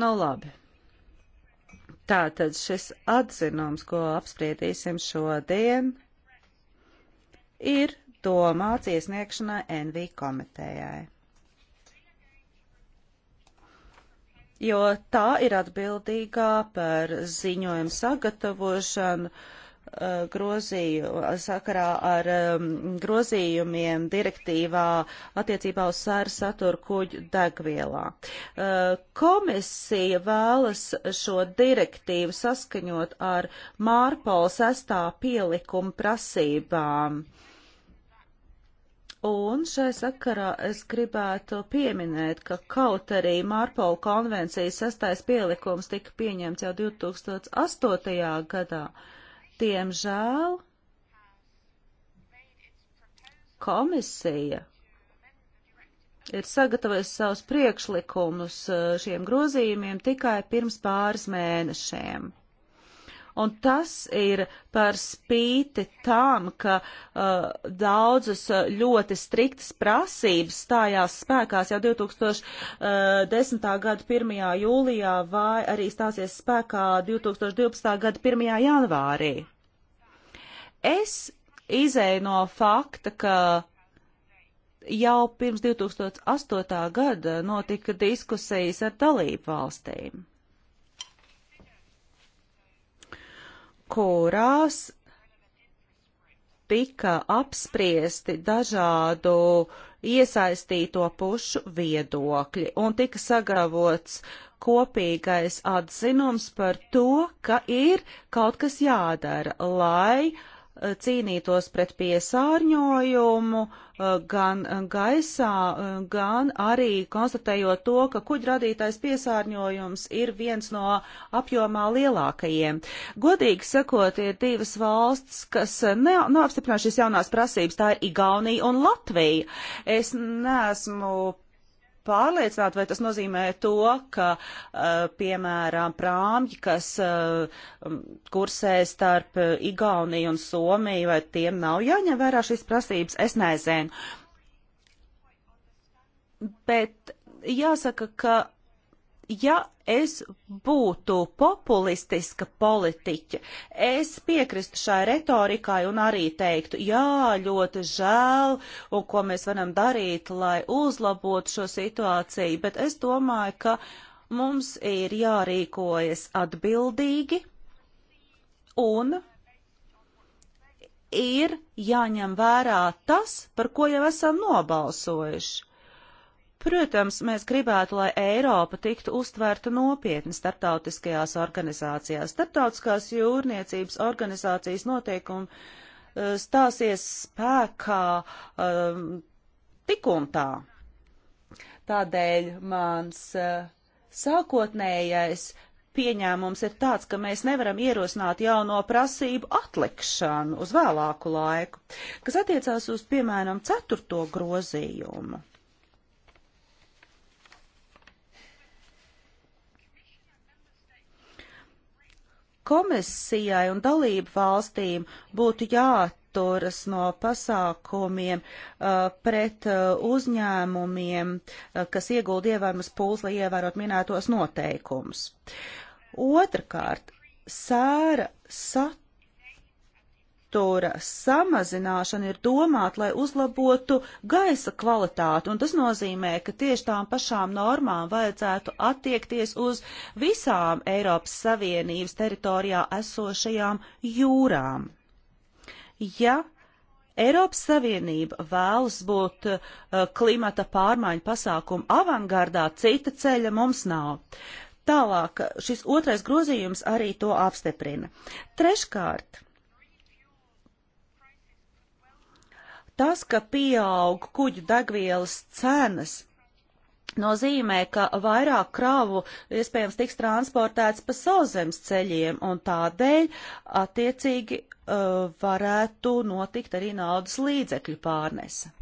Nu labi. Tātad šis atzinums, ko apspriedīsim šodien, ir domāts iesniegšanai NV komitejai. Jo tā ir atbildīgā par ziņojumu sagatavošanu Uh, grozīju, uh, sakarā ar um, grozījumiem direktīvā attiecībā uz sēru saturu kuģu degvielā. Uh, komisija vēlas šo direktīvu saskaņot ar Mārpola sestā pielikuma prasībām. Un šai sakarā es gribētu pieminēt, ka kaut arī Mārpola konvencijas sastais pielikums tika pieņemts jau 2008. gadā, uh, Diemžēl komisija ir sagatavojis savus priekšlikumus eh, šiem grozījumiem tikai pirms pāris mēnešiem. Un tas ir par spīti tam, ka uh, daudzas eh, ļoti striktas prasības stājās spēkās jau 2010. gada 1. jūlijā vai arī stāsies spēkā 2012. gada 1. janvārī. Es izēju no fakta, ka jau pirms 2008. gada notika diskusijas ar dalību valstīm, kurās tika apspriesti dažādu iesaistīto pušu viedokļi un tika sagravots kopīgais atzinums par to, ka ir kaut kas jādara, lai cīnītos pret piesārņojumu eh, gan gaisā, eh, gan arī konstatējot to, ka kuģi radītais piesārņojums ir viens no apjomā lielākajiem. Godīgi sakot, ir divas valsts, kas ne, neapstiprina šīs jaunās prasības, tā ir Igaunija un Latvija. Es neesmu pārliecināti, vai tas nozīmē to, ka, uh, piemēram, prāmji, kas uh, kursē starp eh, Igauniju un Somiju, vai tiem nav jāņem vērā šīs prasības, es nezinu. Bet jāsaka, ka, ja es būtu populistiska politiķa, es piekristu šai retorikai un arī teiktu, jā, ļoti žēl, un ko mēs varam darīt, lai uzlabotu šo situāciju, bet es domāju, ka mums ir jārīkojas atbildīgi un ir jāņem vērā tas, par ko jau esam nobalsojuši Protams, mēs gribētu, lai Eiropa tiktu uztvērta nopietni starptautiskajās organizācijās. Starptautiskās jūrniecības organizācijas noteikumi uh, stāsies spēkā um, tik un tā. Tādēļ mans uh, sākotnējais pieņēmums ir tāds, ka mēs nevaram ierosināt jauno prasību atlikšanu uz vēlāku laiku, kas attiecās uz, piemēram, ceturto grozījumu. Komisijai un dalību valstīm būtu jāatturas no pasākumiem uh, pret uh, uzņēmumiem, uh, kas iegulda ievērumas pūles, lai ievērot minētos noteikumus. Otrakārt, sēra sat satura samazināšana ir domāta, lai uzlabotu gaisa kvalitāti, un tas nozīmē, ka tieši tām pašām normām vajadzētu attiekties uz visām Eiropas Savienības teritorijā esošajām jūrām. Ja Eiropas Savienība vēlas būt uh, klimata pārmaiņu pasākumu avangardā, cita ceļa mums nav. Tālāk šis otrais grozījums arī to apstiprina. Treškārt, Tas, ka pieaug kuģu degvielas cenas, nozīmē, ka vairāk kravu iespējams tiks transportēts pa sauszemes ceļiem, un tādēļ attiecīgi uh, varētu notikt arī naudas līdzekļu pārnese.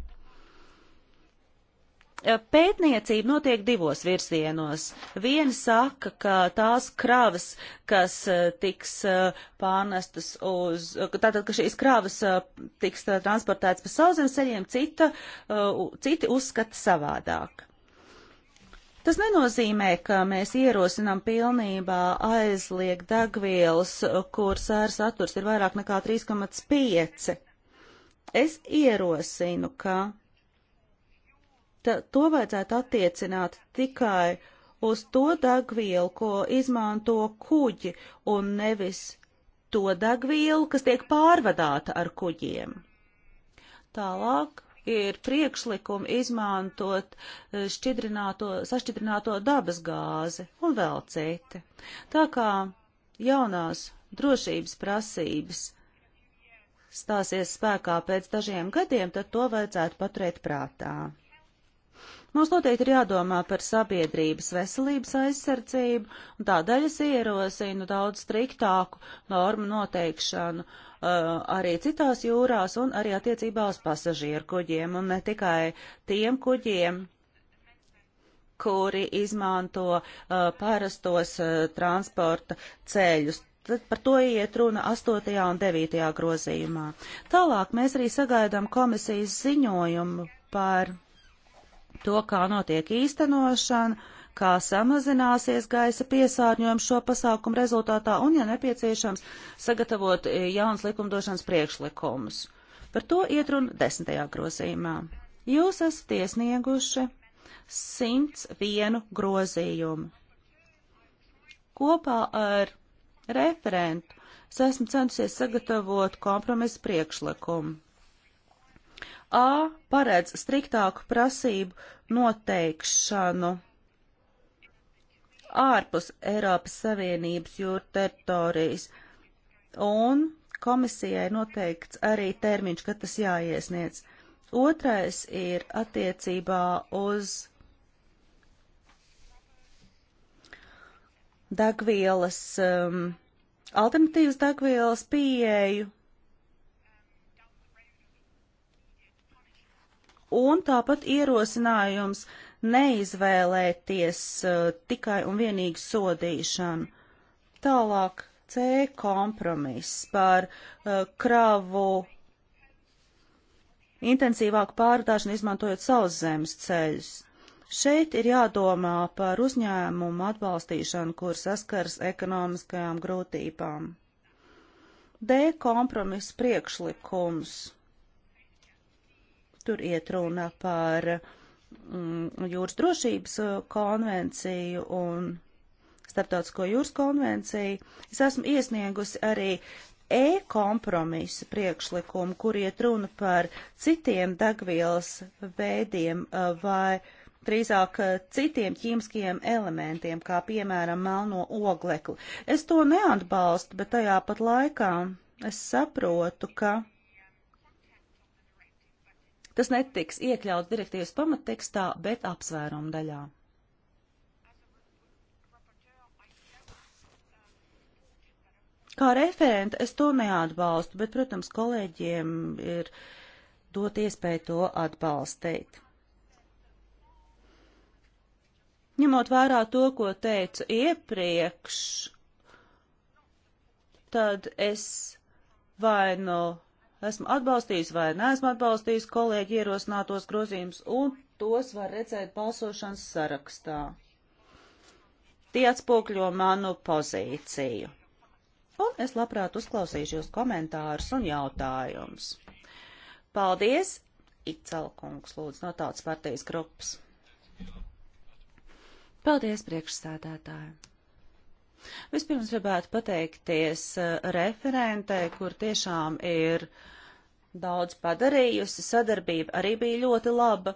Eh, pētniecība notiek divos virzienos. Viena saka, ka tās kravas, kas eh, tiks eh, pārnestas uz, tātad, ka šīs kravas tiks transportētas pa sauszemes ceļiem, cita, citi uzskata savādāk. Tas nenozīmē, ka mēs ierosinām pilnībā aizliegt degvielas, kur sēra saturs ir vairāk nekā 3,5. Es ierosinu, ka to vajadzētu attiecināt tikai uz to degvielu, ko izmanto kuģi, un nevis to degvielu, kas tiek pārvadāta ar kuģiem. Tālāk ir priekšlikumi izmantot eh, šķidrināto, sašķidrināto dabas gāzi un vēl citi. Tā kā jaunās drošības prasības stāsies spēkā pēc dažiem gadiem, tad to vajadzētu paturēt prātā. Mums noteikti ir jādomā par sabiedrības veselības aizsardzību, un tādēļ es ierosinu daudz striktāku normu noteikšanu uh, arī citās jūrās un arī attiecībā uz pasažieru kuģiem, un ne tikai tiem kuģiem, kuri izmanto uh, parastos uh, transporta ceļus. Tad par to iet runa 8. un 9. grozījumā. Tālāk mēs arī sagaidām komisijas ziņojumu par to, kā notiek īstenošana, kā samazināsies gaisa piesārņojums šo pasākumu rezultātā un, ja nepieciešams, sagatavot e, jauns likumdošanas priekšlikumus. Par to iet runa desmitajā grozījumā. Jūs esat iesnieguši 101 grozījumu. Kopā ar referentu es esmu centusies sagatavot kompromisu priekšlikumu. A paredz striktāku prasību noteikšanu ārpus Eiropas Savienības jūru teritorijas, un komisijai noteikts arī termiņš, kad tas jāiesniedz. Otrais ir attiecībā uz degvielas, um, alternatīvas degvielas pieeju un tāpat ierosinājums neizvēlēties uh, tikai un vienīgi sodīšanu. Tālāk C kompromiss par uh, kravu intensīvāku pārvadāšanu izmantojot sauszemes ceļus. Šeit ir jādomā par uzņēmumu atbalstīšanu, kur saskars ekonomiskajām grūtībām. D kompromiss priekšlikums Tur iet runa par mm, jūras drošības uh, konvenciju un starptautisko jūras konvenciju. Es esmu iesniegusi arī e-kompromisa priekšlikumu, kur iet runa par citiem degvielas veidiem uh, vai drīzāk uh, citiem ķīmiskiem elementiem, kā piemēram melno oglekli. Es to neatbalstu, bet tajā pat laikā es saprotu, ka Tas netiks iekļauts direktīvas pamattekstā, bet apsvērumu daļā. Kā referente es to neatbalstu, bet, protams, kolēģiem ir dot iespēju to atbalstīt. Ņemot vērā to, ko teicu iepriekš, tad es vai nu esmu atbalstījis vai neesmu atbalstījis kolēģi ierosinātos grozījumus, un tos var redzēt balsošanas sarakstā. Tie atspūkļo manu pozīciju. Un es labprāt uzklausīšu jūs komentārus un jautājumus. Paldies! Icelkungs lūdzu no tautas partijas grupas. Paldies priekšsēdētāju! Vispirms gribētu pateikties uh, referentē, kur tiešām ir daudz padarījusi, sadarbība arī bija ļoti laba.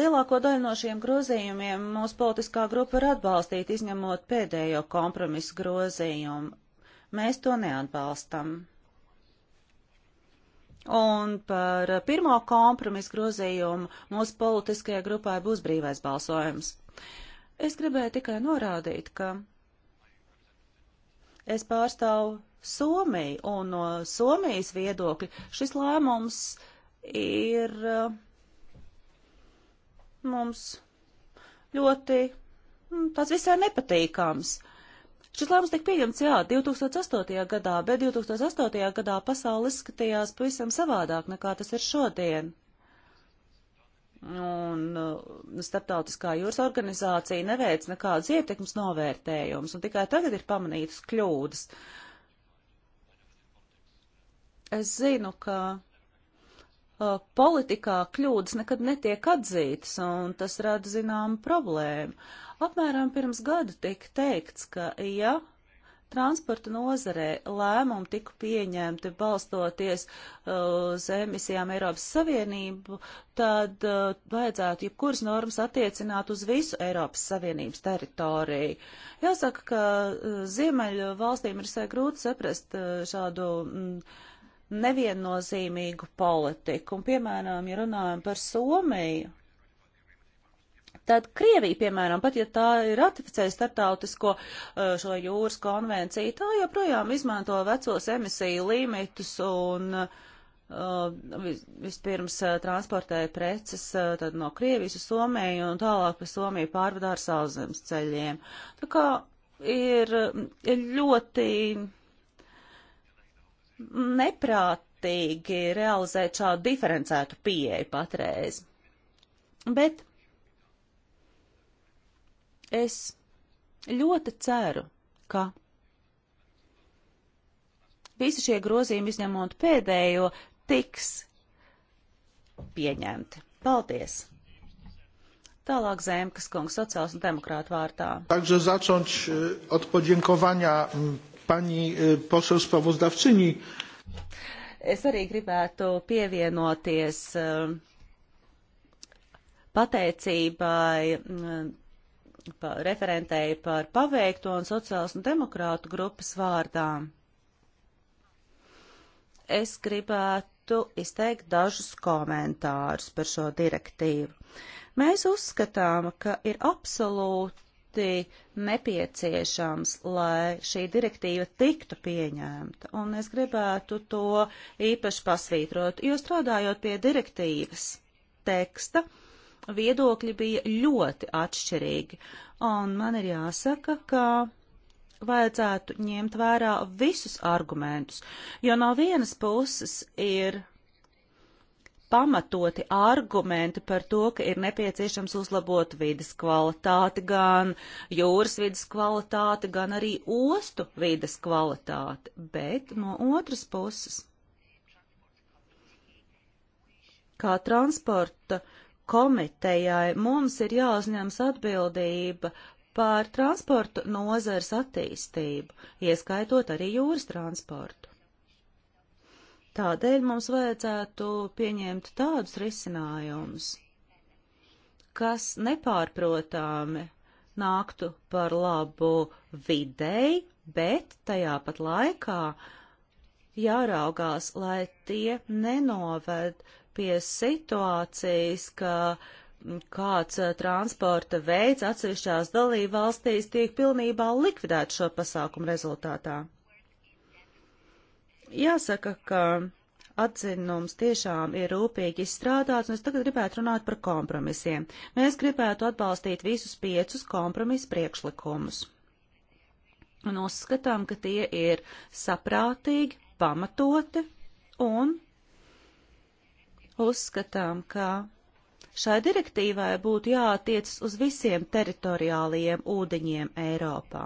Lielāko daļu no šiem grozījumiem mūsu politiskā grupa var atbalstīt, izņemot pēdējo kompromisu grozījumu. Mēs to neatbalstam. Un par pirmo kompromisu grozījumu mūsu politiskajai grupai būs brīvais balsojums. Es gribēju tikai norādīt, ka Es pārstāvu Somiju, un no Somijas viedokļa šis lēmums ir eh, mums ļoti, mm, tas visai nepatīkams. Šis lēmums tika pieņemts, jā, 2008. gadā, bet 2008. gadā pasauli izskatījās pavisam savādāk nekā tas ir šodien un uh, starptautiskā jūras organizācija neveic nekādus ietekmes novērtējumus, un tikai tagad ir pamanītas kļūdas. Es zinu, ka uh, politikā kļūdas nekad netiek atzītas, un tas rada zināmu problēmu. Apmēram pirms gada tika teikts, ka ja Transporta nozarē lēmumi tika pieņemti balstoties uh, uz emisijām Eiropas Savienību, tad uh, vajadzētu jebkuras normas attiecināt uz visu Eiropas Savienības teritoriju. Jāsaka, ka uh, Ziemeļu valstīm ir sē grūti saprast uh, šādu. Mm, neviennozīmīgu politiku. Un, piemēram, ja runājam par Somiju, Tad Krievija, piemēram, pat ja tā ir ratificējusi startautisko uh, šo jūras konvenciju, tā joprojām izmanto vecos emisiju limitus un uh, vispirms uh, transportēja preces tad no Krievijas uz Somiju un tālāk pa Somiju pārvadā ar sauszemes ceļiem. Tā kā ir, ir ļoti neprātīgi realizēt šādu diferencētu pieeju patreiz. Bet Es ļoti ceru, ka visi šie grozījumi, izņemot pēdējo, tiks pieņemti. Paldies! Tālāk Zemkas kungs, sociāls un demokrāta vārtā. Także zacząć e, od podziękowania pani e, poseł sprawozdawczyni. Es arī gribētu pievienoties e, pateicībai pa, referentēja par paveikto un sociāls un demokrātu grupas vārdām. Es gribētu izteikt dažus komentārus par šo direktīvu. Mēs uzskatām, ka ir absolūti nepieciešams, lai šī direktīva tiktu pieņemta, un es gribētu to īpaši pasvītrot, jo strādājot pie direktīvas teksta, uh, viedokļi bija ļoti atšķirīgi. Un man ir jāsaka, ka vajadzētu ņemt vērā visus argumentus, jo no vienas puses ir pamatoti argumenti par to, ka ir nepieciešams uzlabot vidas kvalitāti, gan jūras vidas kvalitāti, gan arī ostu vidas kvalitāti, bet no otras puses, kā transporta uh, komitejai mums ir jāuzņems atbildība par transportu nozars attīstību, ieskaitot arī jūras transportu. Tādēļ mums vajadzētu pieņemt tādus risinājumus, kas nepārprotami nāktu par labu videi, bet tajā pat laikā jāraugās, lai tie nenoved uh, pie situācijas, ka kāds transporta veids atsevišķās dalību valstīs tiek pilnībā likvidēts šo pasākumu rezultātā. Jāsaka, ka atzinums tiešām ir rūpīgi izstrādāts, un es tagad gribētu runāt par kompromisiem. Mēs gribētu atbalstīt visus piecus kompromisu priekšlikumus. Un uzskatām, ka tie ir saprātīgi, pamatoti un uzskatām, ka šai direktīvai būtu jātiecas uz visiem teritoriālajiem ūdeņiem Eiropā.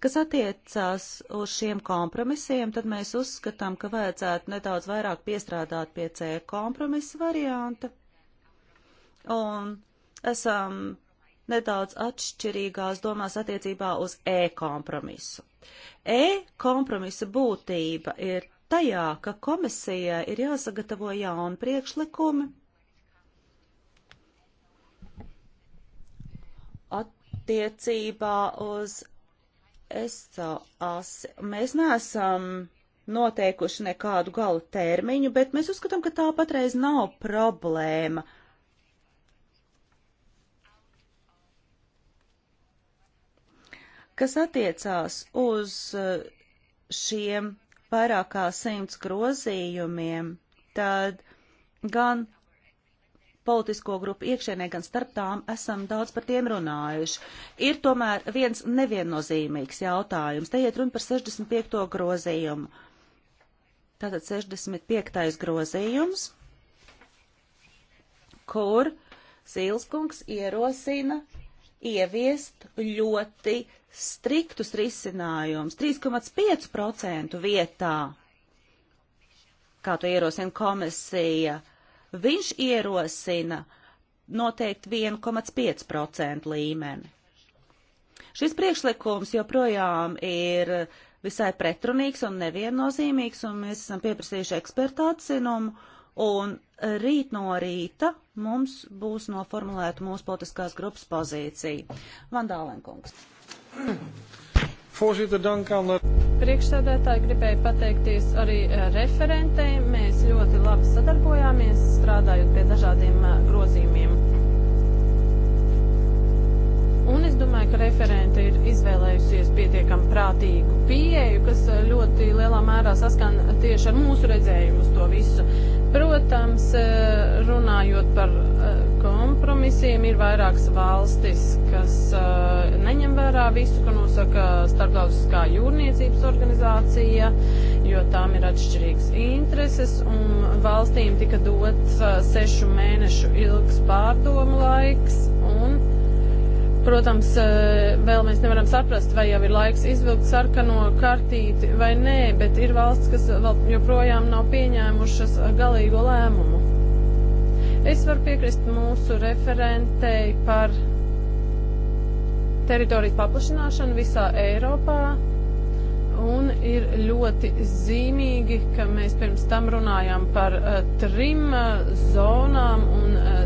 Kas attiecās uz šiem kompromisiem, tad mēs uzskatām, ka vajadzētu nedaudz vairāk piestrādāt pie C kompromisa varianta. Un esam nedaudz atšķirīgās domās attiecībā uz E kompromisu. E kompromisa būtība ir tajā, ka komisijai ir jāsagatavo jauni priekšlikumi attiecībā uz ESO asi. Mēs neesam noteikuši nekādu gala termiņu, bet mēs uzskatām, ka tā patreiz nav problēma. Kas attiecās uz eh, šiem vairāk kā simts grozījumiem, tad gan politisko grupu iekšēnē, gan starp tām esam daudz par tiem runājuši. Ir tomēr viens neviennozīmīgs jautājums. Te iet runa par 65. grozījumu. Tātad 65. grozījums, kur Sīlskungs ierosina ieviest ļoti striktus risinājumus 3,5% vietā, kā to ierosina komisija. Viņš ierosina noteikti 1,5% līmeni. Šis priekšlikums joprojām ir visai pretrunīgs un neviennozīmīgs, un mēs esam pieprasījuši ekspertu atzinumu, un rīt no rīta mums būs noformulēta mūsu politiskās grupas pozīcija. Vandālenkungs. Voorzitter, dank aan de... Priekšsēdētāji gribēja pateikties arī eh, referentei. Mēs ļoti labi sadarbojāmies, strādājot pie dažādiem eh, grozījumiem. Un es domāju, ka referente ir izvēlējusies pietiekam prātīgu pieeju, kas eh, ļoti lielā mērā saskan tieši ar mūsu redzējumu uz to visu. Protams, eh, runājot par eh, kompromisiem, ir vairākas valstis, kas neņem vērā visu, ko nosaka starptautiskā jūrniecības organizācija, jo tām ir atšķirīgas intereses, un valstīm tika dots sešu mēnešu ilgs pārdomu laiks, un Protams, eh, vēl mēs nevaram saprast, vai jau ir laiks izvilkt sarkano kartīti vai nē, bet ir valsts, kas vēl joprojām nav pieņēmušas galīgo lēmumu. Es varu piekrist mūsu referentei par teritorijas paplašināšanu visā Eiropā. Un ir ļoti zīmīgi, ka mēs pirms tam runājām par uh, trim uh, zonām un uh,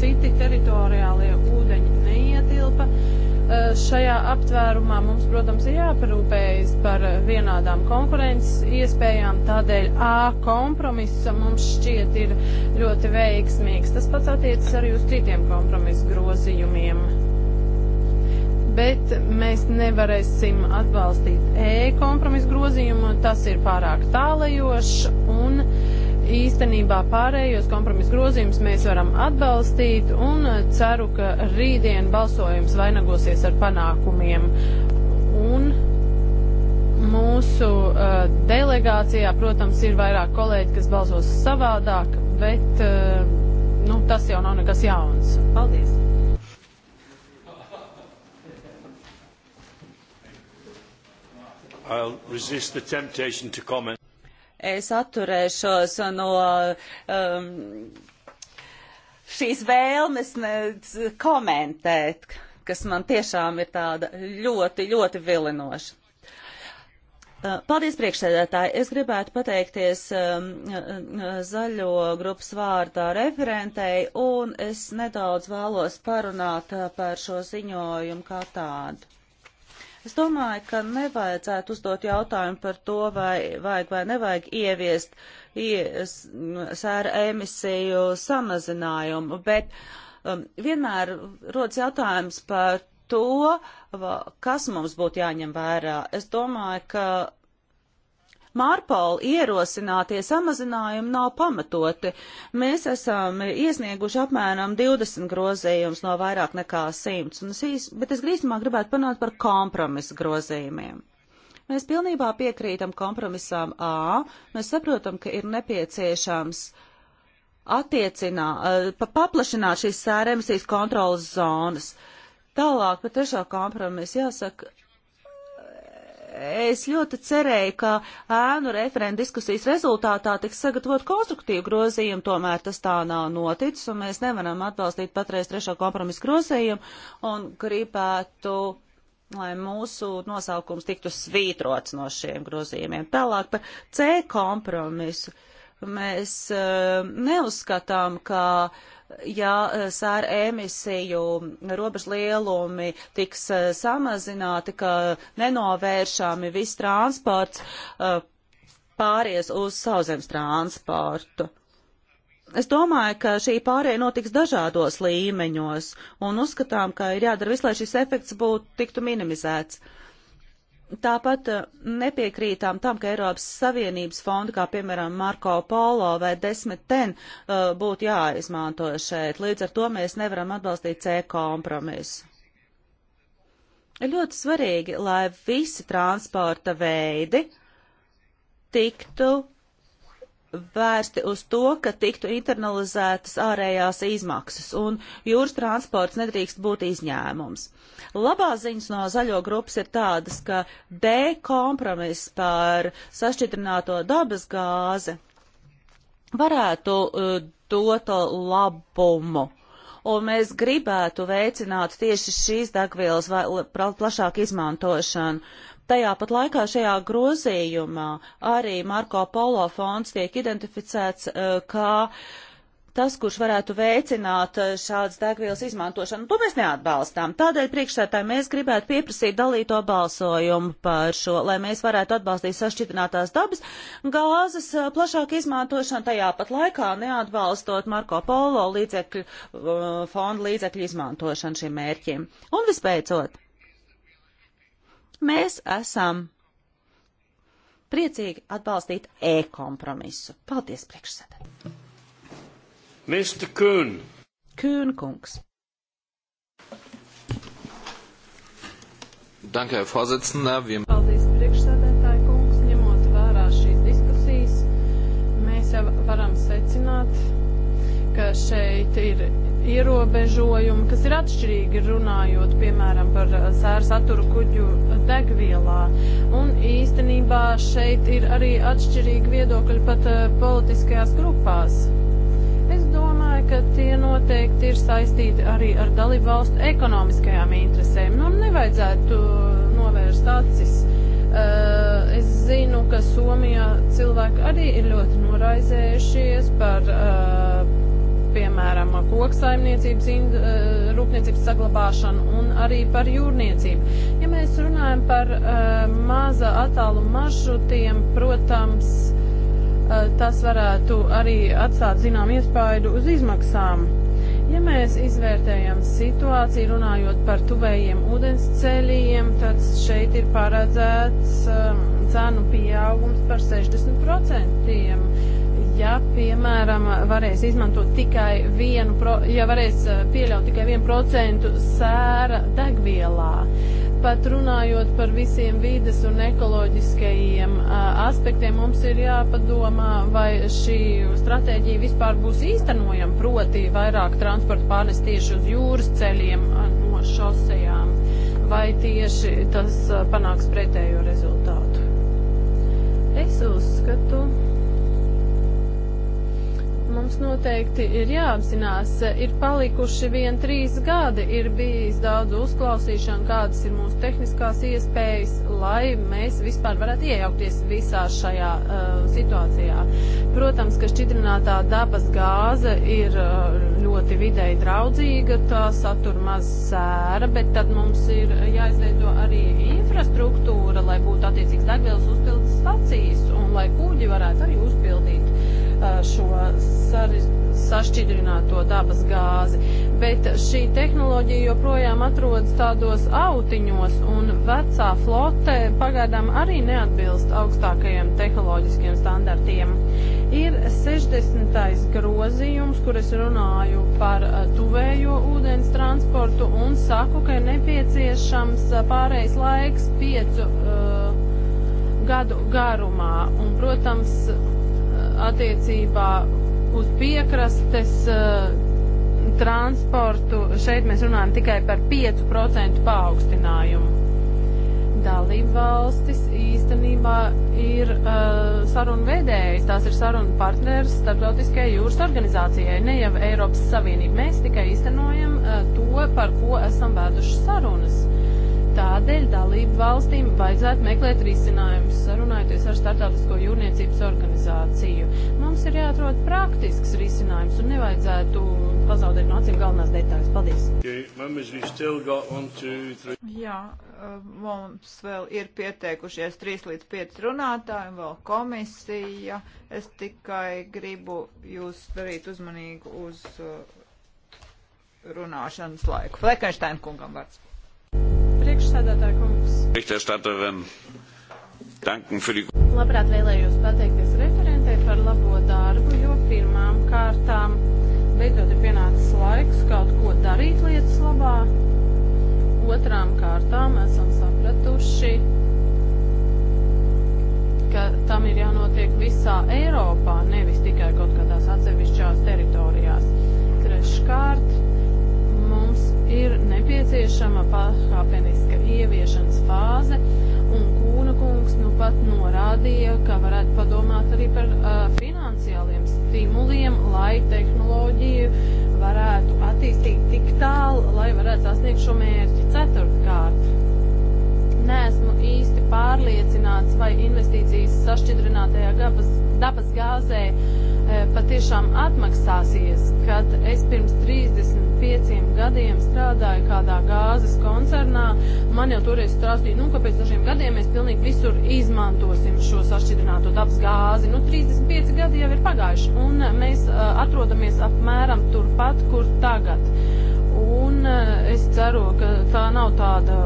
citi teritoriālie ūdeņi neietilpa. E, šajā aptvērumā mums, protams, ir jāparūpējas par vienādām konkurences iespējām, tādēļ A kompromiss mums šķiet ir ļoti veiksmīgs. Tas pats attiecas arī uz citiem kompromisu grozījumiem bet mēs nevarēsim atbalstīt e-kompromisu grozījumu, tas ir pārāk tālajošs un uh, īstenībā pārējos kompromisu grozījumus mēs varam atbalstīt un eh, ceru, ka rītdien balsojums vainagosies ar panākumiem. Un mūsu uh, delegācijā, protams, ir vairāk kolēģi, kas balsos savādāk, bet uh, nu, tas jau nav nekas jauns. Paldies! I'll resist the temptation to comment es atturēšos no um, šīs vēlmes komentēt, kas man tiešām ir tāda ļoti, ļoti vilinoša. Uh, paldies, priekšsēdētāji. Es gribētu pateikties um, uh, zaļo grupas vārdā referentei, un es nedaudz vēlos parunāt uh, par šo ziņojumu kā tādu. Es domāju, ka nevajadzētu uzdot jautājumu par to, vai vajag vai nevajag ieviest ies, sēra emisiju samazinājumu, bet um, vienmēr rodas jautājums par to, va, kas mums būtu jāņem vērā. Es domāju, ka Mārpola ierosinātie samazinājumi nav pamatoti. Mēs esam iesnieguši apmēram 20 grozījumus no vairāk nekā 100, un es īs, bet es grīzumā gribētu panākt par kompromisu grozījumiem. Mēs pilnībā piekrītam kompromisām A, mēs saprotam, ka ir nepieciešams attiecinā, eh, pa, paplašināt šīs sēremsīs kontrolas zonas. Tālāk par trešo kompromisu jāsaka, es ļoti cerēju, ka ēnu referendu diskusijas rezultātā tiks sagatavot konstruktīvu grozījumu, tomēr tas tā nav noticis, un mēs nevaram atbalstīt patreiz trešo kompromisu grozījumu, un gribētu, lai mūsu nosaukums tiktu svītrots no šiem grozījumiem. Tālāk par C kompromisu. Mēs uh, neuzskatām, ka uh, ja eh, sēra emisiju robežlielumi tiks eh, samazināti, ka nenovēršami viss transports eh, pāries uz sauzemes transportu. Es domāju, ka šī pārēja notiks dažādos līmeņos, un uzskatām, ka ir jādara viss, lai šis efekts būtu tiktu minimizēts. Uh, Tāpat eh, nepiekrītām tam, ka Eiropas Savienības fondi, kā piemēram Marko Polo vai Desmit Ten, eh, būtu jāizmanto šeit. Līdz ar to mēs nevaram atbalstīt C kompromisu. Ir ļoti svarīgi, lai visi transporta veidi tiktu vērsti uz to, ka tiktu internalizētas ārējās izmaksas, un jūras transports nedrīkst būt izņēmums. Labā ziņas no zaļo grupas ir tādas, ka D kompromiss par sašķidrināto dabas gāzi varētu uh, dot labumu. Un mēs gribētu veicināt tieši šīs degvielas vai plašāku izmantošanu. Tajā pat laikā šajā grozījumā arī Marko Polo fonds tiek identificēts eh, kā tas, kurš varētu veicināt eh, šādas degvielas izmantošanu. To mēs neatbalstām. Tādēļ priekšsētāji mēs gribētu pieprasīt dalīto balsojumu par šo, lai mēs varētu atbalstīt sašķitinātās dabas gāzes eh, plašāku izmantošanu, tajā pat laikā neatbalstot Marko Polo līdzekļu, fonda līdzekļu izmantošanu šiem mērķiem. Un vispēcot. Mēs esam priecīgi atbalstīt e-kompromisu. Paldies, priekšsēdētāji! Mr. Kuhn. Kuhn kungs. Danke, Herr Vorsitzender. Wir Paldies, priekšsēdētāji kungs. Ņemot vērā šīs diskusijas, mēs jau varam secināt, ka šeit ir ierobežojumi, kas ir atšķirīgi runājot, piemēram, par eh, sēru saturu kuģu degvielā. Un īstenībā šeit ir arī atšķirīgi viedokļi pat eh, politiskajās grupās. Es domāju, ka tie noteikti ir saistīti arī ar dalību valstu ekonomiskajām interesēm. Nu, nevajadzētu eh, novērst acis. Uh, es zinu, ka Somijā cilvēki arī ir ļoti noraizējušies par uh, piemēram, koksaimniecības, eh, rūpniecības saglabāšanu un arī par jūrniecību. Ja mēs runājam par eh, maza attālu maršrutiem, protams, eh, tas varētu arī atstāt zinām iespaidu uz izmaksām. Ja mēs izvērtējam situāciju, runājot par tuvējiem ūdens ceļiem, tad šeit ir paredzēts um, cenu pieaugums par 60% ja, piemēram, varēs izmantot tikai vienu, pro, ja varēs eh, pieļaut tikai vienu procentu sēra degvielā. Pat runājot par visiem vides un ekoloģiskajiem eh, aspektiem, mums ir jāpadomā, vai šī stratēģija vispār būs īstenojama, proti vairāk transporta pārnest tieši uz jūras ceļiem eh, no šosejām, vai tieši tas panāks pretējo rezultātu. Es uzskatu mums noteikti ir jāapzinās, ir palikuši vien trīs gadi, ir bijis daudz uzklausīšanu, kādas ir mūsu tehniskās iespējas, lai mēs vispār varētu iejaukties visā šajā uh, situācijā. Protams, ka šķidrinātā dabas gāze ir uh, ļoti videi draudzīga, tā satur maz sēra, bet tad mums ir jāizveido arī infrastruktūra, lai būtu attiecīgs degvielas uzpildes stacijas un lai kūģi varētu arī uzpildīt šo sašķidrināto dabas gāzi. Bet šī tehnoloģija joprojām atrodas tādos autiņos, un vecā flote pagaidām arī neatbilst augstākajiem tehnoloģiskiem standartiem. Ir 60. grozījums, kur es runāju par tuvējo ūdens transportu un saku, ka ir nepieciešams pārējais laiks piecu uh, gadu garumā. Un, protams, attiecībā uz piekrastes uh, transportu. Šeit mēs runājam tikai par 5% paaugstinājumu dalību valstis īstenībā ir uh, sarunu vedējas, tās ir sarunu partneris starptautiskajai jūras organizācijai, ne jau Eiropas Savienība. Mēs tikai īstenojam uh, to, par ko esam vēduši sarunas. Uh, Tādēļ dalību valstīm vajadzētu meklēt risinājumus, sarunājoties ar Startautisko jūrniecības organizāciju. Mums ir jāatrod praktisks risinājums un nevajadzētu pazaudēt no acīm galvenās detaļas. Paldies! Okay, Jā, eh, mums vēl ir pieteikušies 3 līdz 5 runātāji, vēl komisija. Es tikai gribu jūs darīt uzmanīgu uz eh, runāšanas laiku. Flekenšteina kungam vārds. Priekšsēdētāja kungs. Labprāt vēlējos pateikties referentei par labo darbu, jo pirmām kārtām beidzot ir pienācis laiks kaut ko darīt lietas labā. Otrām kārtām esam sapratuši, ka tam ir jānotiek visā Eiropā, nevis tikai kaut kādās atsevišķās teritorijās. Treškārt, ir nepieciešama pakāpeniska ieviešanas fāze, un Kūna kungs nu pat norādīja, ka varētu padomāt arī par uh, finansiāliem stimuliem, lai tehnoloģiju varētu attīstīt tik tālu, lai varētu sasniegt šo mērķi ceturtkārt. Neesmu īsti pārliecināts, vai investīcijas sašķidrinātajā dabas, dabas gāzē uh, E, patiešām atmaksāsies, kad es pirms 35 gadiem strādāju kādā gāzes koncernā. Man jau toreiz strādīja, nu, ka pēc dažiem gadiem mēs pilnīgi visur izmantosim šo sašķidrināto dabas gāzi. Nu, 35 gadi jau ir pagājuši, un e, mēs e, atrodamies apmēram turpat, kur tagad. Un es ceru, ka tā nav tāda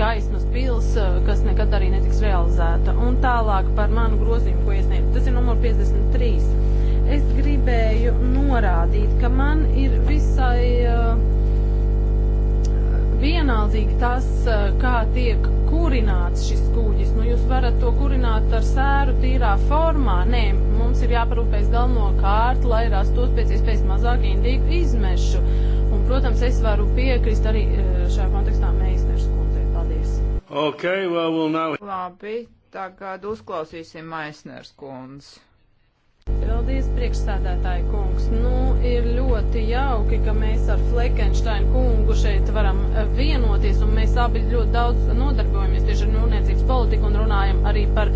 gaismas pils, eh, kas nekad arī netiks realizēta. Un tālāk par manu grozījumu, ko iesniedzu. Tas ir numur 53 es gribēju norādīt, ka man ir visai uh, vienaldzīgi tas, uh, kā tiek kurināts šis kuģis. Nu, jūs varat to kurināt ar sēru tīrā formā. Nē, mums ir jāparūpēs galvenokārt, lai rastos pēc iespējas mazāk indīgu izmešu. Un, protams, es varu piekrist arī uh, šajā kontekstā meistars. Okay, well, we'll now... Labi, tagad uzklausīsim Maisners kundzi. Paldies, priekšsādātāji kungs. Nu, ir ļoti jauki, ka mēs ar Fleckensteinu kungu šeit varam eh, vienoties, un mēs abi ļoti daudz nodarbojamies tieši ar rūniecības politiku un runājam arī par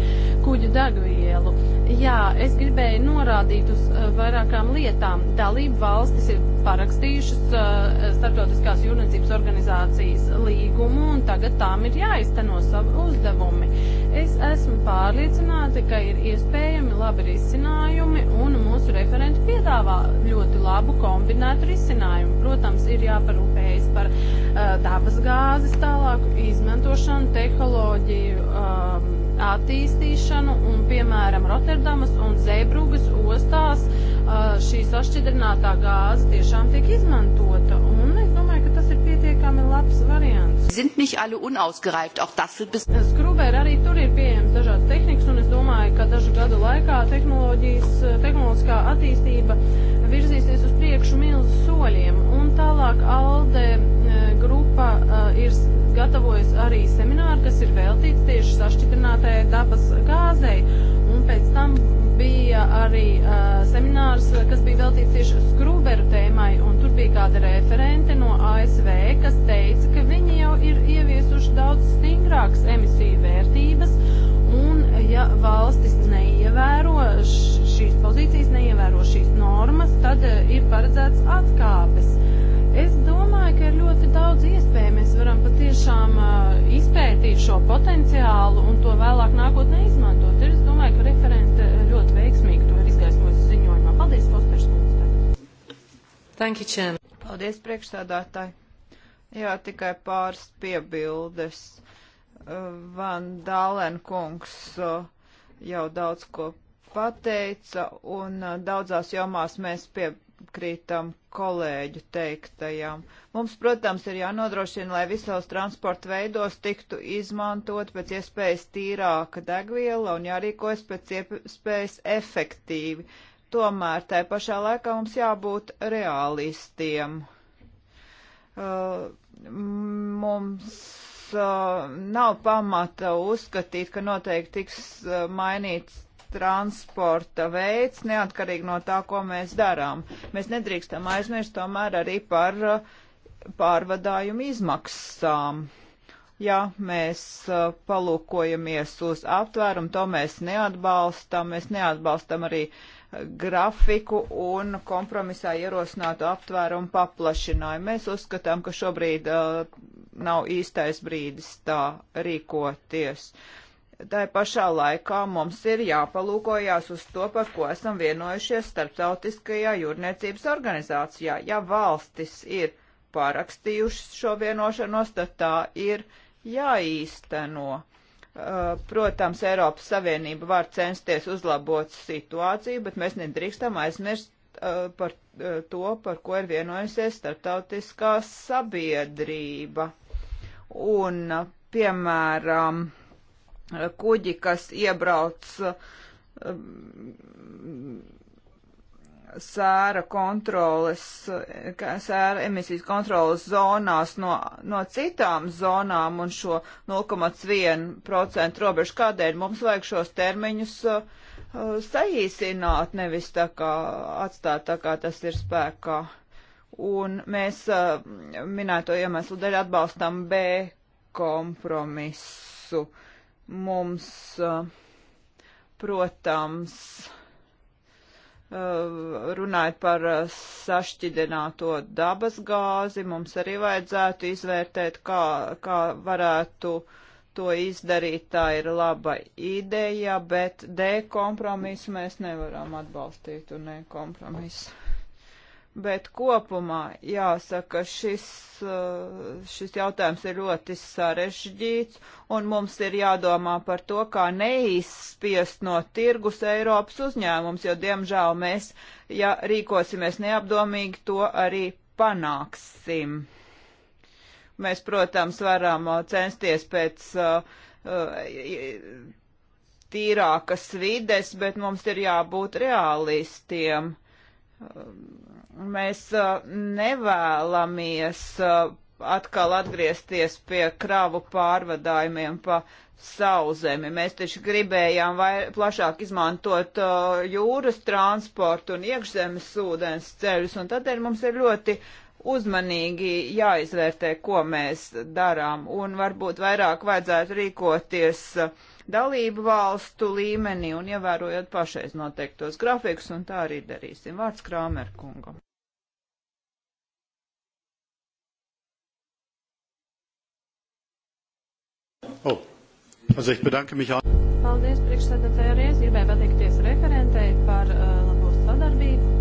kuģu degvielu. Jā, es gribēju norādīt uz uh, vairākām lietām. Dalību valstis ir parakstījušas uh, starptautiskās jūrniecības organizācijas līgumu, un tagad tām ir jāizteno savi uzdevumi. Es esmu pārliecināta, ka ir iespējami labi risinājumi, un mūsu referenti piedāvā ļoti labu kombinētu risinājumu. Protams, ir jāparūpējas par uh, eh, dabas gāzes tālāku izmantošanu, tehnoloģiju. Um, attīstīšanu un, piemēram, Rotterdamas un Zēbrugas ostās uh, šī sašķidrinātā gāze tiešām tiek izmantota. Un es domāju, ka tas ir pietiekami labs variants. Sind nicht alle unausgereift, auch das ir bis... Skrubēr arī tur ir pieejams dažādas tehnikas, un es domāju, ka dažu gadu laikā tehnoloģijas, uh, tehnoloģiskā attīstība virzīsies uz priekšu milzu soļiem. Un tālāk ALDE uh, grupa ir gatavojas arī semināru, kas ir veltīts tieši sašķidrinātajai dabas gāzei. Un pēc tam bija arī uh, seminārs, kas bija veltīts tieši skrūberu tēmai, un tur bija kāda referente no ASV, kas teica, ka viņi jau ir ieviesuši daudz stingrākas emisiju vērtības, un ja valstis neievēro šīs pozīcijas, neievēro šīs normas, tad uh, ir paredzēts atkāpes. Uh, Es domāju, ka ir ļoti daudz iespēju. Mēs varam patiešām uh, izpētīt šo potenciālu un to vēlāk nākotnē izmantot. Ir, es domāju, ka referente uh, ļoti veiksmīgi to ir izgaismojusi ziņojumā. Paldies, Fosters kungs. Thank you, Čēn. Paldies, priekšsādātāji. Jā, tikai pāris piebildes. Uh, Van Dālen kungs uh, jau daudz ko pateica, un daudzās jomās mēs piekrītam kolēģu teiktajam. Mums, protams, ir jānodrošina, lai visos transporta veidos tiktu izmantot pēc iespējas tīrāka degviela un jārīkojas pēc iespējas efektīvi. Tomēr tai pašā laikā mums jābūt realistiem. Uh, mums uh, nav pamata uzskatīt, ka noteikti tiks uh, mainīts transporta veids, neatkarīgi no tā, ko mēs darām. Mēs nedrīkstam aizmirst tomēr arī par uh, pārvadājumu izmaksām. Ja mēs uh, palūkojamies uz aptvērumu, to mēs neatbalstam. Mēs neatbalstam arī uh, grafiku un kompromisā ierosinātu aptvērumu paplašinājumu. Mēs uzskatām, ka šobrīd uh, nav īstais brīdis tā rīkoties. Uh, Tā pašā laikā mums ir jāpalūkojās uz to, par ko esam vienojušies starptautiskajā jūrniecības organizācijā. Ja valstis ir pārakstījušas šo vienošanos, tad tā ir jāīsteno. Uh, protams, Eiropas Savienība var censties uzlabot situāciju, bet mēs nedrīkstam aizmirst uh, par uh, to, par ko ir vienojusies starptautiskā sabiedrība. Un, piemēram, kuģi, kas iebrauc um, sēra kontroles, sēra emisijas kontroles zonās no, no citām zonām un šo 0,1% robežu, kādēļ mums vajag šos termiņus uh, saīsināt, nevis tā kā atstāt tā kā tas ir spēkā. Un mēs uh, minēto iemeslu dēļ atbalstam B kompromisu. Uh, mums, uh, protams, uh, runājot par uh, sašķidināto dabas gāzi, mums arī vajadzētu izvērtēt, kā, kā varētu to izdarīt. Tā ir laba ideja, bet D kompromisu mēs nevaram atbalstīt un E kompromisu bet kopumā jāsaka, šis, uh, šis jautājums ir ļoti sarežģīts, un mums ir jādomā par to, kā neizspiest no tirgus Eiropas uzņēmums, jo, diemžēl, mēs, ja rīkosimies neapdomīgi, to arī panāksim. Mēs, protams, varam uh, censties pēc uh, tīrākas vides, bet mums ir jābūt realistiem um, Mēs uh, nevēlamies uh, atkal atgriezties pie kravu pārvadājumiem pa sauzemi. Mēs taču gribējām vai, plašāk izmantot uh, jūras transportu un iekšzemes ūdens ceļus, un tādēļ mums ir ļoti uzmanīgi jāizvērtē, ko mēs darām, un varbūt vairāk vajadzētu rīkoties uh, dalību valstu līmenī un ievērojot pašais noteiktos grafikus, un tā arī darīsim. Vārds Krāmerkungam. Oh. Also ich bedanke mich auch. Paldies priekšsēdētāji arī. Es gribēju pateikties referentei par uh, labo sadarbību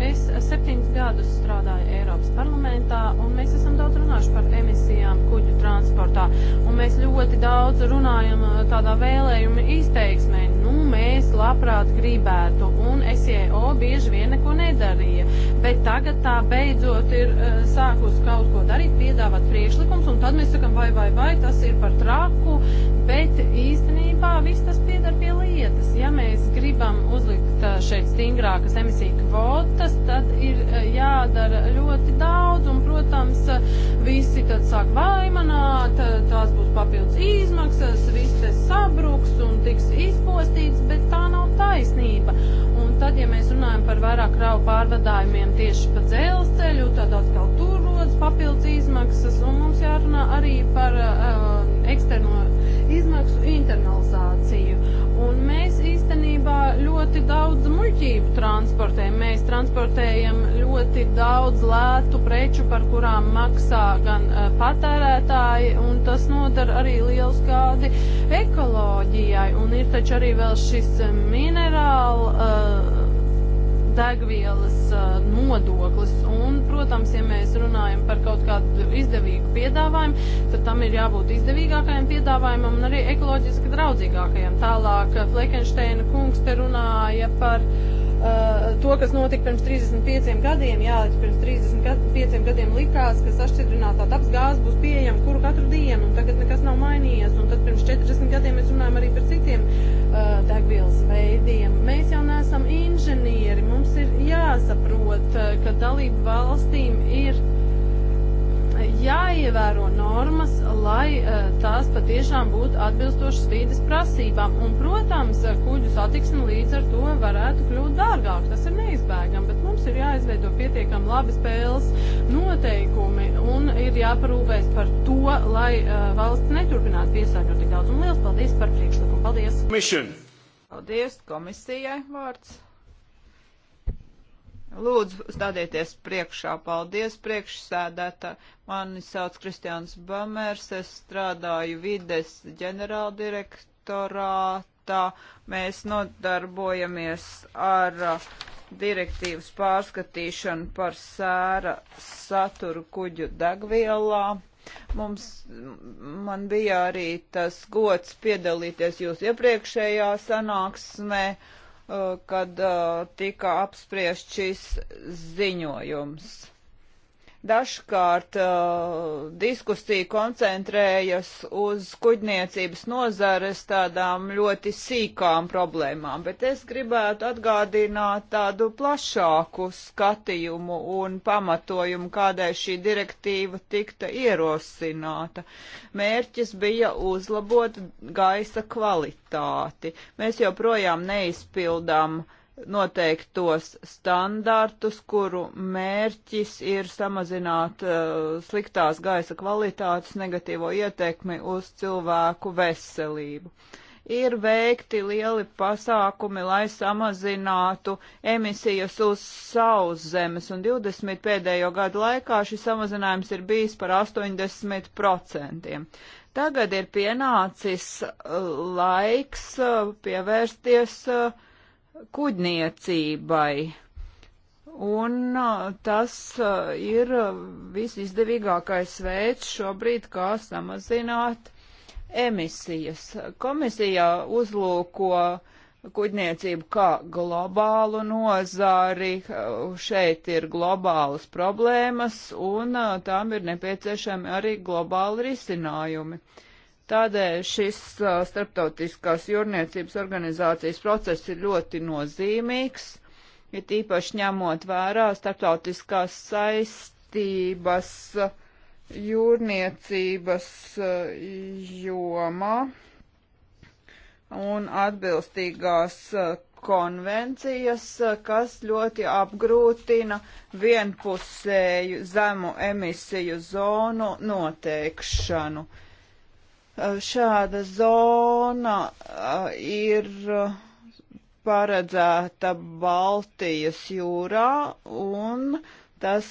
Es septiņus gadus strādāju Eiropas parlamentā, un mēs esam daudz runājuši par emisijām kuģu transportā, un mēs ļoti daudz runājam tādā vēlējuma izteiksmē. Nu, mēs labprāt gribētu, un SEO bieži vien neko nedarīja, bet tagad tā beidzot ir sākus kaut ko darīt, piedāvāt priekšlikums, un tad mēs sakam, vai, vai, vai, tas ir par traku, bet īstenībā viss tas piedar pie lietas. Ja mēs gribam uzlikt šeit stingrākas emisiju kvotas, rokas, tad ir e, jādara ļoti daudz, un, protams, e, visi tad sāk vaimanāt, e, tās būs papildus izmaksas, viss te sabruks un tiks izpostīts, bet tā nav taisnība. Un tad, ja mēs runājam par vairāk kravu pārvadājumiem tieši pa dzelzceļu, tad atkal tur rodas papildus izmaksas, un mums jārunā arī par uh, eksterno izmaksu internalizāciju. Un mēs īstenībā ļoti daudz muļķību transportējam. Mēs transportējam ļoti daudz lētu preču, par kurām maksā gan uh, patērētāji, un tas nodara arī lielu skādi ekoloģijai. Un ir taču arī vēl šis eh, minerāla. Uh, eh, degvielas uh, nodoklis. Un, protams, ja mēs runājam par kaut kādu izdevīgu piedāvājumu, tad tam ir jābūt izdevīgākajam piedāvājumam un arī ekoloģiski draudzīgākajam. Tālāk eh, Flekensteina kungs te runāja par uh, to, kas notika pirms 35 gadiem. Jā, pirms 35 gadiem likās, ka sašķidrinātā dabas gāze būs pieejama kuru katru dienu, un tagad nekas nav mainījies. Un tad pirms 40 gadiem mēs runājam arī par citiem Uh, degvielas veidiem. Mēs jau neesam inženieri, mums ir jāsaprot, uh, ka dalību valstīm ir jāievēro normas, lai eh, tās patiešām būtu atbilstošas vīdes prasībām. Un, protams, eh, kuģu satiksme līdz ar to varētu kļūt dārgāk. Tas ir neizbēgami, bet mums ir jāizveido pietiekami labi spēles noteikumi un ir jāparūpēs par to, lai eh, valsts neturpinātu piesārņot tik daudz. Un liels paldies par priekšlikumu. Paldies! Mission. Paldies komisijai vārds. Lūdzu, stādieties priekšā. Paldies, priekšsēdētā. Mani sauc Kristiāns Bamers, es strādāju vides ģenerāldirektorātā. Mēs nodarbojamies ar uh, direktīvas pārskatīšanu par sēra saturu kuģu degvielā. Mums, man bija arī tas gods piedalīties jūsu iepriekšējā sanāksmē. Uh, Uh, kad uh, tika apspriest šīs ziņojums. Dažkārt uh, diskusija koncentrējas uz kuģniecības nozares tādām ļoti sīkām problēmām, bet es gribētu atgādināt tādu plašāku skatījumu un pamatojumu, kādēļ šī direktīva tikta ierosināta. Mērķis bija uzlabot gaisa kvalitāti. Mēs joprojām neizpildām uh, noteiktos standartus, kuru mērķis ir samazināt uh, sliktās gaisa kvalitātes negatīvo ietekmi uz cilvēku veselību. Ir veikti lieli pasākumi, lai samazinātu emisijas uz sauszemes, un 20 pēdējo gadu laikā šis samazinājums ir bijis par 80%. Tagad ir pienācis uh, laiks uh, pievērsties uh, kuģniecībai. Un tas ir visizdevīgākais veids šobrīd, kā samazināt emisijas. Komisija uzlūko kuģniecību kā globālu nozari, šeit ir globālas problēmas un tām ir nepieciešami arī globāli risinājumi. Uh, Tādēļ šis uh, starptautiskās jūrniecības organizācijas process ir ļoti nozīmīgs, ir tīpaši ņemot vērā starptautiskās saistības jūrniecības uh, jomā un atbilstīgās uh, konvencijas, uh, kas ļoti apgrūtina vienpusēju zemu emisiju zonu noteikšanu. Uh, Eh, šāda zona eh, ir eh, paredzēta Baltijas jūrā un tas,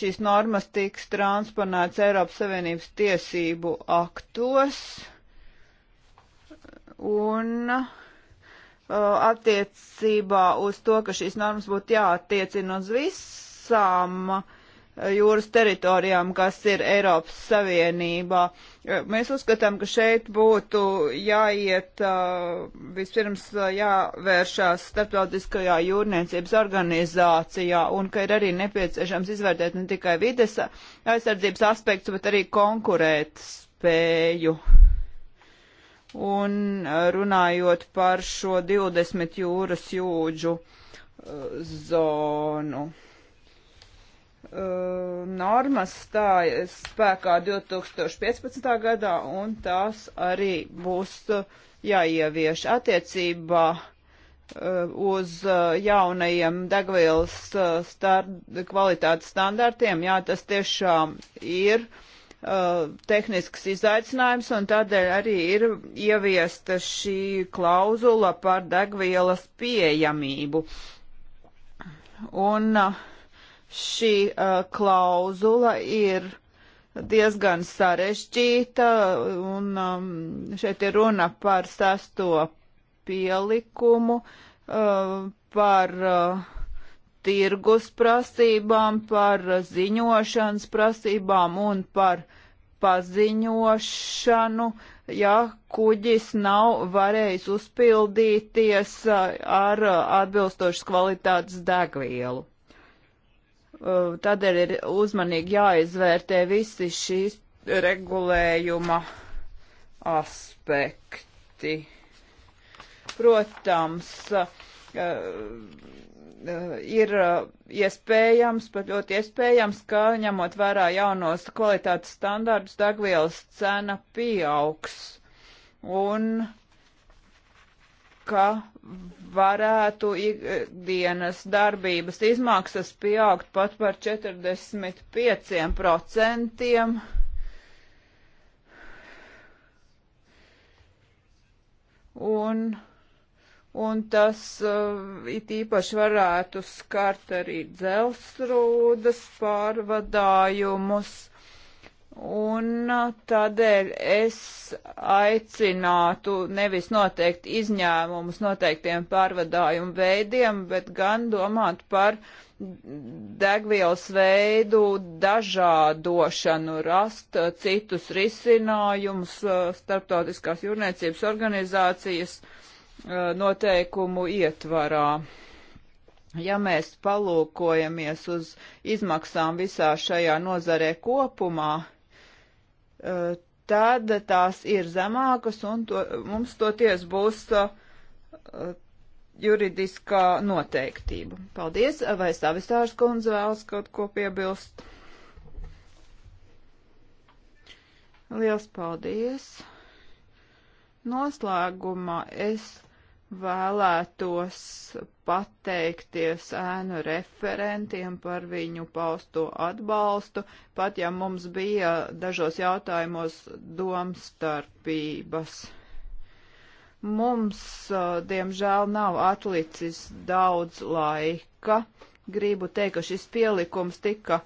šīs normas tiks transponēts Eiropas Savienības tiesību aktos un attiecībā uz to, ka šīs normas būtu jāattiecina uz visām uh, jūras teritorijām, kas ir Eiropas Savienībā. Mēs uzskatām, ka šeit būtu jāiet vispirms jāvēršās starptautiskajā jūrniecības organizācijā un ka ir arī nepieciešams izvērtēt ne tikai vides aizsardzības aspektu, bet arī konkurēt spēju. Un runājot par šo 20 jūras jūdžu zonu. Uh, normas stāja spēkā 2015. gadā, un tās arī būs uh, jāievieš attiecībā uh, uz jaunajiem degvielas star kvalitātes standartiem. Jā, tas tiešām ir tehnisks izaicinājums, un tādēļ arī ir ieviesta šī klauzula par degvielas pieejamību. Un uh, Šī uh, klauzula ir diezgan sarežģīta, un um, šeit ir runa par sesto pielikumu, uh, par uh, tirgus prasībām, par ziņošanas prasībām un par paziņošanu, ja kuģis nav varējis uzpildīties ar atbilstošas kvalitātes degvielu. Eh, tādēļ ir uzmanīgi jāizvērtē visi šīs regulējuma aspekti. Protams, eh, eh, ir iespējams, pat ļoti iespējams, ka ņemot vērā jaunos kvalitātes standārdus, degvielas cena pieaugs. Un uh, ka varētu ikdienas darbības izmaksas pieaugt pat par 45%. Un, un tas uh, it īpaši varētu skart arī dzelsrūdas pārvadājumus Un tādēļ es aicinātu nevis noteikt izņēmumus noteiktiem pārvadājumu veidiem, bet gan domāt par degvielas veidu dažādošanu, rast citus risinājumus starptautiskās jūrniecības organizācijas noteikumu ietvarā. Ja mēs palūkojamies uz izmaksām visā šajā nozarē kopumā, Eh, tad tās ir zemākas un to, mums toties būs eh, juridiskā noteiktība. Paldies, vai Savistārs kundze vēlas kaut ko piebilst? Liels paldies! Noslēgumā es vēlētos pateikties ēnu referentiem par viņu pausto atbalstu, pat ja mums bija dažos jautājumos domstarpības. Mums, diemžēl, nav atlicis daudz laika. Gribu teikt, ka šis pielikums tika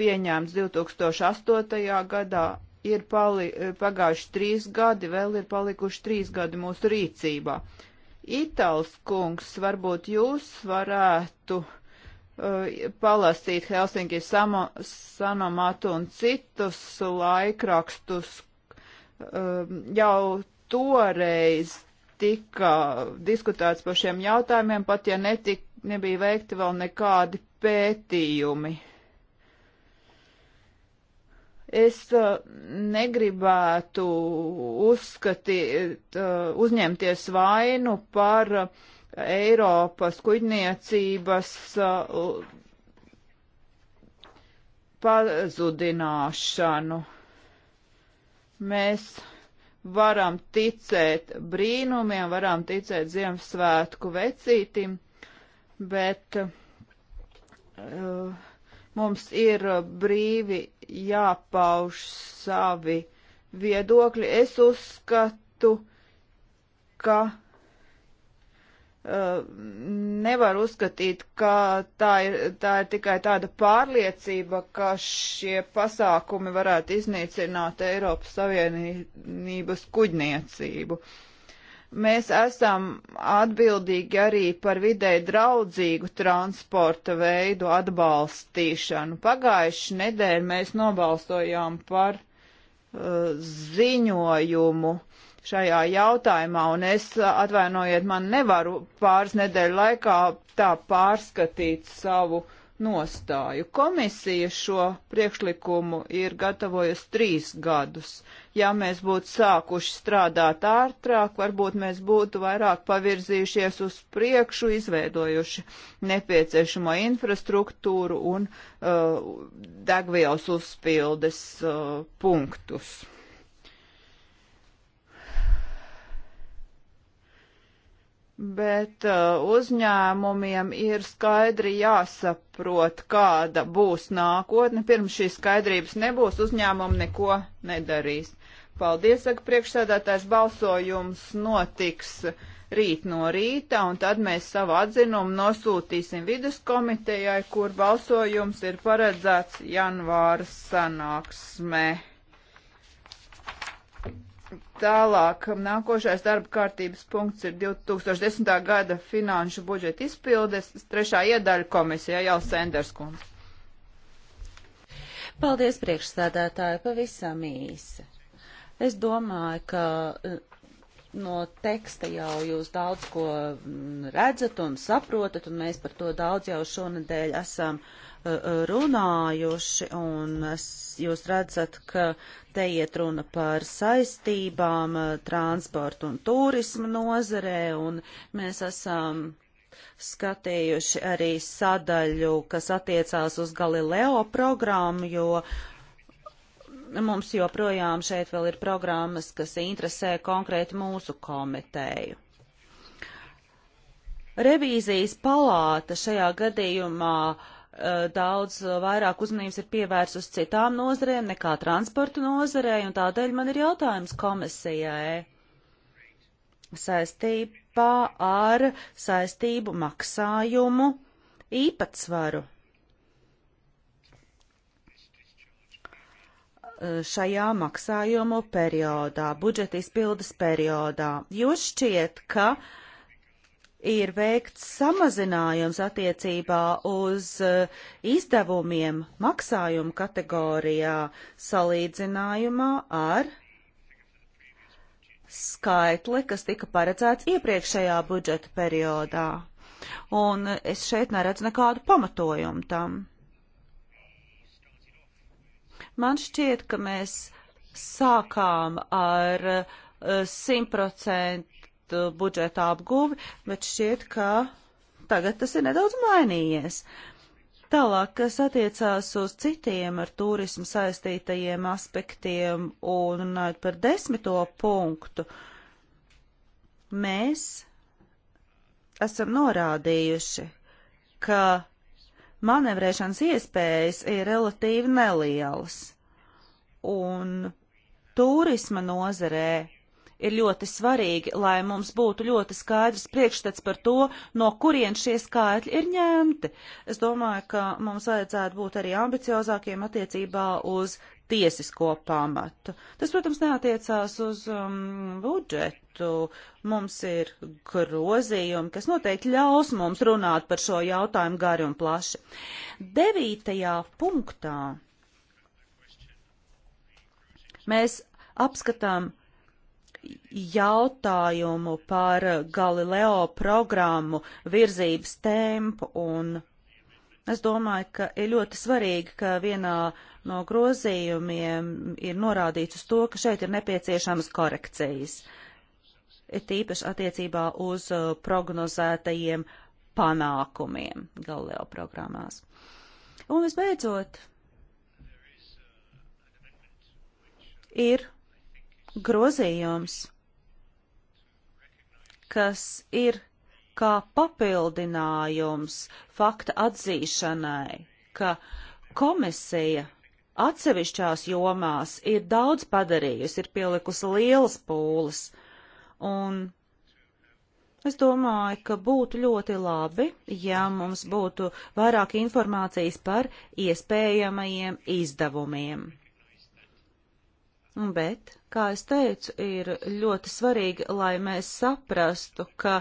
pieņēmts 2008. gadā, ir pali, pagājuši trīs gadi, vēl ir palikuši trīs gadi mūsu rīcībā Itāls kungs, varbūt jūs varētu uh, palasīt Helsinki Sanomatu un citus laikrakstus. Uh, jau toreiz tika diskutēts par šiem jautājumiem, pat ja netik, nebija veikti vēl nekādi pētījumi. Es uh, negribētu uzskatīt, uh, uzņemties vainu par uh, Eiropas kuģniecības pazudināšanu. Mēs varam ticēt brīnumiem, varam ticēt Ziemassvētku vecītim, bet uh, mums ir brīvi jāpauž savi viedokļi. Es uzskatu, ka uh, nevar uzskatīt, ka tā ir, tā ir tikai tāda pārliecība, ka šie pasākumi varētu iznīcināt Eiropas Savienības kuģniecību. Uh, Mēs esam atbildīgi arī par videi draudzīgu transporta veidu atbalstīšanu. Pagājuši nedēļu mēs nobalstojām par uh, ziņojumu šajā jautājumā, un es uh, atvainojiet, man nevaru pāris nedēļu laikā tā pārskatīt savu nostāju. Komisija šo priekšlikumu ir gatavojusi trīs gadus. Ja mēs būtu sākuši strādāt ātrāk, varbūt mēs būtu vairāk pavirzījušies uz priekšu, izveidojuši nepieciešamo infrastruktūru un uh, degvielas uzpildes uh, punktus. Bet uh, uzņēmumiem ir skaidri jāsaprot, kāda būs nākotne. Pirms šīs skaidrības nebūs, uzņēmumi neko nedarīs. Paldies, saka priekšsēdētājs, balsojums notiks rīt no rīta, un tad mēs savu atzinumu nosūtīsim viduskomitejai, kur balsojums ir paredzēts janvāra sanāksmē. Tālāk, nākošais darba kārtības punkts ir 2010. gada finanšu budžeta izpildes trešā iedaļa komisijā jau Senders kundze. Paldies, priekšstādātāji, pavisam īsi. Es domāju, ka mm, no teksta jau jūs daudz ko mm, redzat un saprotat, un mēs par to daudz jau šonadēļ esam uh, Uh, runājuši, un es, jūs redzat, ka te iet runa par saistībām, uh, transportu un turismu nozarē, un mēs esam skatījuši arī sadaļu, kas attiecās uz Galileo programmu, jo mums joprojām šeit vēl ir programmas, kas interesē konkrēti mūsu komiteju. Revīzijas palāta šajā gadījumā uh, Eh, daudz eh, vairāk uzmanības ir pievērsus citām nozarēm nekā transportu nozarei, un tādēļ man ir jautājums komisijai saistībā ar saistību maksājumu īpatsvaru. Eh, šajā maksājumu periodā, budžeta izpildes periodā. Jūs šķiet, ka uh, ir veikts samazinājums attiecībā uz eh, izdevumiem maksājumu kategorijā salīdzinājumā ar skaitli, kas tika paredzēts iepriekšējā budžeta periodā. Un es šeit neredzu nekādu pamatojumu tam. Man šķiet, ka mēs sākām ar eh, simtprocentu Uh, budžeta apguvi, bet šķiet, ka tagad tas ir nedaudz mainījies. Tālāk, kas attiecās uz citiem ar turismu saistītajiem aspektiem un runājot par desmito punktu, mēs esam norādījuši, ka manevrēšanas iespējas ir relatīvi nelielas, un turisma nozarē ir ļoti svarīgi, lai mums būtu ļoti skaidrs priekšstats par to, no kurien šie skaitļi ir ņemti. Es domāju, ka mums vajadzētu būt arī ambiciozākiem attiecībā uz tiesisko pamatu. Tas, protams, neatiecās uz um, budžetu. Mums ir grozījumi, kas noteikti ļaus mums runāt par šo jautājumu gari un plaši. Devītajā punktā mēs apskatām jautājumu par Galileo programmu virzības tempu, un es domāju, ka ir ļoti svarīgi, ka vienā no grozījumiem ir norādīts uz to, ka šeit ir nepieciešamas korekcijas, it īpaši attiecībā uz uh, prognozētajiem panākumiem Galileo programmās. Un visbeidzot, ir grozījums, kas ir kā papildinājums fakta atzīšanai, ka komisija atsevišķās jomās ir daudz padarījusi, ir pielikusi lielas pūles, un Es domāju, ka būtu ļoti labi, ja mums būtu vairāk informācijas par iespējamajiem izdevumiem. Bet, kā es teicu, ir ļoti svarīgi, lai mēs saprastu, ka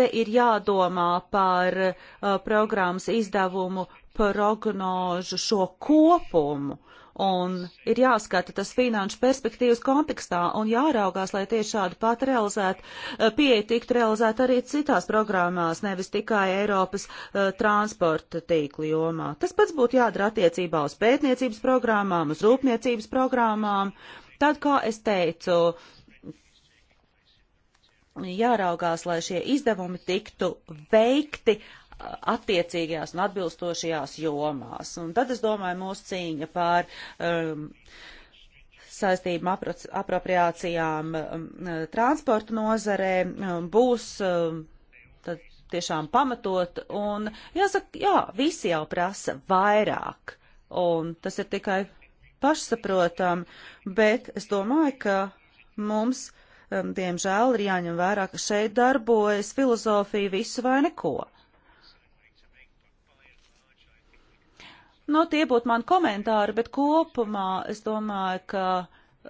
te ir jādomā par uh, programmas izdevumu prognožu šo kopumu. Uh, un ir jāskata tas finanšu perspektīvas kontekstā un jāraugās, lai tieši šādu pat realizētu, eh, pieeja tiktu realizēt arī citās programmās, nevis tikai Eiropas uh, transporta tīkli jomā. Tas pats būtu jādara attiecībā uz pētniecības programmām, uz rūpniecības programmām. Tad, kā es teicu, jāraugās, lai šie izdevumi tiktu veikti attiecīgajās un atbilstošajās jomās. Un tad, es domāju, mūsu cīņa pār um, saistību apro apropriācijām um, transporta nozarē um, būs um, tad tiešām pamatot. Un jāsaka, jā, visi jau prasa vairāk. Un tas ir tikai pašsaprotam, bet es domāju, ka mums, um, diemžēl, ir jāņem vērā, ka šeit darbojas filozofija visu vai neko. Nu, tie būtu mani komentāri, bet kopumā es domāju, ka eh,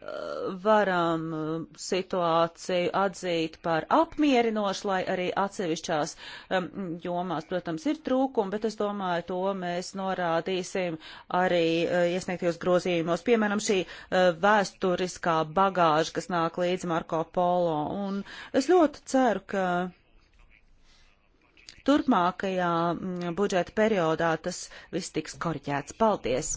varam eh, situāciju atzīt par apmierinošu, lai arī atsevišķās um, jomās, protams, ir trūkumi, bet es domāju, to mēs norādīsim arī uh, iesniegtajos grozījumos. Piemēram, šī uh, vēsturiskā bagāža, kas nāk līdz Marko Polo. Un es ļoti ceru, ka turpmākajā mm, budžeta periodā tas viss tiks korģēts. Paldies!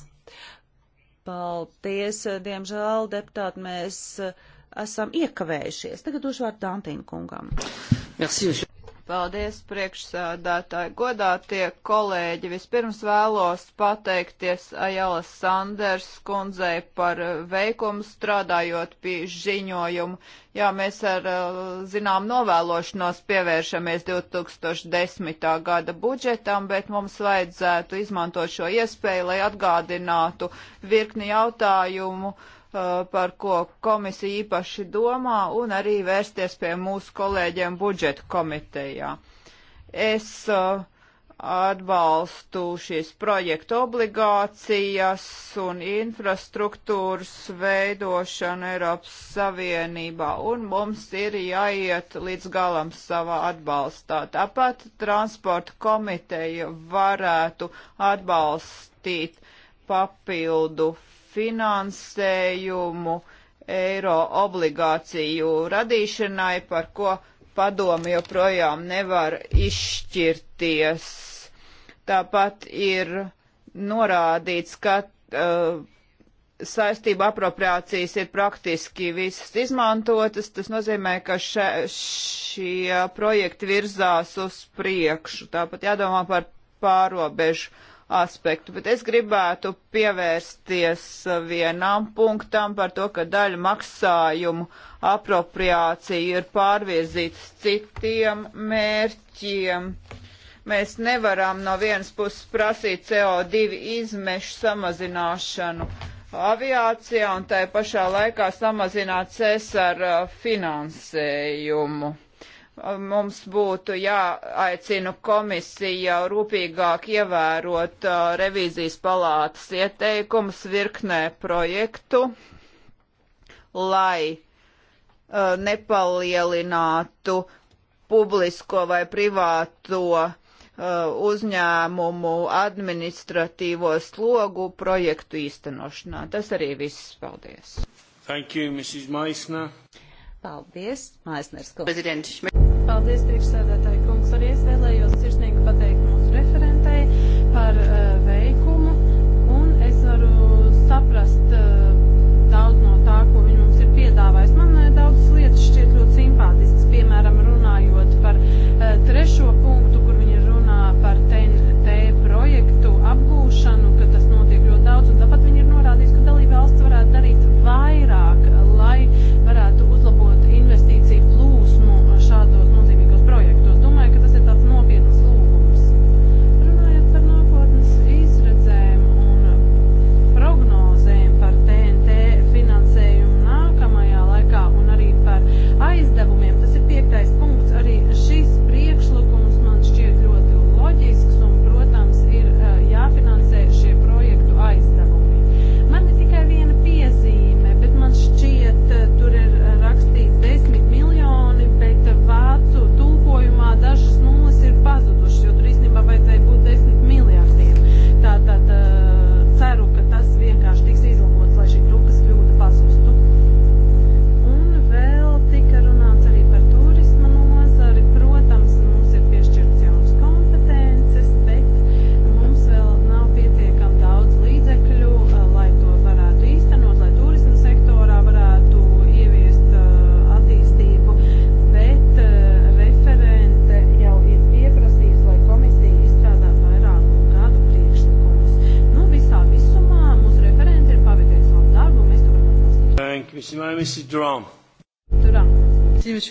Paldies! Diemžēl, deputāti, mēs eh, esam iekavējušies. Tagad došu vārdu Dantīnu kungam. Merci, Paldies, priekšsēdētāji. Godātie kolēģi, vispirms vēlos pateikties Ajala Sanders kundzei par eh, veikumu strādājot pie ziņojumu. Jā, mēs ar eh, zinām novēlošanos pievēršamies 2010. gada budžetam, bet mums vajadzētu izmantot šo iespēju, lai atgādinātu virkni jautājumu par ko komisija īpaši domā, un arī vērsties pie mūsu kolēģiem budžeta komitejā. Es atbalstu šīs projektu obligācijas un infrastruktūras veidošanu Eiropas Savienībā, un mums ir jāiet līdz galam savā atbalstā. Tāpat transporta komiteja varētu atbalstīt papildu finansējumu eiro obligāciju radīšanai, par ko padomi joprojām nevar izšķirties. Tāpat ir norādīts, ka uh, saistība apropriācijas ir praktiski visas izmantotas. Tas nozīmē, ka še, šie projekti virzās uz priekšu. Tāpat jādomā par pārobežu aspektu, bet es gribētu pievērsties vienam punktam par to, ka daļa maksājumu apropriācija ir pārvirzītas citiem mērķiem. Mēs nevaram no vienas puses prasīt CO2 izmešu samazināšanu aviācijā un tai pašā laikā samazināt CESAR finansējumu mums būtu jāaicina komisija rūpīgāk ievērot uh, revīzijas palātas ieteikumus virknē projektu, lai uh, nepalielinātu publisko vai privāto uh, uzņēmumu administratīvo slogu projektu īstenošanā. Tas arī viss. Paldies! Thank you, Mrs. Meisner. Paldies, Maisners. Prezidents. Paldies, priekšsēdētāji kungs. Arī es vēlējos sirsnīgi pateikt mūsu referentei par uh, veikumu. Un es varu saprast uh, daudz no tā, ko viņi mums ir piedāvājis. Man uh, daudzas lietas šķiet ļoti simpātiskas. Piemēram, runājot par uh, trešo punktu, kur viņi runā par TNT projektu apgūšanu,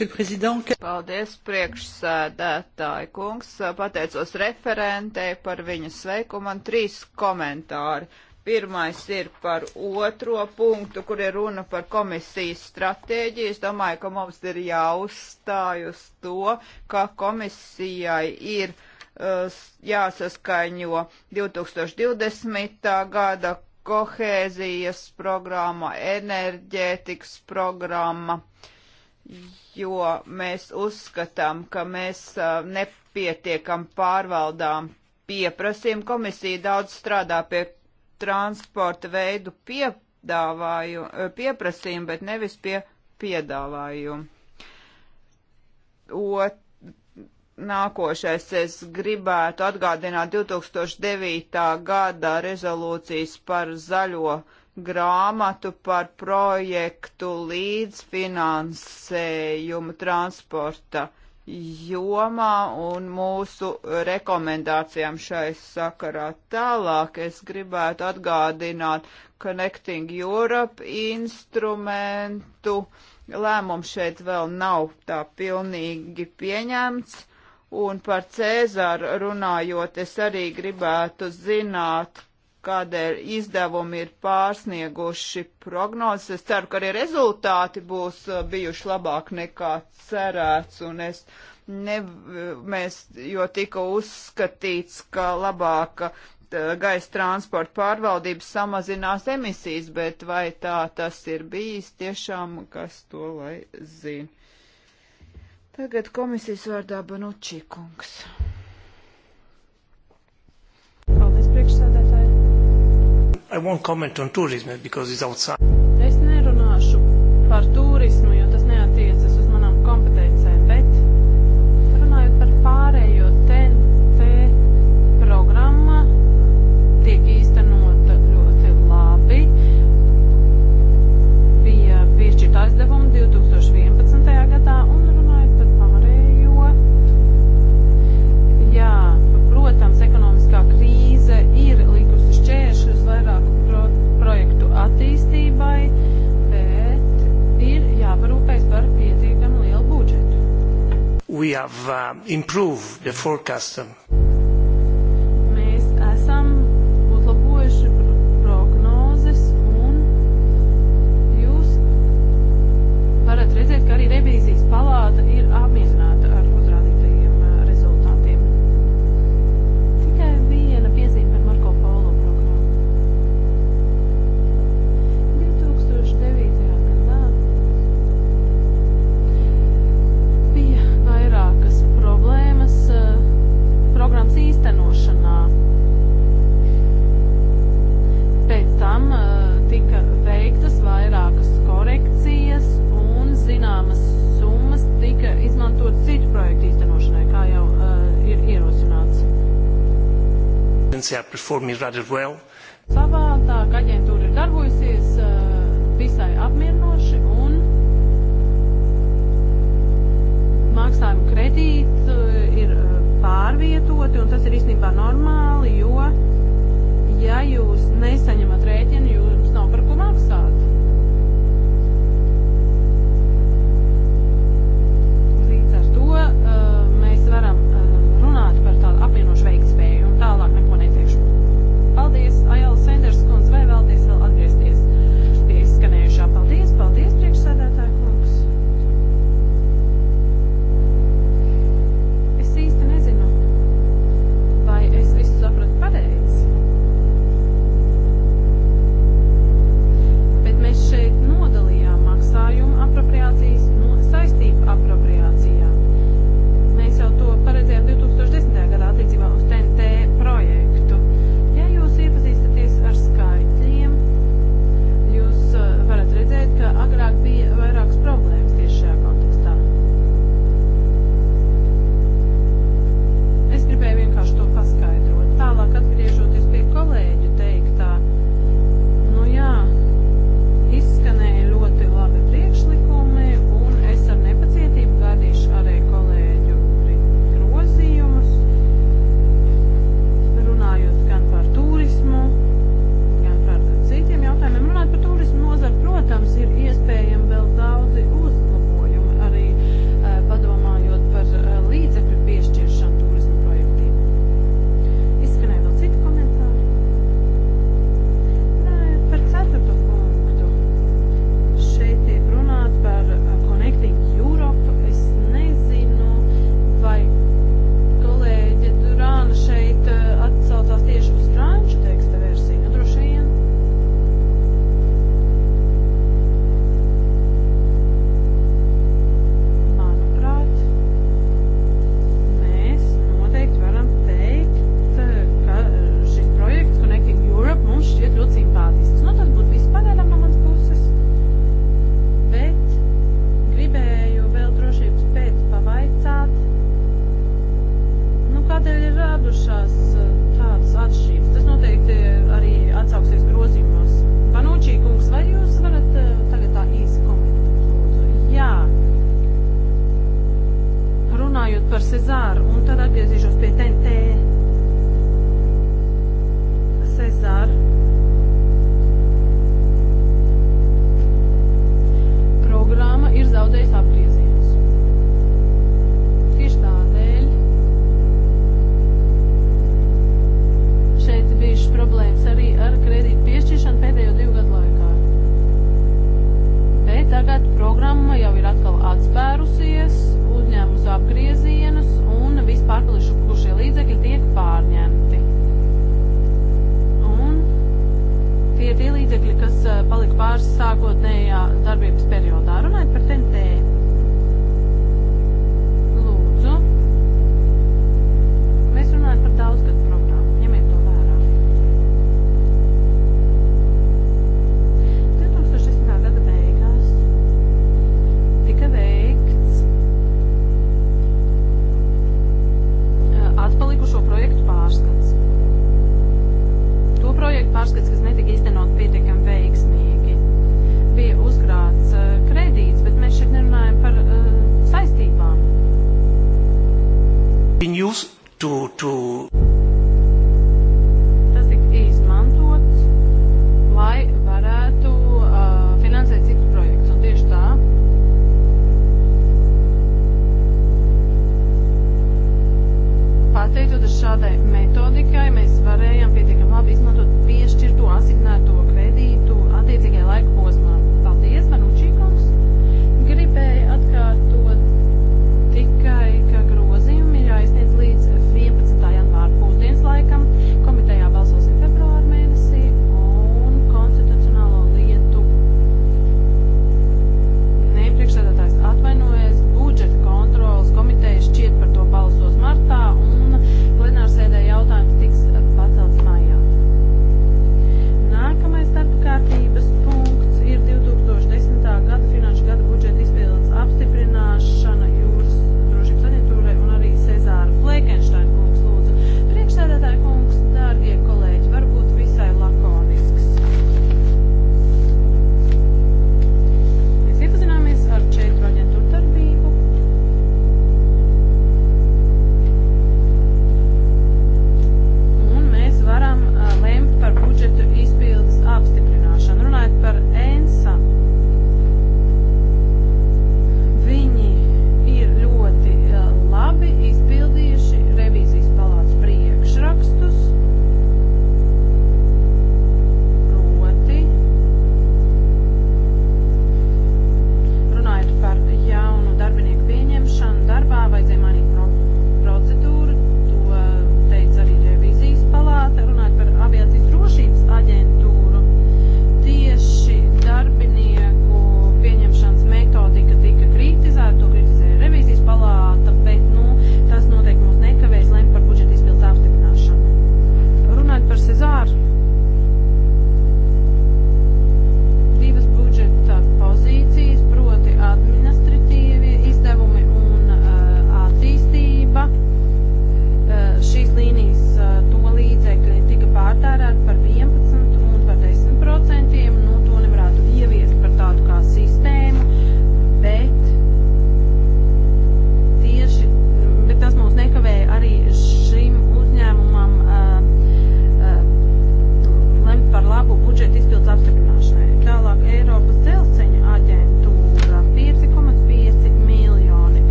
Paldies, priekšsēdētāji kungs. Pateicos referentei par viņas sveiku. Man trīs komentāri. Pirmais ir par otro punktu, kur ir runa par komisijas stratēģiju. Es domāju, ka mums ir jāuzstāj uz to, ka komisijai ir uh, jāsaskaņo 2020. gada kohēzijas programma, enerģētikas programma, jo mēs uzskatām, ka mēs nepietiekam pārvaldām pieprasījumu. Komisija daudz strādā pie transporta veidu pieprasījumu, bet nevis pie piedāvājumu. Ot, nākošais es gribētu atgādināt 2009. gada rezolūcijas par zaļo uh, grāmatu par projektu līdzfinansējumu transporta jomā un mūsu rekomendācijām šai sakarā. Tālāk es gribētu atgādināt Connecting Europe instrumentu. Lēmums šeit vēl nav tā pilnīgi pieņemts. Un par Cēzaru runājot, es arī gribētu zināt, kādēļ izdevumi ir pārsnieguši prognozes. Es ceru, ka arī rezultāti būs uh, bijuši labāk nekā cerēts, un es ne, mēs, jo tika uzskatīts, ka labāka gaisa transporta pārvaldības samazinās emisijas, bet vai tā tas ir bijis tiešām, kas to lai zina. Tagad komisijas vārdā Banučī kungs. Paldies priekšsēdā. I won't comment on tourism because it's outside. Es nerunāšu par to. Uh, improve the forecast. does that as well. Savādāk aģentūra ir darbojusies visai apmierinoši un maksājumu kredīti ir pārvietoti un tas ir īstenībā normāli, jo ja jūs nesaņemat rēķinu, jums nav par ko maksāt. Līdz ar to uh, mēs varam uh, runāt par tādu apvienošu veiktspēju un tālāk nekā.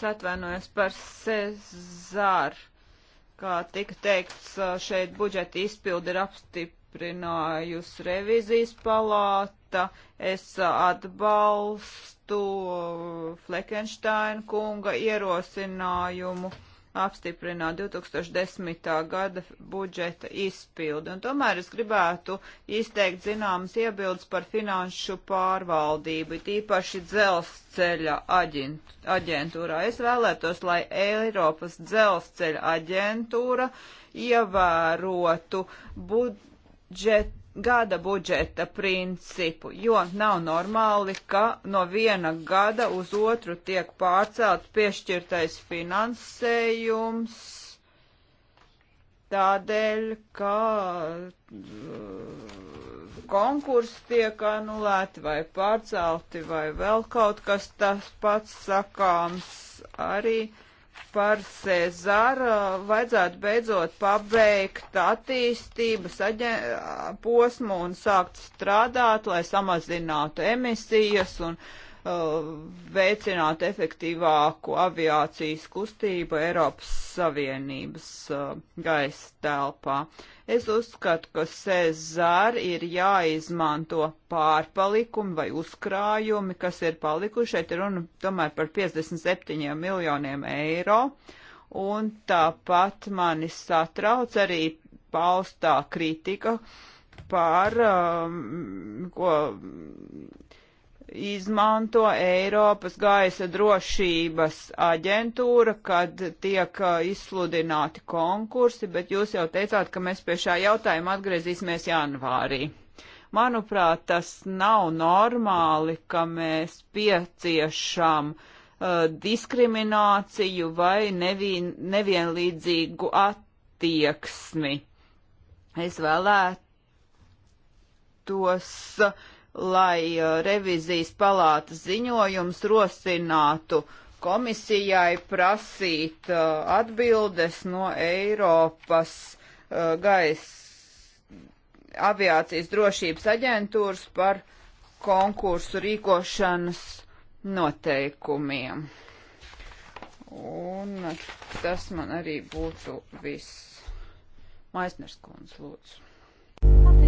es atvainojos par Cezāru. Kā tika teikts, šeit budžeta izpildi ir apstiprinājusi revizijas palāta. Es atbalstu Fleckensteina kunga ierosinājumu apstiprināt 2010. gada budžeta izpildi. Un tomēr es gribētu izteikt zināmas iebildes par finanšu pārvaldību, tīpaši dzelzceļa aģint, aģentūrā. Es vēlētos, lai Eiropas dzelzceļa aģentūra ievērotu budžeta gada budžeta principu, jo nav normāli, ka no viena gada uz otru tiek pārcelt piešķirtais finansējums tādēļ, ka uh, konkursi tiek anulēti vai pārcelti vai vēl kaut kas tas pats sakāms arī par Cezāru vajadzētu beidzot pabeigt attīstības posmu un sākt strādāt, lai samazinātu emisijas un uh, veicināt efektīvāku aviācijas kustību Eiropas Savienības gaisa telpā. Es uzskatu, ka Cezar ir jāizmanto pārpalikumi vai uzkrājumi, kas ir palikuši. Šeit ir runa tomēr par 57 miljoniem eiro. Un tāpat mani satrauc arī paustā kritika par, um, ko izmanto Eiropas gaisa drošības aģentūra, kad tiek uh, izsludināti konkursi, bet jūs jau teicāt, ka mēs pie šā jautājuma atgriezīsimies janvārī. Manuprāt, tas nav normāli, ka mēs pieciešam uh, diskrimināciju vai nevien, nevienlīdzīgu attieksmi. Es vēlētos uh, lai uh, revizijas palātas ziņojums rosinātu komisijai prasīt uh, atbildes no Eiropas uh, gaisa aviācijas drošības aģentūras par konkursu rīkošanas noteikumiem. Un tas man arī būtu viss. Maisners kundze, lūdzu.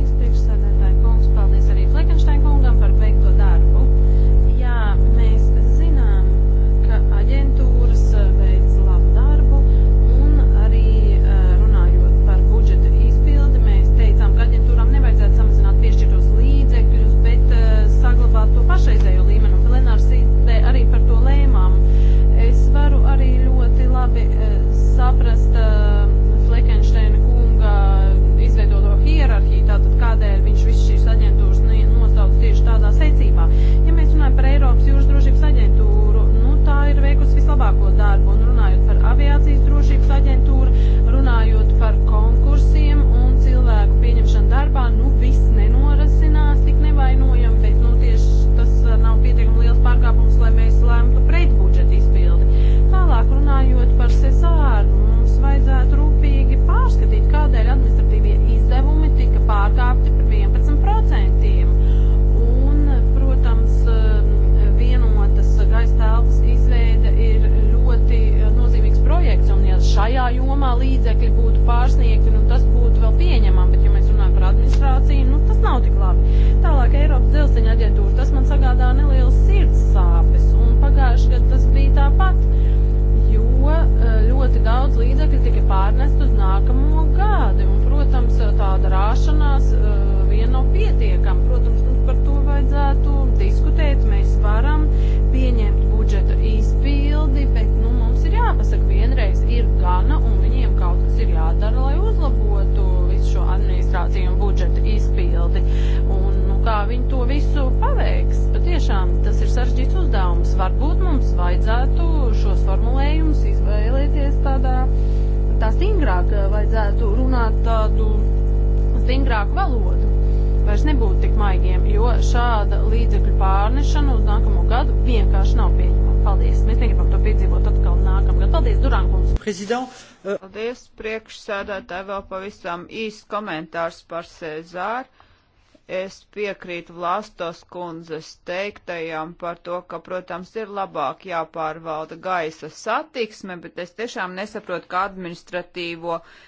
to visu paveiks. Patiešām tas ir sarežģīts uzdevums. Varbūt mums vajadzētu šos formulējumus izvēlēties tādā, tā stingrāk eh, vajadzētu runāt tādu stingrāku valodu. Vairs nebūtu tik maigiem, jo šāda līdzekļu pārnešana uz nākamo gadu vienkārši nav pieņemama. Paldies! Mēs negribam to piedzīvot atkal nākamgad. Paldies, Durankums! Eh, Paldies, priekšsēdētāji, vēl pavisam īsts komentārs par Cēzāru. Es piekrītu Vlastos kundzes teiktajām par to, ka, protams, ir labāk jāpārvalda gaisa satiksme, bet es tiešām nesaprotu, kā administratīvo uh,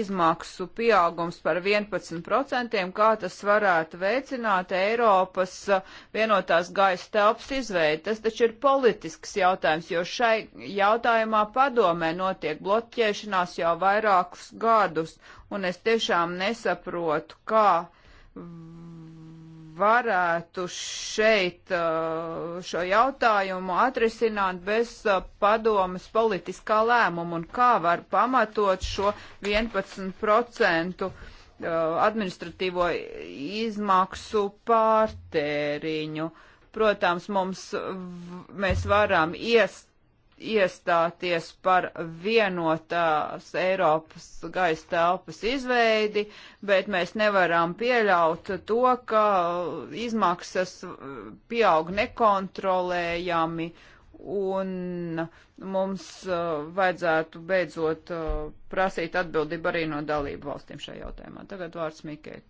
izmaksu pieaugums par 11%, kā tas varētu veicināt Eiropas uh, vienotās gaisa telpas izveidi. Tas taču ir politisks jautājums, jo šai jautājumā padomē notiek bloķēšanās jau vairākus gadus, un es tiešām nesaprotu, kā varētu šeit uh, šo jautājumu atrisināt bez uh, padomas politiskā lēmuma un kā var pamatot šo 11% uh, administratīvo izmaksu pārtēriņu. Protams, mums, mēs varam iest iestāties par vienotās Eiropas gaisa telpas izveidi, bet mēs nevaram pieļaut to, ka izmaksas pieaug nekontrolējami un mums uh, vajadzētu beidzot uh, prasīt atbildību arī no dalību valstīm šajā jautājumā. Tagad vārds Mikēk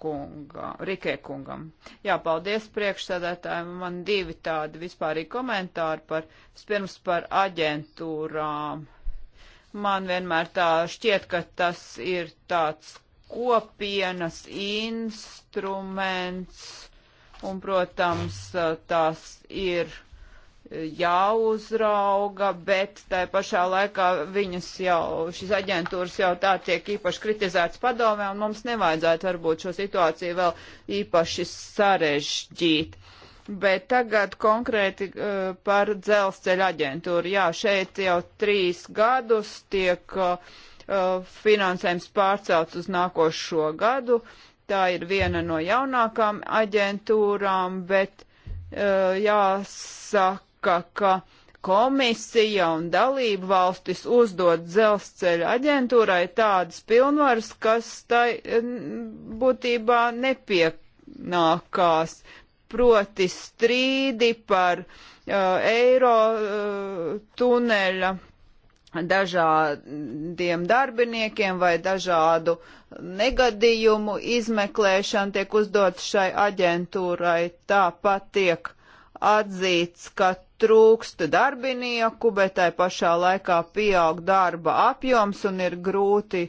kunga, Rikē kungam. Jā, paldies priekšsēdētājiem. Man divi tādi vispārīgi komentāri par, pirms par aģentūrām. Man vienmēr tā šķiet, ka tas ir tāds kopienas instruments, un, protams, tās ir jāuzrauga, bet tai pašā laikā viņas jau, šīs aģentūras jau tā tiek īpaši kritizētas padomē, un mums nevajadzētu varbūt šo situāciju vēl īpaši sarežģīt. Bet tagad konkrēti uh, par dzelzceļa aģentūru. Jā, šeit jau trīs gadus tiek uh, finansējums pārcelts uz nākošo gadu. Tā ir viena no jaunākām aģentūrām, bet uh, jāsaka, saka, ka komisija un dalību valstis uzdod dzelzceļa aģentūrai tādas pilnvaras, kas tai būtībā nepienākās, proti strīdi par uh, eiro uh, tuneļa dažādiem darbiniekiem vai dažādu negadījumu izmeklēšana tiek uzdots šai aģentūrai. Tāpat tiek atzīts, ka trūkst darbinieku, bet tai pašā laikā pieaug darba apjoms un ir grūti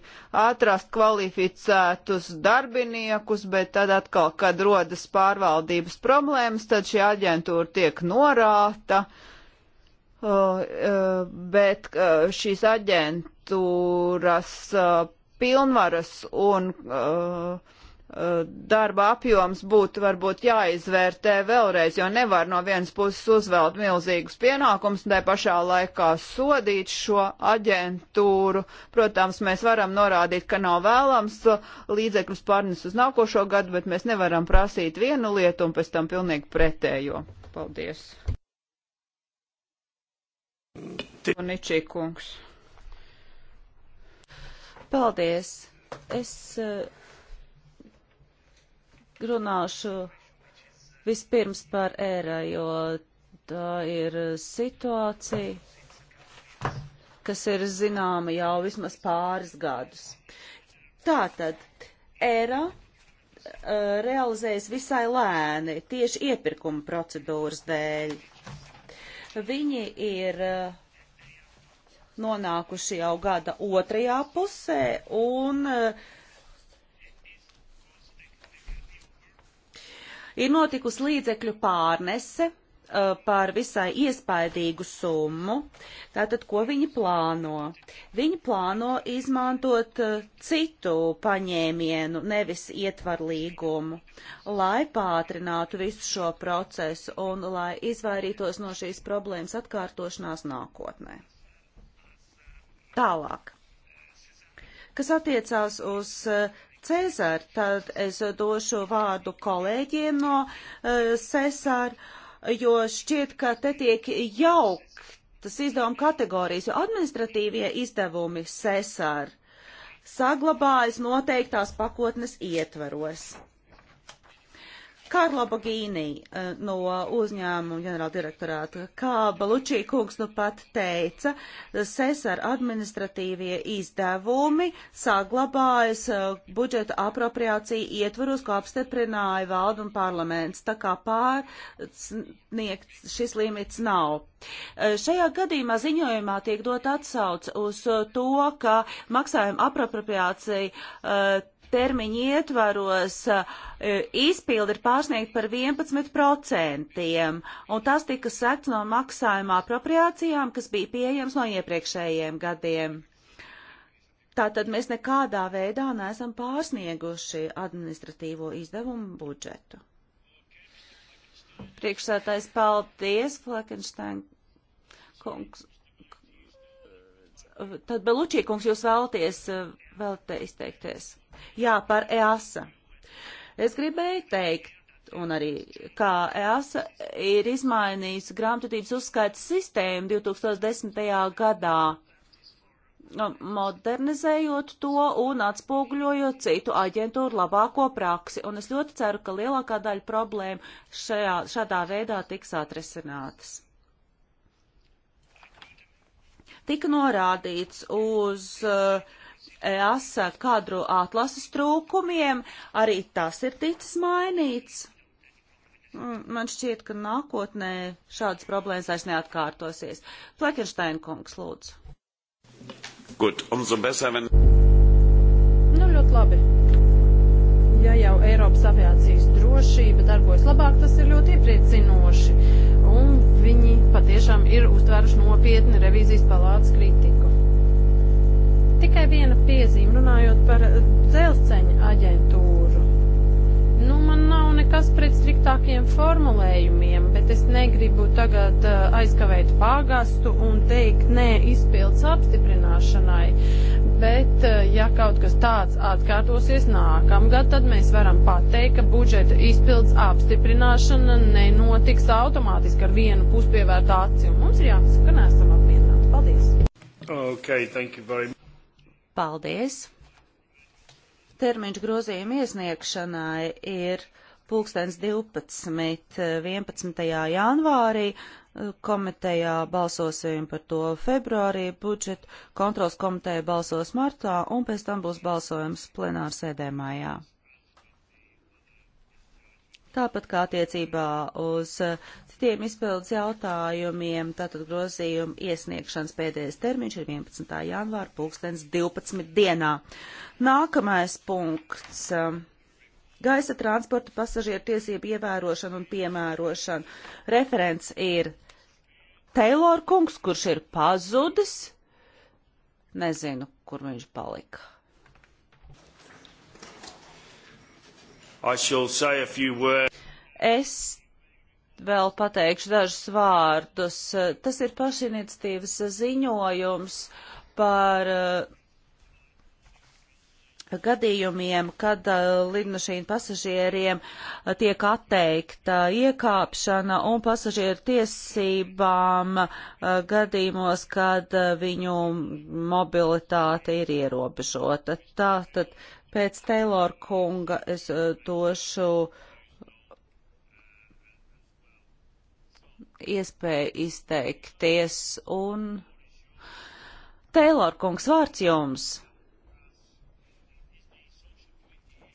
atrast kvalificētus darbiniekus, bet tad atkal, kad rodas pārvaldības problēmas, tad šī aģentūra tiek norāta. Uh, uh, bet uh, šīs aģentūras e, pilnvaras un uh, darba apjoms būtu varbūt jāizvērtē vēlreiz, jo nevar no vienas puses uzvelt milzīgus pienākumus un tai pašā laikā sodīt šo aģentūru. Protams, mēs varam norādīt, ka nav vēlams līdzekļus pārnes uz nākošo gadu, bet mēs nevaram prasīt vienu lietu un pēc tam pilnīgi pretējo. Paldies. Ničī kungs. Paldies. Es uh runāšu vispirms par ērā, jo tā ir situācija, kas ir zināma jau vismaz pāris gadus. Tātad, ērā realizējas visai lēni, tieši iepirkuma procedūras dēļ. Viņi ir nonākuši jau gada otrajā pusē un uh, Ir notikusi līdzekļu pārnese uh, par visai iespaidīgu summu. Tātad, ko viņi plāno? Viņi plāno izmantot uh, citu paņēmienu, nevis ietvaru līgumu, lai pātrinātu visu šo procesu un lai izvairītos no šīs problēmas atkārtošanās nākotnē. Tālāk kas attiecās uz uh, Cezar, tad es došu vārdu kolēģiem no uh, eh, Cezar, jo šķiet, ka te tiek jauktas izdevuma kategorijas, jo administratīvie izdevumi Cezar saglabājas noteiktās pakotnes ietveros. Kārlo Bogīnī eh, no uzņēmuma ģenerāldirektorāta, kā Balučī kungs nu pat teica, sesar administratīvie izdevumi saglabājas eh, budžeta apropriācija ietvaros, ko apstiprināja valda un parlaments, tā kā pārsniegt šis limits nav. Eh, šajā gadījumā ziņojumā tiek dot atsauc uz to, ka maksājuma apropriācija termiņa ietvaros e, izpildi ir pārsniegt par 11%, un tas tika sekts no maksājuma apropriācijām, kas bija pieejams no iepriekšējiem gadiem. Tātad mēs nekādā veidā neesam pārsnieguši administratīvo izdevumu budžetu. Priekšsētājs paldies, Flekenstein kungs. Tad, Belučī kungs, jūs vēlaties e, vēl te izteikties. Jā, par EASA. Es gribēju teikt, un arī kā EASA ir izmainījusi grāmatvedības uzskaits sistēmu 2010. gadā nu, modernizējot to un atspoguļojot citu aģentūru labāko praksi. Un es ļoti ceru, ka lielākā daļa problēma šajā, šādā veidā tiks atrisinātas. Tika norādīts uz uh, EASA kadru atlases trūkumiem, arī tas ir ticis mainīts. Mm, man šķiet, ka nākotnē šādas problēmas vairs neatkārtosies. Plekensteina kungs, lūdzu. Gut, umso besser, wenn... Nu, ļoti labi. Ja jau Eiropas aviācijas drošība darbojas labāk, tas ir ļoti iepriecinoši. Un viņi patiešām ir uztvēruši nopietni revīzijas palātas kritiku. Tikai viena piezīme runājot par eh, dzelzceņa aģentūru. Nu, man nav nekas pret striktākiem formulējumiem, bet es negribu tagad uh, aizkavēt pāgastu un teikt nē izpildes apstiprināšanai. Bet, uh, ja kaut kas tāds atkārtosies nākamgad, tad mēs varam pateikt, ka budžeta izpildes apstiprināšana nenotiks automātiski ar vienu puspievērtu aci. Mums ir jāsaka, ka neesam apmierināti. Paldies! Okay, thank you very much. Paldies! Termiņš grozījuma iesniegšanai ir pulkstens 12. 11. janvārī. Komitejā balsosim par to februārī, budžet kontrols komiteja balsos martā un pēc tam būs balsojums plenārsēdē mājā. Tāpat kā attiecībā uz eh, citiem izpildus jautājumiem, tātad grozījuma iesniegšanas pēdējais termiņš ir 11. janvāra pulkstens 12 dienā. Nākamais punkts. Eh, gaisa transporta pasažieru tiesību ievērošana un piemērošana. Referents ir Taylor kungs, kurš ir pazudis. Nezinu, kur viņš palika. Es vēl pateikšu dažus vārdus. Tas ir pašiniciatīvas ziņojums par eh, gadījumiem, kad uh, lidmašīnu pasažieriem uh, tiek atteikta iekāpšana un pasažieru tiesībām uh, gadījumos, kad viņu mobilitāte ir ierobežota. Tātad Pēc Taylor kunga es eh, došu iespēju izteikties un Taylor kungs vārds jums.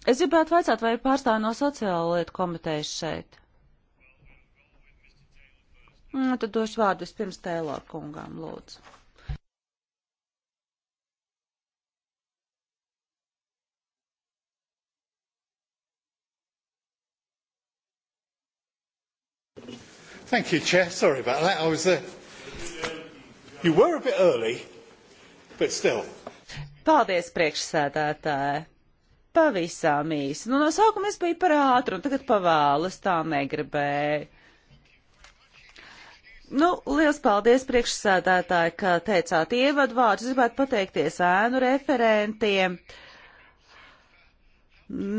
Es gribētu vaicāt, vai pārstāv no sociālo lietu komitejas šeit? Nu, tad došu vārdus pirms Tēlor kungām, lūdzu. Thank you, Chair. Sorry about that. I was. Uh, you were a bit early, but still. Paldies, priekšsēdētāji. Pavisam īsi. Nu, no sākuma es biju par ātru, un tagad pavēlas tā negribēju. Nu, liels paldies priekšsēdētāji, ka teicāt ievadvārdus. Gribētu pateikties ēnu referentiem. Uh,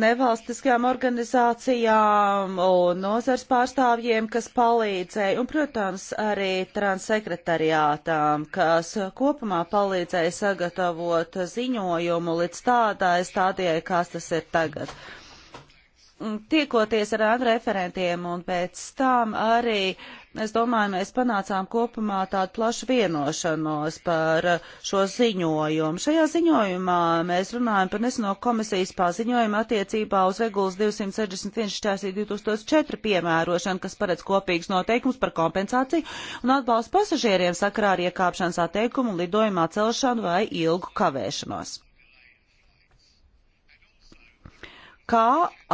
nevalstiskajām organizācijām un nozars pārstāvjiem, kas palīdzēja, un, protams, arī transsekretariātām, kas kopumā palīdzēja sagatavot ziņojumu līdz tādai stādijai, kāds tas ir tagad. Uh, tiekoties ar ēnu referentiem un pēc tam arī, es domāju, mēs panācām kopumā tādu plašu vienošanos par šo ziņojumu. Šajā ziņojumā mēs runājam par neseno komisijas paziņojumu attiecībā uz regulas 261 šķērsī 2004 piemērošanu, kas paredz kopīgs noteikums par kompensāciju un atbalstu pasažieriem sakrā ar iekāpšanas atteikumu, lidojumu atcelšanu vai ilgu kavēšanos. kā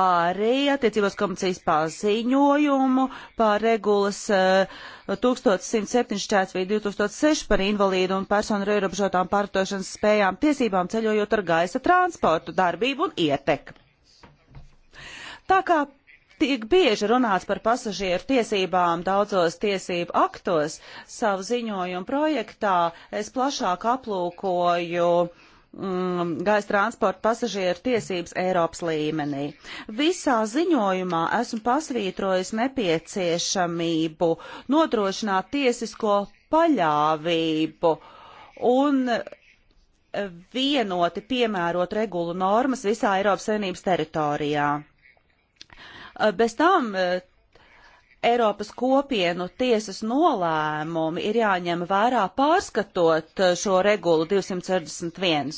arī attiecībos komisijas paziņojumu par regulas uh, 1174 vai 2006 par invalīdu un personu ar ierobežotām pārtošanas spējām tiesībām ceļojot ar gaisa transportu darbību un ietekmi. Tā kā tiek bieži runāts par pasažieru tiesībām daudzos tiesību aktos, savu ziņojumu projektā es plašāk aplūkoju uh, Mm, gaisa transporta pasažieru tiesības Eiropas līmenī. Visā ziņojumā esmu pasvītrojis nepieciešamību nodrošināt tiesisko paļāvību un vienoti piemērot regulu normas visā Eiropas Savienības teritorijā. Bez tam Eiropas kopienu tiesas nolēmumi ir jāņem vērā pārskatot eh, šo regulu 261.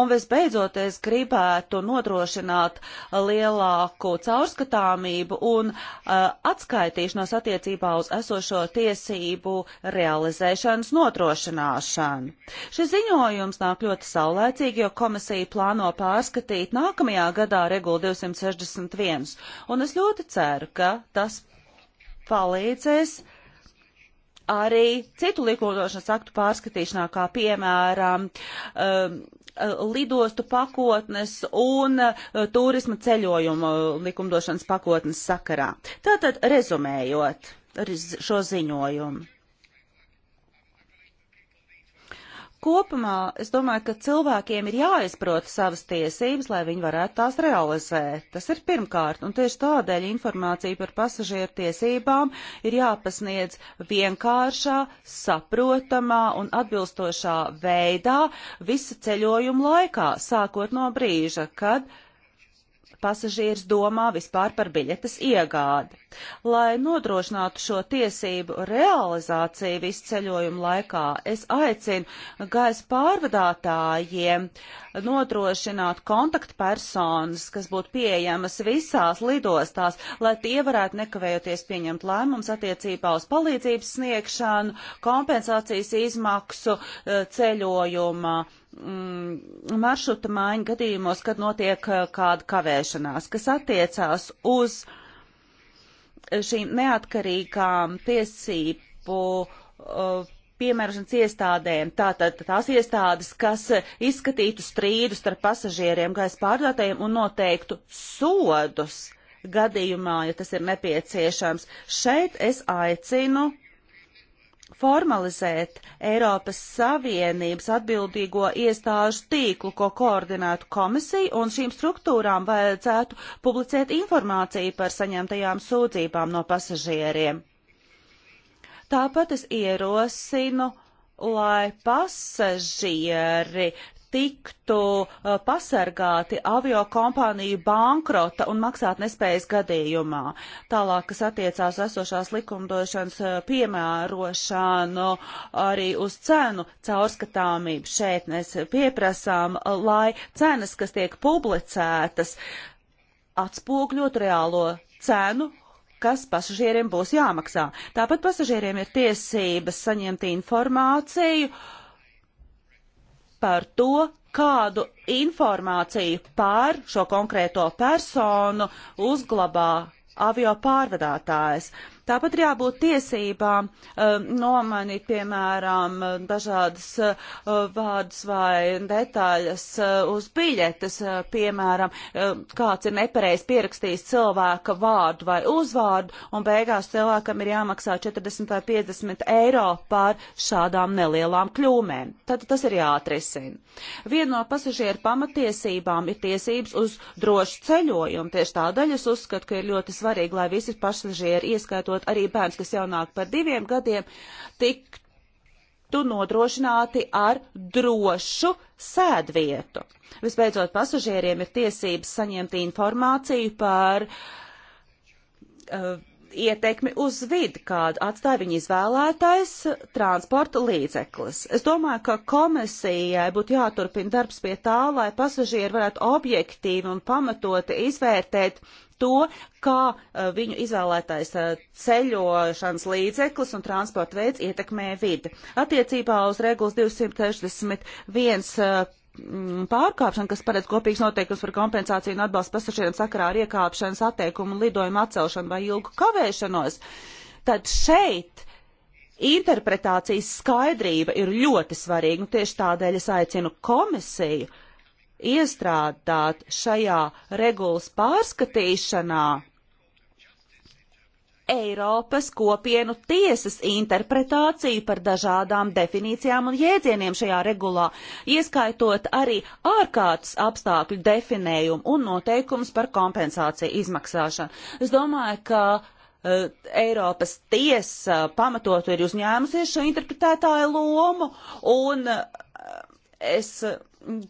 Un visbeidzot, es gribētu nodrošināt lielāku caurskatāmību un uh, atskaitīšanos attiecībā uz esošo tiesību realizēšanas nodrošināšanu. Šis ziņojums nāk ļoti saulēcīgi, jo komisija plāno pārskatīt nākamajā gadā regulu 261. Un es ļoti ceru, ka tas palīdzēs arī citu likumdošanas aktu pārskatīšanā, kā piemēram um, lidostu pakotnes un uh, turisma ceļojuma likumdošanas pakotnes sakarā. Tātad, rezumējot šo ziņojumu. Kopumā es domāju, ka cilvēkiem ir jāizprot savas tiesības, lai viņi varētu tās realizēt. Tas ir pirmkārt, un tieši tādēļ informācija par pasažieru tiesībām ir jāpasniedz vienkāršā, saprotamā un atbilstošā veidā visa ceļojuma laikā, sākot no brīža, kad uh, pasažieris domā vispār par biļetes iegādi. Lai nodrošinātu šo tiesību realizāciju visu ceļojumu laikā, es aicinu gaisa pārvadātājiem nodrošināt kontaktpersonas, kas būtu pieejamas visās lidostās, lai tie varētu nekavējoties pieņemt lēmums attiecībā uz palīdzības sniegšanu, kompensācijas izmaksu eh, ceļojumā mm, maršruta maiņu gadījumos, kad notiek uh, kāda kavēšanās, kas attiecās uz šīm neatkarīgām tiesību uh, piemērošanas iestādēm, tātad tās iestādes, kas izskatītu strīdus starp pasažieriem, gaisa pārdotējiem un noteiktu sodus gadījumā, ja tas ir nepieciešams. Šeit es aicinu formalizēt Eiropas Savienības atbildīgo iestāžu tīklu, ko koordinētu komisija, un šīm struktūrām vajadzētu publicēt informāciju par saņemtajām sūdzībām no pasažieriem. Tāpat es ierosinu, lai pasažieri tiktu uh, pasargāti avio kompāniju bankrota un maksātnespējas gadījumā. Tālāk, kas attiecās esošās likumdošanas uh, piemērošanu arī uz cenu caurskatāmību, šeit mēs pieprasām, uh, lai cenas, kas tiek publicētas, atspūgļot reālo cenu kas pasažieriem būs jāmaksā. Tāpat pasažieriem ir tiesības saņemt informāciju uh, par to, kādu informāciju par šo konkrēto personu uzglabā avio pārvadātājs. Uh, Tāpat ir jābūt tiesībām um, nomainīt, piemēram, dažādas uh, vārdus vai detaļas uh, uz biļetes, uh, piemēram, um, kāds ir nepareiz pierakstījis cilvēka vārdu vai uzvārdu, un beigās cilvēkam ir jāmaksā 40 vai 50 eiro par šādām nelielām kļūmēm. Tad tas ir jāatrisina. Viena no pasažieru pamatiesībām ir tiesības uz drošu ceļojumu. Tieši tādēļ es uzskatu, ka ir ļoti svarīgi, lai visi pasažieri, ieskaitot iekļaujot arī bērns, kas jaunāk par diviem gadiem, tiktu nodrošināti ar drošu sēdvietu. Visbeidzot, pasažieriem ir tiesības saņemt informāciju par uh, ietekmi uz vidi, kādu atstāja viņa izvēlētais transporta līdzeklis. Es domāju, ka komisijai būtu jāturpina darbs pie tā, lai pasažieri varētu objektīvi un pamatoti izvērtēt to, kā eh, viņu izvēlētais eh, ceļošanas līdzeklis un transporta veids ietekmē vidi. Attiecībā uz regulas 261 Mm, pārkāpšana, kas paredz kopīgs noteikums par kompensāciju un atbalstu pasažieriem sakarā ar iekāpšanas atteikumu, lidojumu atcelšanu vai ilgu kavēšanos, tad šeit interpretācijas skaidrība ir ļoti svarīga. Un nu, tieši tādēļ es aicinu komisiju iestrādāt šajā regulas pārskatīšanā Eiropas kopienu tiesas interpretāciju par dažādām definīcijām un jēdzieniem šajā regulā, ieskaitot arī ārkārtas apstākļu definējumu un noteikumus par kompensāciju izmaksāšanu. Es domāju, ka uh, Eiropas tiesa pamatot ir uzņēmusies šo interpretētāju lomu un uh, es eh,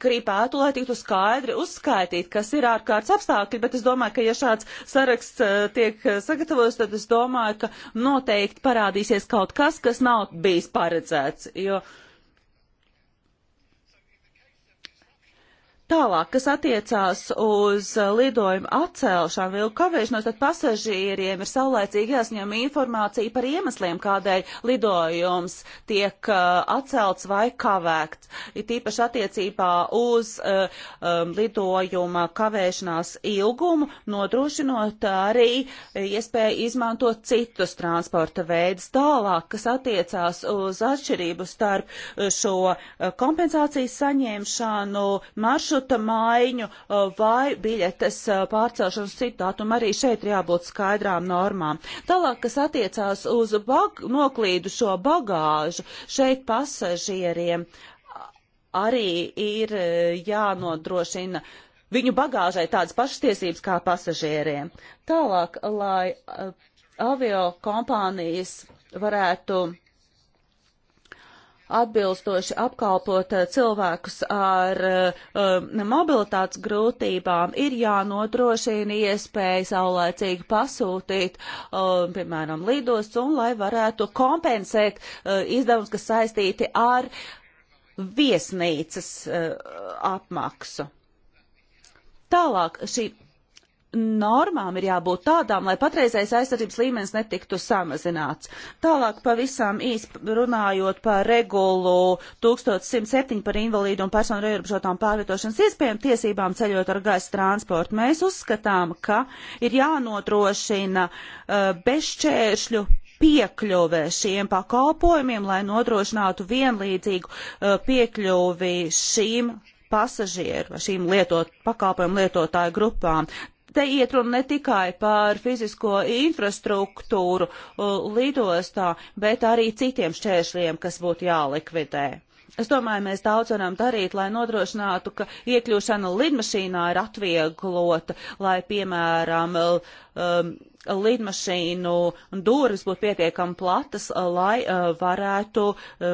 gribētu, lai tiktu skaidri uzskaitīt, kas ir ārkārtas apstākļi, bet es domāju, ka ja šāds saraksts eh, tiek eh, sagatavots, tad es domāju, ka noteikti parādīsies kaut kas, kas nav bijis paredzēts, jo uh, Tālāk, kas attiecās uz uh, lidojumu atcelšanu vai kavēšanos, tad pasažieriem ir saulēcīgi jāsņem informācija par iemesliem, kādēļ lidojums tiek uh, atcelts vai kavēts. Ir tīpaši attiecībā uz uh, um, lidojuma kavēšanās ilgumu, nodrošinot arī iespēju izmantot citus transporta veidus. Tālāk, kas attiecās uz atšķirību starp uh, šo kompensācijas saņemšanu maršrutu, maršruta maiņu vai biļetes pārcelšanu uz citu datumu. Arī šeit ir jābūt skaidrām normām. Tālāk, kas attiecās uz bag noklīdušo bagāžu, šeit pasažieriem arī ir jānodrošina viņu bagāžai tādas pašas tiesības kā pasažieriem. Tālāk, lai avio kompānijas varētu atbilstoši apkalpot eh, cilvēkus ar um, mobilitātes grūtībām, ir jānodrošina iespēja saulēcīgi pasūtīt, um, piemēram, lidosts, un lai varētu kompensēt uh, izdevumus, kas saistīti ar viesnīcas uh, apmaksu. Tālāk šī normām ir jābūt tādām, lai patreizējais aizsardzības līmenis netiktu samazināts. Tālāk pavisam īsti runājot par regulu 1107 par invalīdu un personu reierobežotām pārvietošanas iespējām tiesībām ceļot ar gaisa transportu, mēs uzskatām, ka ir jānodrošina uh, bezšķēršļu piekļuve šiem pakalpojumiem, lai nodrošinātu vienlīdzīgu uh, piekļuvi šīm pasažieru, šīm lietot, pakalpojumu lietotāju grupām. Te iet runa ne tikai par fizisko infrastruktūru uh, lidostā, bet arī citiem šķēršļiem, kas būtu jālikvidē. Es domāju, mēs daudz varam darīt, lai nodrošinātu, ka iekļūšana lidmašīnā ir atvieglota, lai, piemēram, um, lidmašīnu durvis būtu pietiekami platas, lai varētu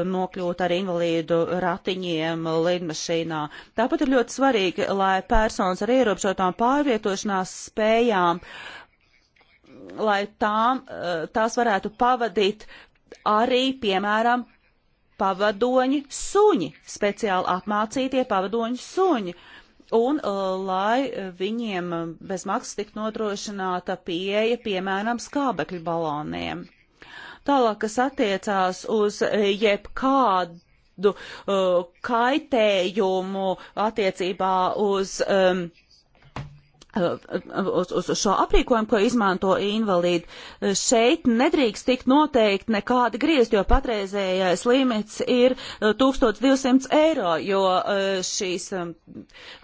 nokļūt ar invalīdu ratiņiem lidmašīnā. Tāpat ir ļoti svarīgi, lai personas ar ierobežotām pārvietošanās spējām lai tām, tās varētu pavadīt arī, piemēram, pavadoņi suņi, speciāli apmācītie pavadoņi suņi. Uh, un uh, lai uh, viņiem uh, bez maksas tiktu nodrošināta pieeja, piemēram, skābekļu baloniem. Tālāk, kas attiecās uz jebkādu uh, kaitējumu attiecībā uz um, Eh, eh, uz, uz šo aprīkojumu, ko izmanto invalīdi. Eh, šeit nedrīkst tikt noteikti nekādi griezt, jo patreizējais limits ir 1200 eiro, jo šīs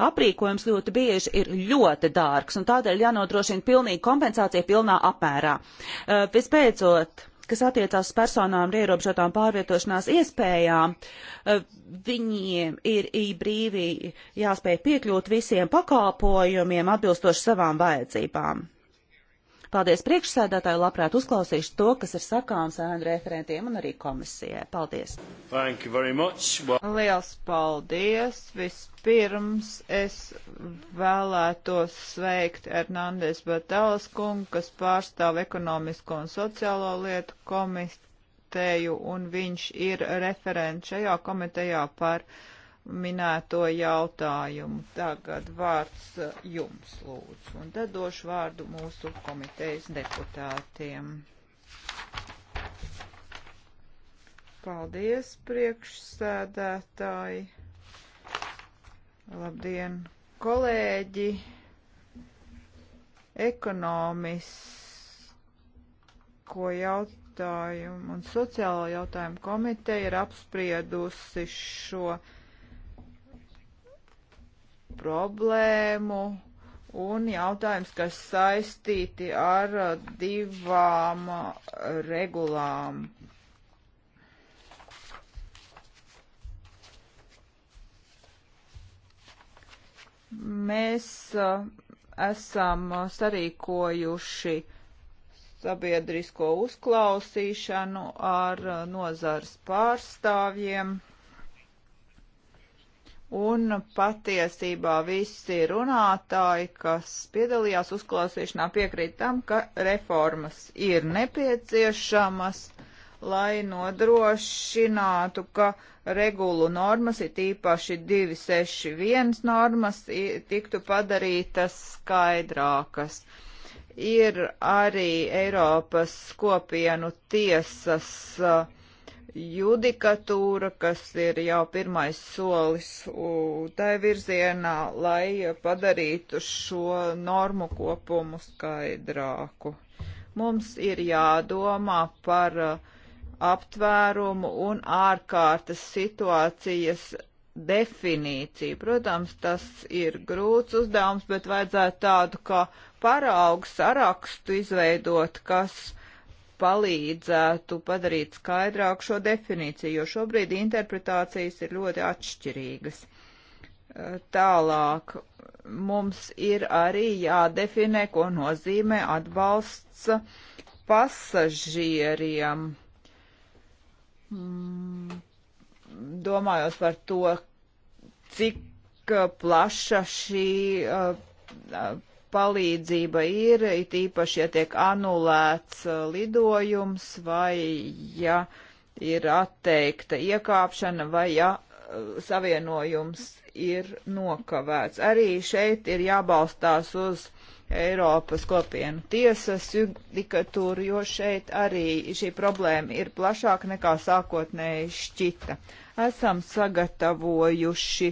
aprīkojums ļoti bieži ir ļoti dārgs, un tādēļ jānodrošina pilnīga kompensācija pilnā apmērā. Vispēcot, kas attiecās personām ar ierobežotām pārvietošanās iespējām, eh, viņiem ir brīvi jāspēj piekļūt visiem pakalpojumiem atbilstoši savām vajadzībām. Paldies priekšsēdētāju, labprāt uzklausīšu to, kas ir sakāms ēnu referentiem un arī komisijai. Paldies! Thank you very much. Well... Liels paldies! Vispirms es vēlētos sveikt Hernandez Batalas kungu, kas pārstāv ekonomisko un sociālo lietu komiteju, un viņš ir referents šajā komitejā par minēto jautājumu. Tagad vārds eh, jums lūdzu, un tad došu vārdu mūsu komitejas deputātiem. Paldies, priekšsēdētāji. Labdien, kolēģi. Ekonomisko jautājumu un sociālo jautājumu komiteja ir apspriedusi šo jautājumu problēmu un jautājums, kas saistīti ar uh, divām uh, regulām. Mēs uh, esam sarīkojuši sabiedrisko uzklausīšanu ar nozars pārstāvjiem. Un patiesībā visi runātāji, kas piedalījās uzklausīšanā, piekrīt tam, ka reformas ir nepieciešamas, lai nodrošinātu, ka regulu normas, it īpaši 261 normas, tiktu padarītas skaidrākas. Ir arī Eiropas kopienu tiesas uh, judikatūra, kas ir jau pirmais solis tai virzienā, lai padarītu šo normu kopumu skaidrāku. Mums ir jādomā par uh, aptvērumu un ārkārtas situācijas definīciju. Protams, tas ir grūts uzdevums, bet vajadzētu tādu kā paraugu sarakstu izveidot, kas palīdzētu padarīt skaidrāku šo definīciju, jo šobrīd interpretācijas ir ļoti atšķirīgas. Eh, tālāk mums ir arī jādefinē, ko nozīmē atbalsts pasažieriem. Mm, domājot par to, cik eh, plaša šī eh, palīdzība ir, it īpaši, ja tiek anulēts uh, lidojums vai ja ir atteikta iekāpšana vai ja uh, savienojums ir nokavēts. Arī šeit ir jābalstās uz Eiropas kopienu tiesas judikatūru, jo šeit arī šī problēma ir plašāka nekā sākotnēji šķita. Esam sagatavojuši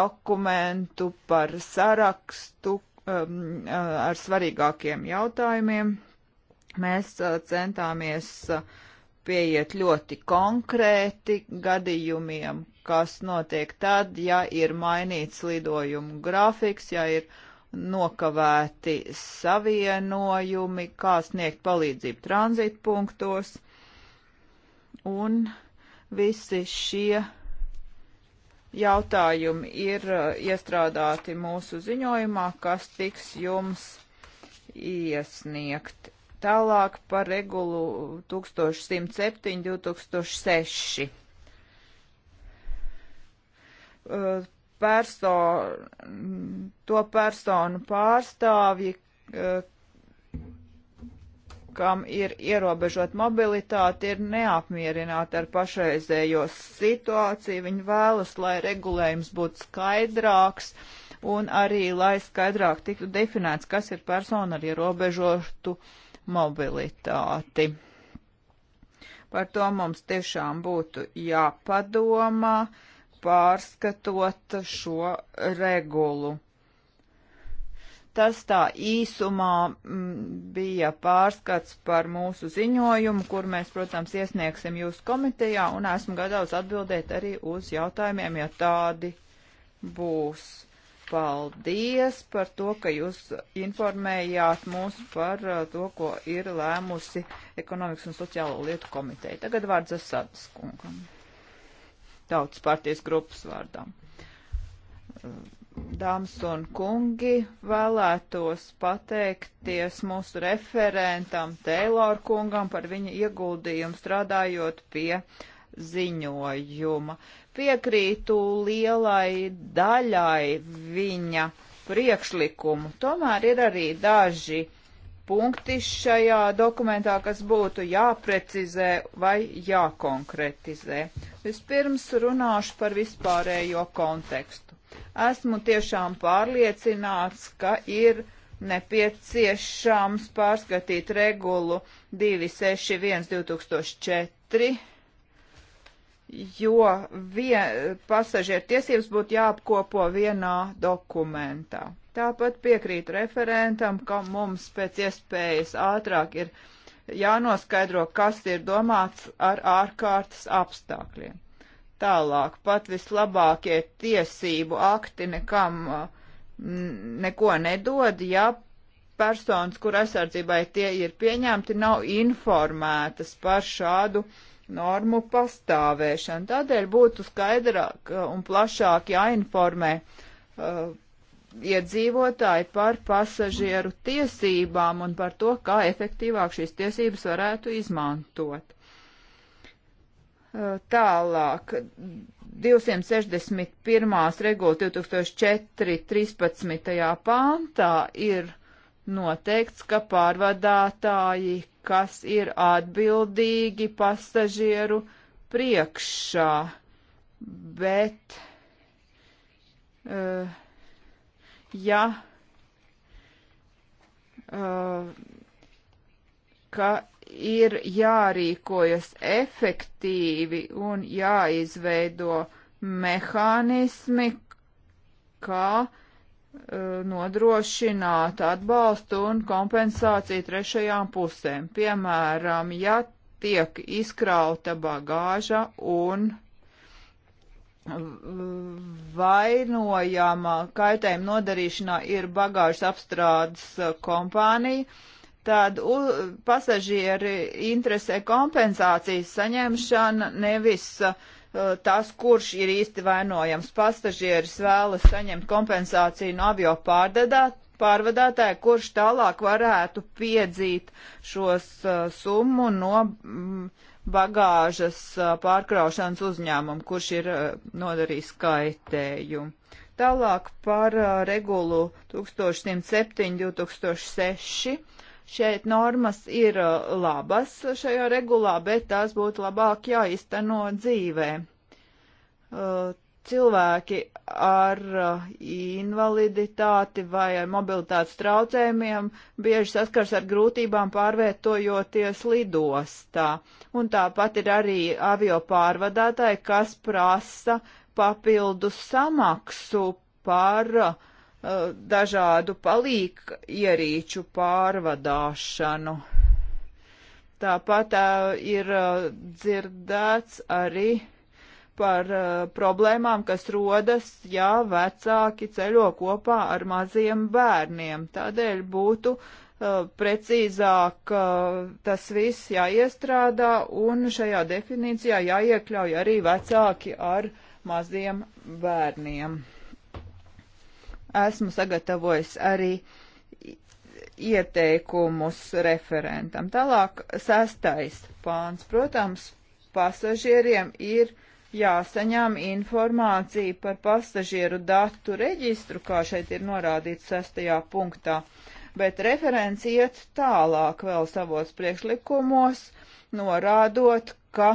dokumentu par sarakstu, um, uh, ar svarīgākiem jautājumiem. Mēs uh, centāmies uh, pieiet ļoti konkrēti gadījumiem, kas notiek tad, ja ir mainīts lidojumu grafiks, ja ir nokavēti savienojumi, kā sniegt palīdzību tranzitpunktos. Un visi šie jautājumi ir uh, iestrādāti mūsu ziņojumā, kas tiks jums iesniegt. Tālāk par regulu 1107-2006. Uh, perso, to personu pārstāvji, uh, kam ir ierobežot mobilitāti, ir neapmierināti ar pašreizējo situāciju. Viņi vēlas, lai regulējums būtu skaidrāks un arī, lai skaidrāk tiktu definēts, kas ir persona ar ierobežotu mobilitāti. Par to mums tiešām būtu jāpadomā, pārskatot šo regulu Tas tā īsumā mm, bija pārskats par mūsu ziņojumu, kur mēs, protams, iesniegsim jūs komitejā un esmu gatavs atbildēt arī uz jautājumiem, ja tādi būs. Paldies par to, ka jūs informējāt mūs par uh, to, ko ir lēmusi Ekonomikas un sociālo lietu komiteja. Tagad vārds Asadas kungam. Tautas partijas grupas vārdām uh, Dāmas un kungi, vēlētos pateikties mūsu referentam Teiloru kungam par viņa ieguldījumu strādājot pie ziņojuma. Piekrītu lielai daļai viņa priekšlikumu. Tomēr ir arī daži punkti šajā dokumentā, kas būtu jāprecizē vai jākonkretizē. Vispirms runāšu par vispārējo kontekstu Esmu tiešām pārliecināts, ka ir nepieciešams pārskatīt regulu 261-2004, jo vien, pasažieru tiesības būtu jāapkopo vienā dokumentā. Tāpat piekrīt referentam, ka mums pēc iespējas ātrāk ir jānoskaidro, kas ir domāts ar ārkārtas apstākļiem tālāk. Pat vislabākie tiesību akti nekam uh, neko nedod, ja personas, kur aizsardzībai tie ir pieņemti, nav informētas par šādu normu pastāvēšanu. Tādēļ būtu skaidrāk uh, un plašāk jāinformē uh, iedzīvotāji par pasažieru tiesībām un par to, kā efektīvāk šīs tiesības varētu izmantot. Tālāk, 261. regula 2004. 13. pāntā ir noteikts, ka pārvadātāji, kas ir atbildīgi pasažieru priekšā, bet, uh, ja, uh, ka ir jārīkojas efektīvi un jāizveido mehānismi, kā uh, nodrošināt atbalstu un kompensāciju trešajām pusēm. Piemēram, ja tiek izkrauta bagāža un vainojama kaitējuma nodarīšanā ir bagāžas apstrādes e, kompānija, tad u, pasažieri interesē kompensācijas saņemšana, nevis uh, tas, kurš ir īsti vainojams. Pasažieris vēlas saņemt kompensāciju no avio pārvadātāja, kurš tālāk varētu piedzīt šos uh, summu no mm, bagāžas uh, pārkraušanas uzņēmumu, kurš ir uh, nodarījis kaitējumu. Tālāk par uh, regulu 1107-2006 Šeit normas ir uh, labas šajā regulā, bet tās būtu labāk jāizteno dzīvē. Uh, cilvēki ar uh, invaliditāti vai ar mobilitātes traucējumiem bieži saskars ar grūtībām pārvietojoties lidostā. Un tāpat ir arī avio pārvadātāji, kas prasa papildus samaksu par uh, Uh, dažādu palīku ierīču pārvadāšanu. Tāpat uh, ir uh, dzirdēts arī par problēmām, kas rodas, ja vecāki ceļo kopā ar maziem bērniem. Tādēļ būtu precīzāk tas viss jāiestrādā un šajā definīcijā jāiekļauj arī vecāki ar maziem bērniem esmu sagatavojis arī ieteikumus referentam. Tālāk, sastais pāns. Protams, pasažieriem ir jāsaņem informācija par pasažieru datu reģistru, kā šeit ir norādīts sastajā punktā, bet referents iet tālāk vēl savos priekšlikumos, norādot, ka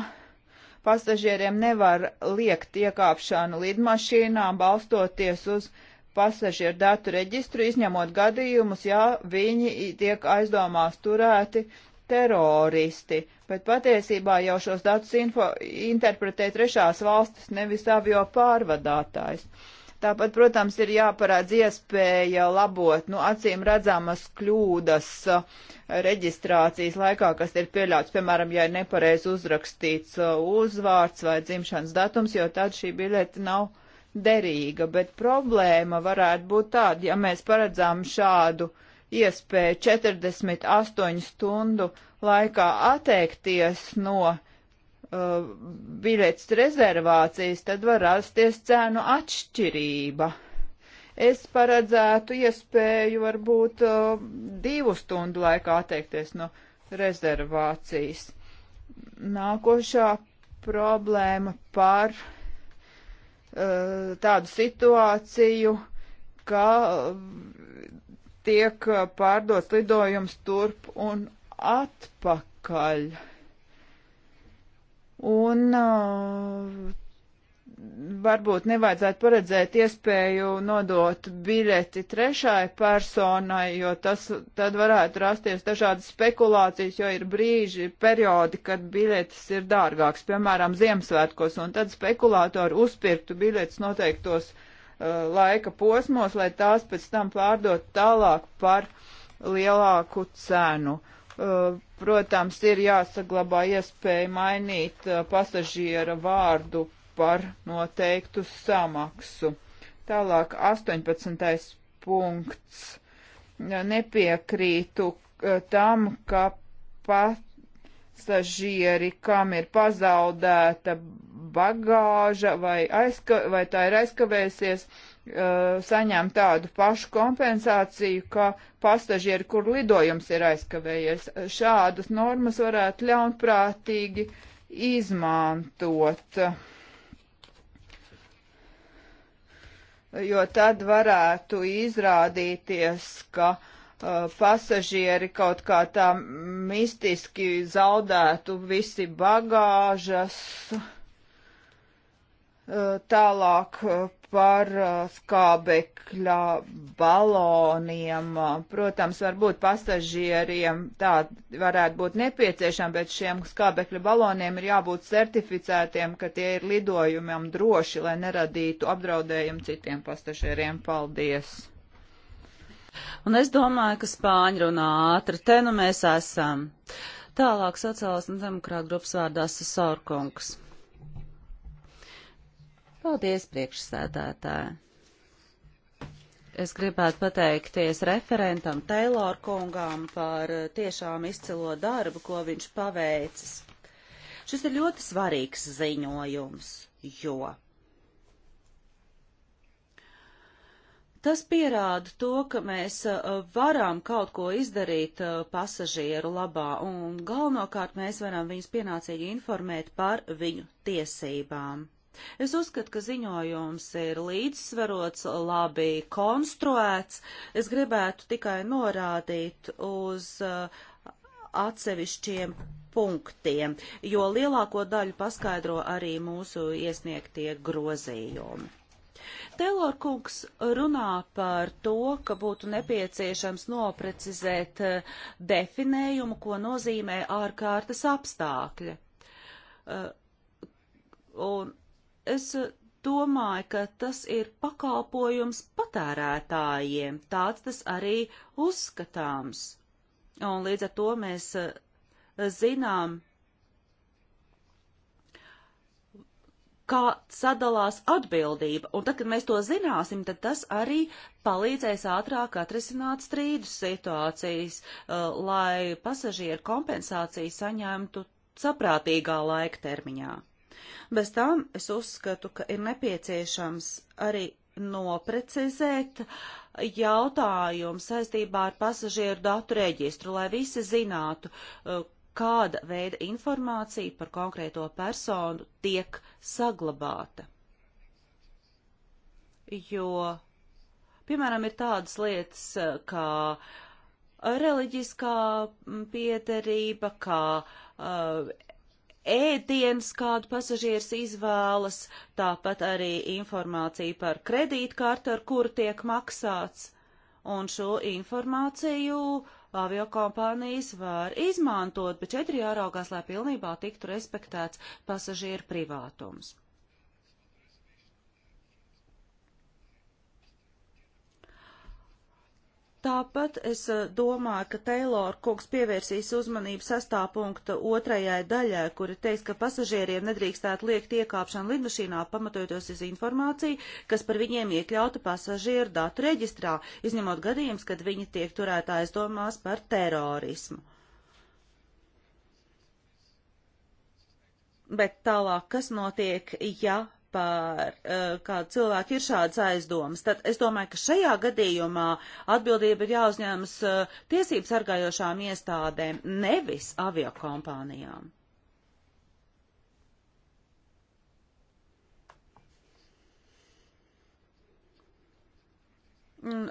pasažieriem nevar liekt iekāpšanu lidmašīnā balstoties uz uh, pasažieru datu reģistru, izņemot gadījumus, ja viņi tiek aizdomās turēti teroristi, bet patiesībā jau šos datus info, interpretē trešās valstis, nevis avio pārvadātājs. Tāpat, protams, ir jāparādz iespēja labot, nu, acīm redzamas kļūdas uh, reģistrācijas laikā, kas ir pieļauts, piemēram, ja ir nepareiz uzrakstīts uh, uzvārds vai dzimšanas datums, jo tad šī biļete nav derīga, bet problēma varētu būt tāda, ja mēs paredzām šādu iespēju 48 stundu laikā atteikties no uh, biļetes rezervācijas, tad var rasties cēnu atšķirība. Es paredzētu iespēju varbūt uh, divu stundu laikā atteikties no rezervācijas. Nākošā problēma par uh, Eh, tādu situāciju, ka eh, tiek pārdots lidojums turp un atpakaļ. Un uh, varbūt nevajadzētu paredzēt iespēju nodot biļeti trešai personai, jo tas tad varētu rasties dažādas spekulācijas, jo ir brīži, periodi, kad biļetes ir dārgāks, piemēram, Ziemassvētkos, un tad spekulātori uzpirktu biļetes noteiktos uh, laika posmos, lai tās pēc tam pārdot tālāk par lielāku cenu. Uh, protams, ir jāsaglabā iespēja mainīt uh, pasažiera vārdu par noteiktu samaksu. Tālāk 18. punkts. Nepiekrītu eh, tam, ka pasažieri, kam ir pazaudēta bagāža vai, aizka, vai tā ir aizkavēsies, eh, saņem tādu pašu kompensāciju, kā pasažieri, kur lidojums ir aizkavējies. Šādas normas varētu ļaunprātīgi izmantot. Uh, jo tad varētu izrādīties, ka uh, pasažieri kaut kā tā mistiski zaudētu visi bagāžas. Uh, tālāk uh, par uh, skābekļa baloniem. Protams, varbūt pasažieriem tā varētu būt nepieciešama, bet šiem skābekļa baloniem ir jābūt certificētiem, ka tie ir lidojumam droši, lai neradītu apdraudējumu citiem pasažieriem. Paldies! Un es domāju, ka spāņi runā ātri. Te nu mēs esam. Tālāk sociālās un demokrāta grupas vārdā Sasorkungs. Paldies, priekšsēdētāji! Es gribētu pateikties referentam Taylor kungām par eh, tiešām izcilo darbu, ko viņš paveicis. Šis ir ļoti svarīgs ziņojums, jo tas pierāda to, ka mēs eh, varam kaut ko izdarīt eh, pasažieru labā, un galvenokārt mēs varam viņus pienācīgi informēt par viņu tiesībām. Es uzskatu, ka ziņojums ir līdzsvarots, labi konstruēts. Es gribētu tikai norādīt uz uh, atsevišķiem punktiem, jo lielāko daļu paskaidro arī mūsu iesniegtie grozījumi. Teilor kungs runā par to, ka būtu nepieciešams noprecizēt uh, definējumu, ko nozīmē ārkārtas apstākļi. Uh, un Es eh, domāju, ka tas ir pakalpojums patērētājiem, tāds tas arī uzskatāms. Un līdz ar to mēs eh, zinām, kā sadalās atbildība, un tad, kad mēs to zināsim, tad tas arī palīdzēs ātrāk atrisināt strīdus situācijas, eh, lai pasažieru kompensāciju saņemtu saprātīgā laika termiņā. Bez tām es uzskatu, ka ir nepieciešams arī noprecizēt jautājumu saistībā ar pasažieru datu reģistru, lai visi zinātu, uh, kāda veida informācija par konkrēto personu tiek saglabāta. Jo, piemēram, ir tādas lietas, uh, kā reliģiskā mm, piedarība, kā uh, ēdienas, kādu pasažieris izvēlas, tāpat arī informācija par kredītkartu, ar kuru tiek maksāts. Un šo informāciju aviokompānijas var izmantot, bet šeit ir jāraugās, lai pilnībā tiktu respektēts pasažieru privātums. Tāpat es eh, domāju, ka Teilor kungs pievērsīs uzmanību sastā punkta otrajai daļai, kuri teiks, ka pasažieriem nedrīkstētu liekt iekāpšanu lidmašīnā, pamatojoties uz informāciju, kas par viņiem iekļauta pasažieru datu reģistrā, izņemot gadījums, kad viņi tiek turēta aizdomās par terorismu. Bet tālāk, kas notiek, ja par uh, eh, kādu cilvēku ir šādas aizdomas, tad es domāju, ka šajā gadījumā atbildība ir jāuzņemas uh, eh, tiesības sargājošām iestādēm, nevis aviokompānijām.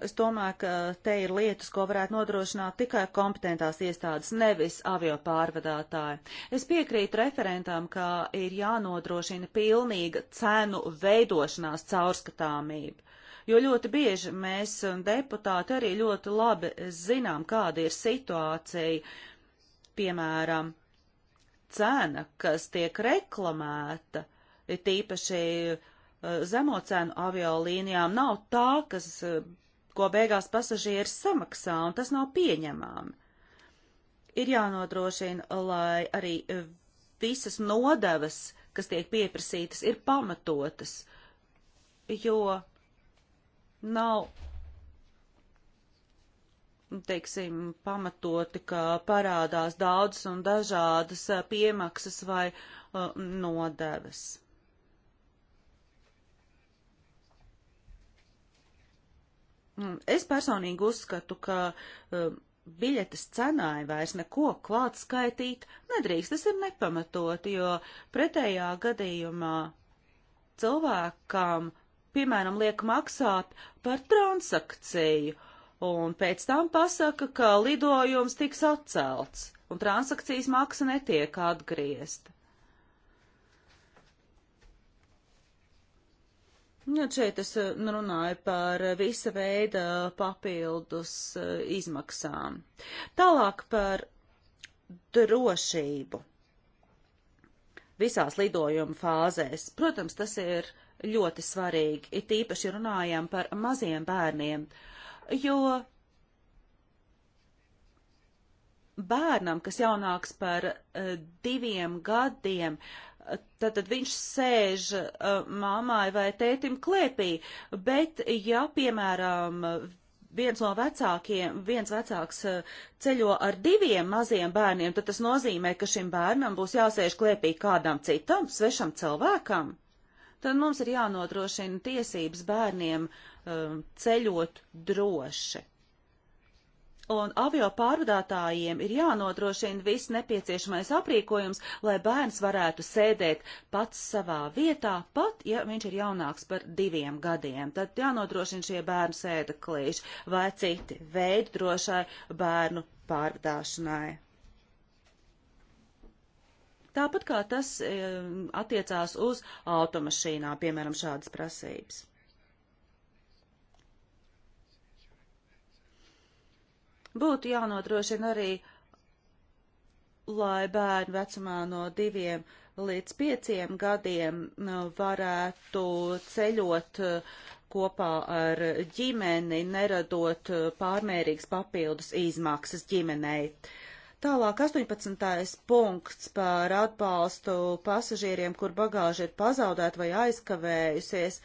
Es domāju, ka te ir lietas, ko varētu nodrošināt tikai kompetentās iestādes, nevis avio pārvadātāji. Es piekrītu referentam, ka ir jānodrošina pilnīga cenu veidošanās caurskatāmība. Jo ļoti bieži mēs, deputāti, arī ļoti labi zinām, kāda ir situācija. Piemēram, cena, kas tiek reklamēta, ir tīpaši uh, zemo cenu aviolīnijām nav tā, kas uh, ko beigās pasažieris samaksā, un tas nav pieņemami. Ir jānodrošina, lai arī visas nodevas, kas tiek pieprasītas, ir pamatotas, jo nav, teiksim, pamatoti, ka parādās daudzas un dažādas piemaksas vai uh, nodevas. Mm, es personīgi uzskatu, ka um, biļetes cenai vairs neko klāt skaitīt nedrīkst. Tas ir nepamatot, jo pretējā gadījumā cilvēkam, piemēram, liek maksāt par transakciju, un pēc tam pasaka, ka lidojums tiks atcelts, un transakcijas maksa netiek atgriezta. Nu, šeit es eh, nu, runāju par eh, visa veida papildus eh, izmaksām. Tālāk par drošību visās lidojuma fāzēs. Protams, tas ir ļoti svarīgi, it īpaši runājam par maziem bērniem, jo bērnam, kas jaunāks par diviem gadiem, uh, Tātad viņš sēž uh, māmai vai tētim klēpī, bet ja, piemēram, viens no vecākiem, viens vecāks uh, ceļo ar diviem maziem bērniem, tad tas nozīmē, ka šim bērnam būs jāsēž klēpī kādam citam, svešam cilvēkam. Tad mums ir jānodrošina tiesības bērniem um, ceļot droši un avio pārvadātājiem ir jānodrošina viss nepieciešamais aprīkojums, lai bērns varētu sēdēt pats savā vietā, pat ja viņš ir jaunāks par diviem gadiem. Tad jānodrošina šie bērnu sēda klīši vai citi veidi drošai bērnu pārvadāšanai. Tāpat kā tas e, attiecās uz automašīnām, piemēram, šādas prasības. Būtu jānodrošina arī, lai bērni vecumā no diviem līdz pieciem gadiem uh, varētu ceļot uh, kopā ar ģimeni, neradot uh, pārmērīgas papildus izmaksas ģimenei. Tālāk 18. punkts par atbalstu pasažieriem, kur bagāža ir pazaudēta vai aizkavējusies,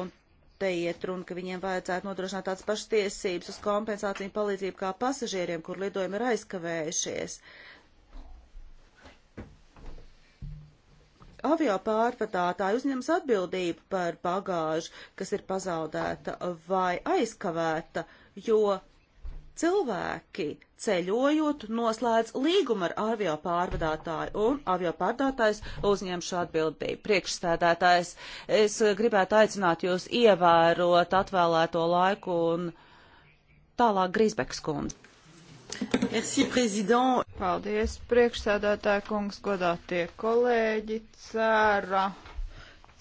un te iet runa, ka viņiem vajadzētu nodrošināt tādas pašas tiesības uz kompensāciju palīdzību kā pasažieriem, kur lidojumi ir aizkavējušies. Avio pārvadātāji uzņems atbildību par bagāžu, kas ir pazaudēta vai aizkavēta, jo cilvēki ceļojot noslēdz līgumu ar avio pārvadātāju un avio pārvadātājs uzņem šo atbildību. Priekšstādātājs, es gribētu aicināt jūs ievērot atvēlēto laiku un tālāk Grisbeks kundze. Merci, prezident. Paldies, priekšsēdētāja kungs, godātie kolēģi. Cera,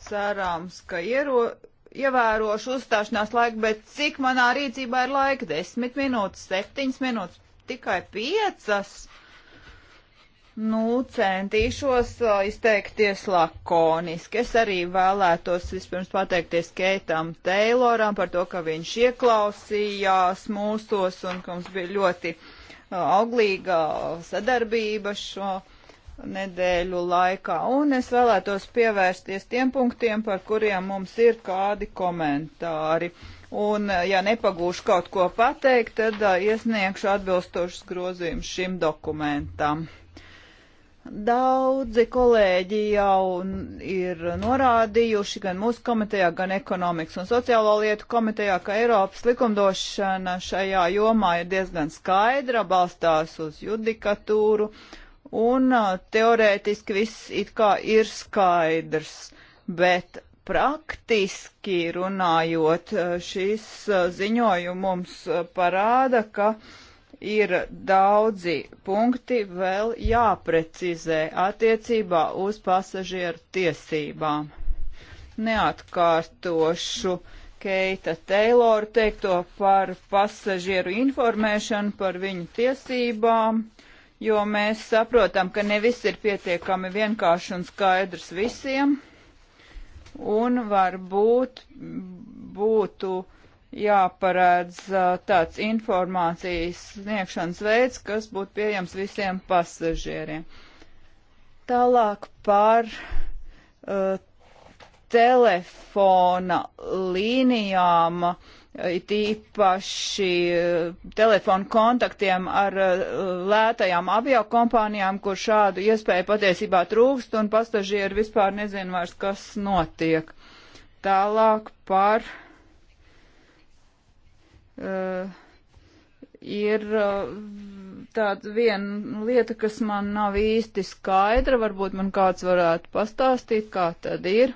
cerams, ka ierodas ievērošu uzstāšanās laiku, bet cik manā rīcībā ir laika? Desmit minūtes, septiņas minūtes, tikai piecas. Nu, centīšos izteikties lakoniski. Es arī vēlētos vispirms pateikties Keitam Teiloram par to, ka viņš ieklausījās mūsos un ka mums bija ļoti auglīga sadarbība šo nedēļu laikā. Un es vēlētos pievērsties tiem punktiem, par kuriem mums ir kādi komentāri. Un, eh, ja nepagūšu kaut ko pateikt, tad uh, iesniegšu atbilstošas grozījumus šim dokumentam. Daudzi kolēģi jau ir norādījuši gan mūsu komitejā, gan ekonomikas un sociālo lietu komitejā, ka Eiropas likumdošana šajā jomā ir diezgan skaidra, balstās uz judikatūru, uh, un teorētiski viss it kā ir skaidrs, bet praktiski runājot, šis ziņojums parāda, ka ir daudzi punkti vēl jāprecizē attiecībā uz pasažieru tiesībām. Neatkārtošu Keita Teilora teikto par pasažieru informēšanu par viņu tiesībām jo mēs saprotam, ka ne viss ir pietiekami vienkārši un skaidrs visiem, un varbūt būtu jāparēdz tāds informācijas sniegšanas veids, kas būtu pieejams visiem pasažieriem. Tālāk par uh, telefona līnijām uh, it īpaši eh, telefonu kontaktiem ar eh, lētajām aviokompānijām, kur šādu iespēju patiesībā trūkst un pasažieri vispār nezin vairs, kas notiek. Tālāk par. Uh, ir uh, tāda viena lieta, kas man nav īsti skaidra, varbūt man kāds varētu pastāstīt, kā tad ir.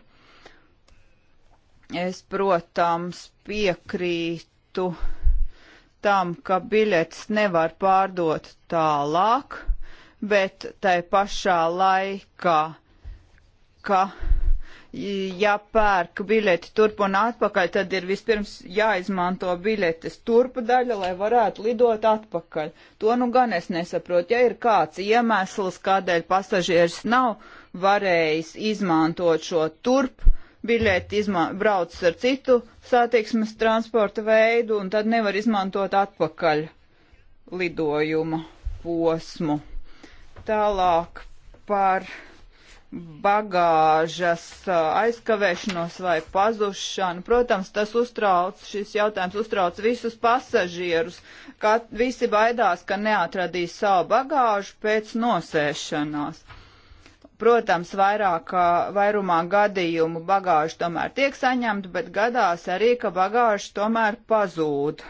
Es, protams, piekrītu tam, ka biļetes nevar pārdot tālāk, bet tai pašā laikā, ka ja pērk biļeti turp un atpakaļ, tad ir vispirms jāizmanto biļetes turpa daļa, lai varētu lidot atpakaļ. To nu gan es nesaprotu. Ja ir kāds iemesls, kādēļ pasažieris nav varējis izmantot šo turpu, biļeti izmā, brauc ar citu satiksmes transporta veidu un tad nevar izmantot atpakaļ lidojuma posmu. Tālāk par bagāžas aizkavēšanos vai pazušanu. Protams, tas uztrauc, šis jautājums uztrauc visus pasažierus, ka visi baidās, ka neatradīs savu bagāžu pēc nosēšanās. Uh, Protams, vairāk, vairumā gadījumu bagāžu tomēr tiek saņemta, bet gadās arī, ka bagāžu tomēr pazūd.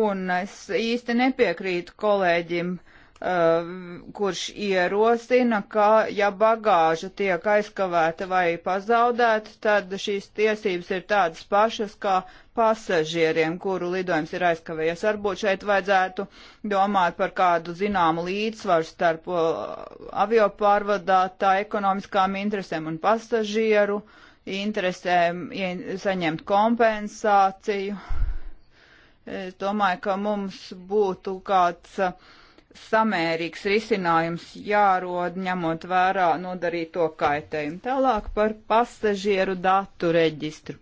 Un es īsti nepiekrītu kolēģim Uh, kurš ierosina, ka ja bagāža tiek aizkavēta vai pazaudēta, tad šīs tiesības ir tādas pašas kā pasažieriem, kuru lidojums ir aizkavējies. Varbūt šeit vajadzētu domāt par kādu zināmu līdzsvaru starp uh, avio pārvadātā ekonomiskām interesēm un pasažieru interesēm saņemt kompensāciju. Es domāju, ka mums būtu kāds uh, samērīgs risinājums jārod, ņemot vērā nodarīto kaitējumu. Tālāk par pasažieru datu reģistru.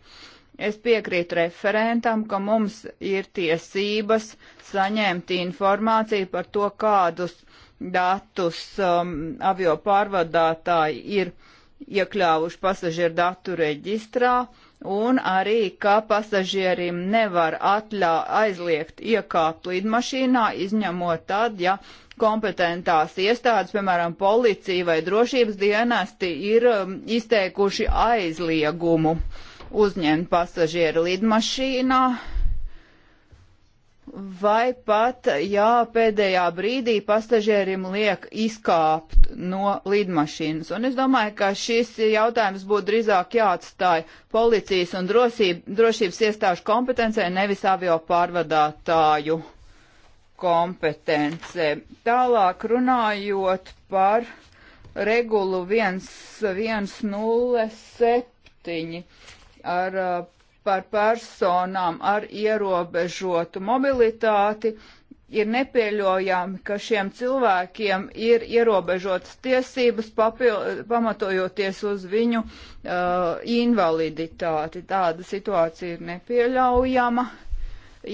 Es piekrītu referentam, ka mums ir tiesības saņemt informāciju par to, kādus datus um, avio pārvadātāji ir iekļāvuši pasažieru datu reģistrā. Uh, un arī, ka pasažierim nevar atļā, aizliegt iekāpt lidmašīnā, izņemot tad, ja kompetentās iestādes, piemēram, policija vai drošības dienesti, ir um, izteikuši aizliegumu uzņemt pasažieru lidmašīnā vai pat, jā, pēdējā brīdī pasažierim liek izkāpt no lidmašīnas. Un es domāju, ka šis jautājums būtu drīzāk jāatstāja policijas un drosība, drošības iestāžu kompetencē, nevis avio pārvadātāju kompetencē. Tālāk runājot par regulu 1107 ar uh, par personām ar ierobežotu mobilitāti. Ir nepieļaujami, ka šiem cilvēkiem ir ierobežotas tiesības, papil, pamatojoties uz viņu uh, invaliditāti. Tāda situācija ir nepieļaujama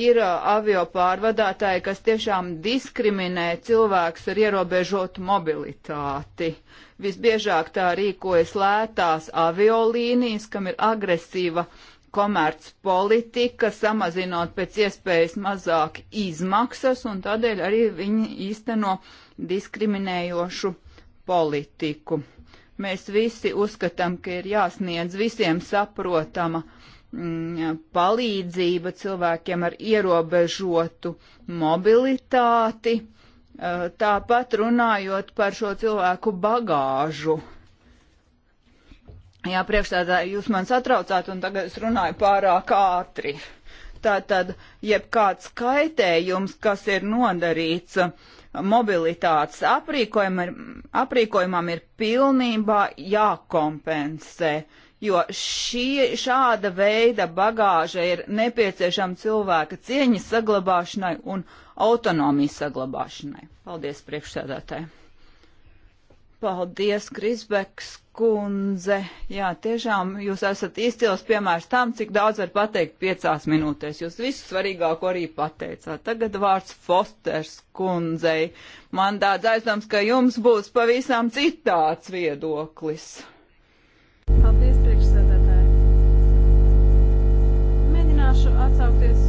ir uh, avio pārvadātāji, kas tiešām diskriminē cilvēkus ar ierobežotu mobilitāti. Visbiežāk tā rīkojas lētās aviolīnijas, kam ir agresīva uh, komerc politika, samazinot pēc iespējas mazāk izmaksas, un tādēļ arī viņi īsteno diskriminējošu politiku. Mēs visi uzskatām, ka ir jāsniedz visiem saprotama mm, palīdzība cilvēkiem ar ierobežotu mobilitāti, tāpat runājot par šo cilvēku bagāžu Jā, priekšstādāji, jūs man satraucāt, un tagad es runāju pārāk ātri. Tātad, jebkāds kaitējums, kas ir nodarīts mobilitātes aprīkojumam, ir pilnībā jākompensē, jo šī, šāda veida bagāža ir nepieciešama cilvēka cieņas saglabāšanai un autonomijas saglabāšanai. Paldies, priekšsēdētāji! Paldies, Krisbeks kundze. Jā, tiešām jūs esat izcils piemērs tam, cik daudz var pateikt piecās minūtēs. Jūs visu svarīgāko arī pateicāt. Tagad vārds Fosters kundzei. Man tāds aizdoms, ka jums būs pavisam citāds viedoklis. Paldies, priekšsēdētāji. Mēģināšu atsaukties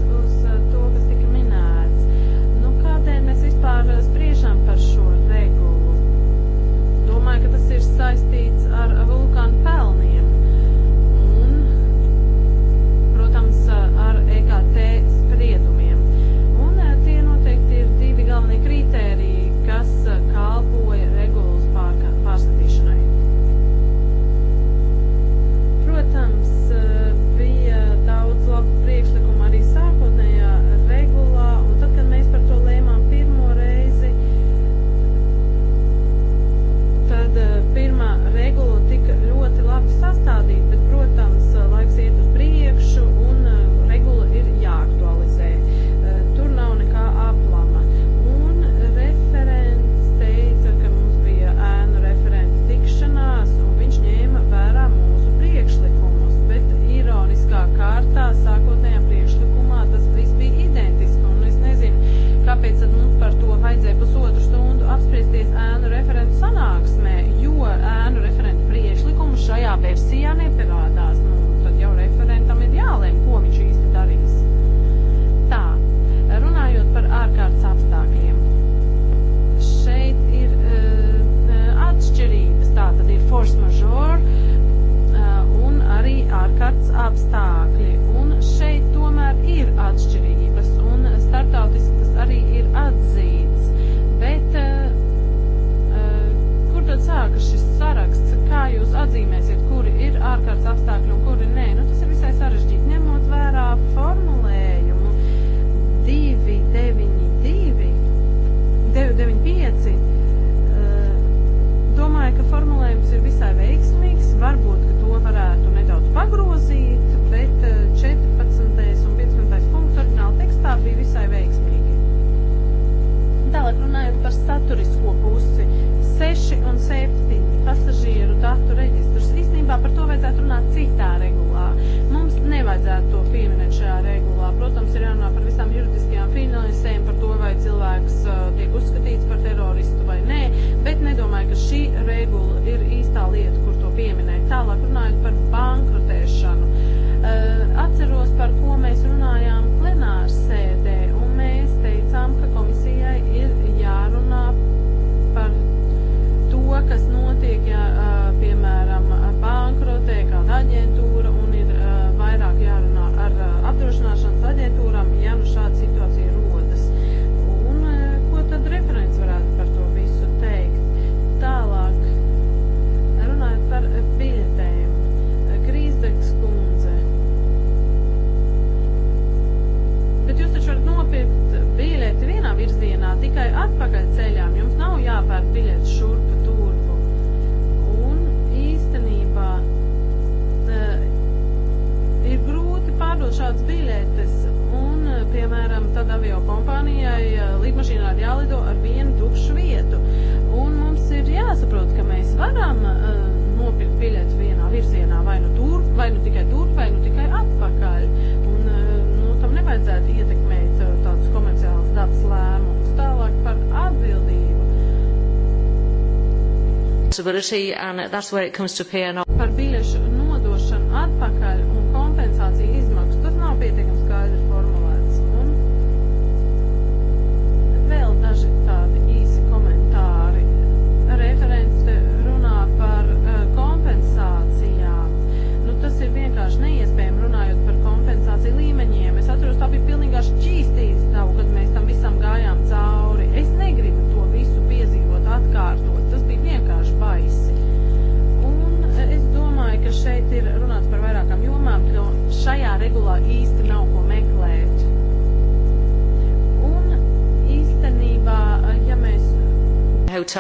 liability and that's where it comes to P&R. Par biežu nodošanu atpakaļ un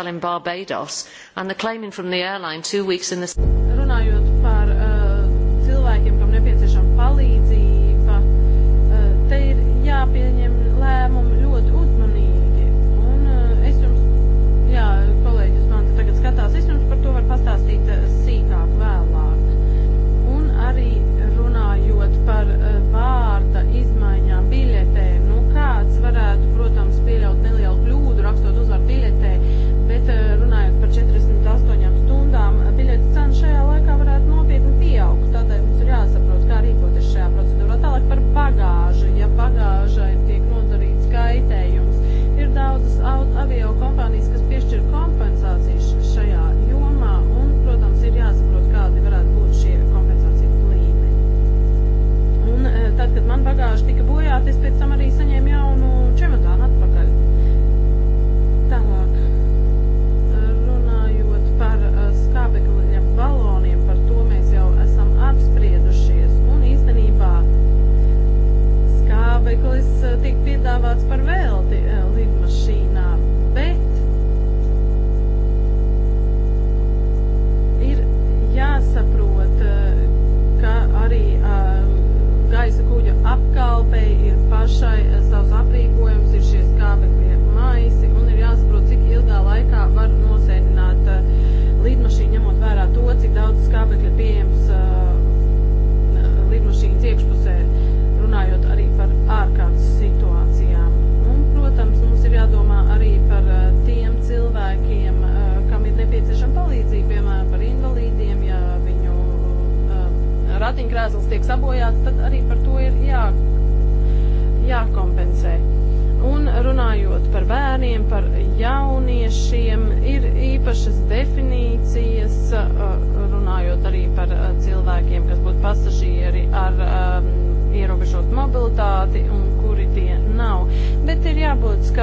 hotel in Barbados and the claiming from the airline two weeks in the... Runājot avio kompānijas, kas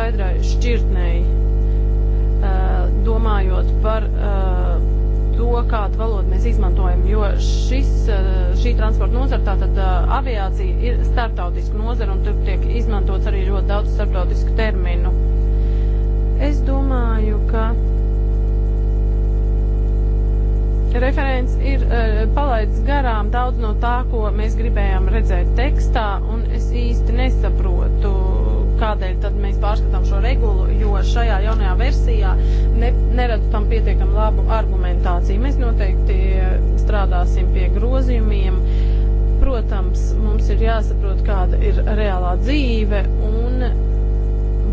skaidrai šķirtnei, eh, domājot par eh, to, kādu valodu mēs izmantojam, jo šis, eh, šī transporta nozara, tātad aviācija ir starptautiska nozara un tur tiek izmantots arī ļoti daudz starptautisku terminu. Es domāju, ka referents ir uh, palaidis garām daudz no tā, ko mēs gribējām redzēt tekstā, un es īsti nesaprotu, kādēļ tad mēs pārskatām šo regulu, jo šajā jaunajā versijā ne, neredzu tam pietiekam labu argumentāciju. Mēs noteikti strādāsim pie grozījumiem. Protams, mums ir jāsaprot, kāda ir reālā dzīve un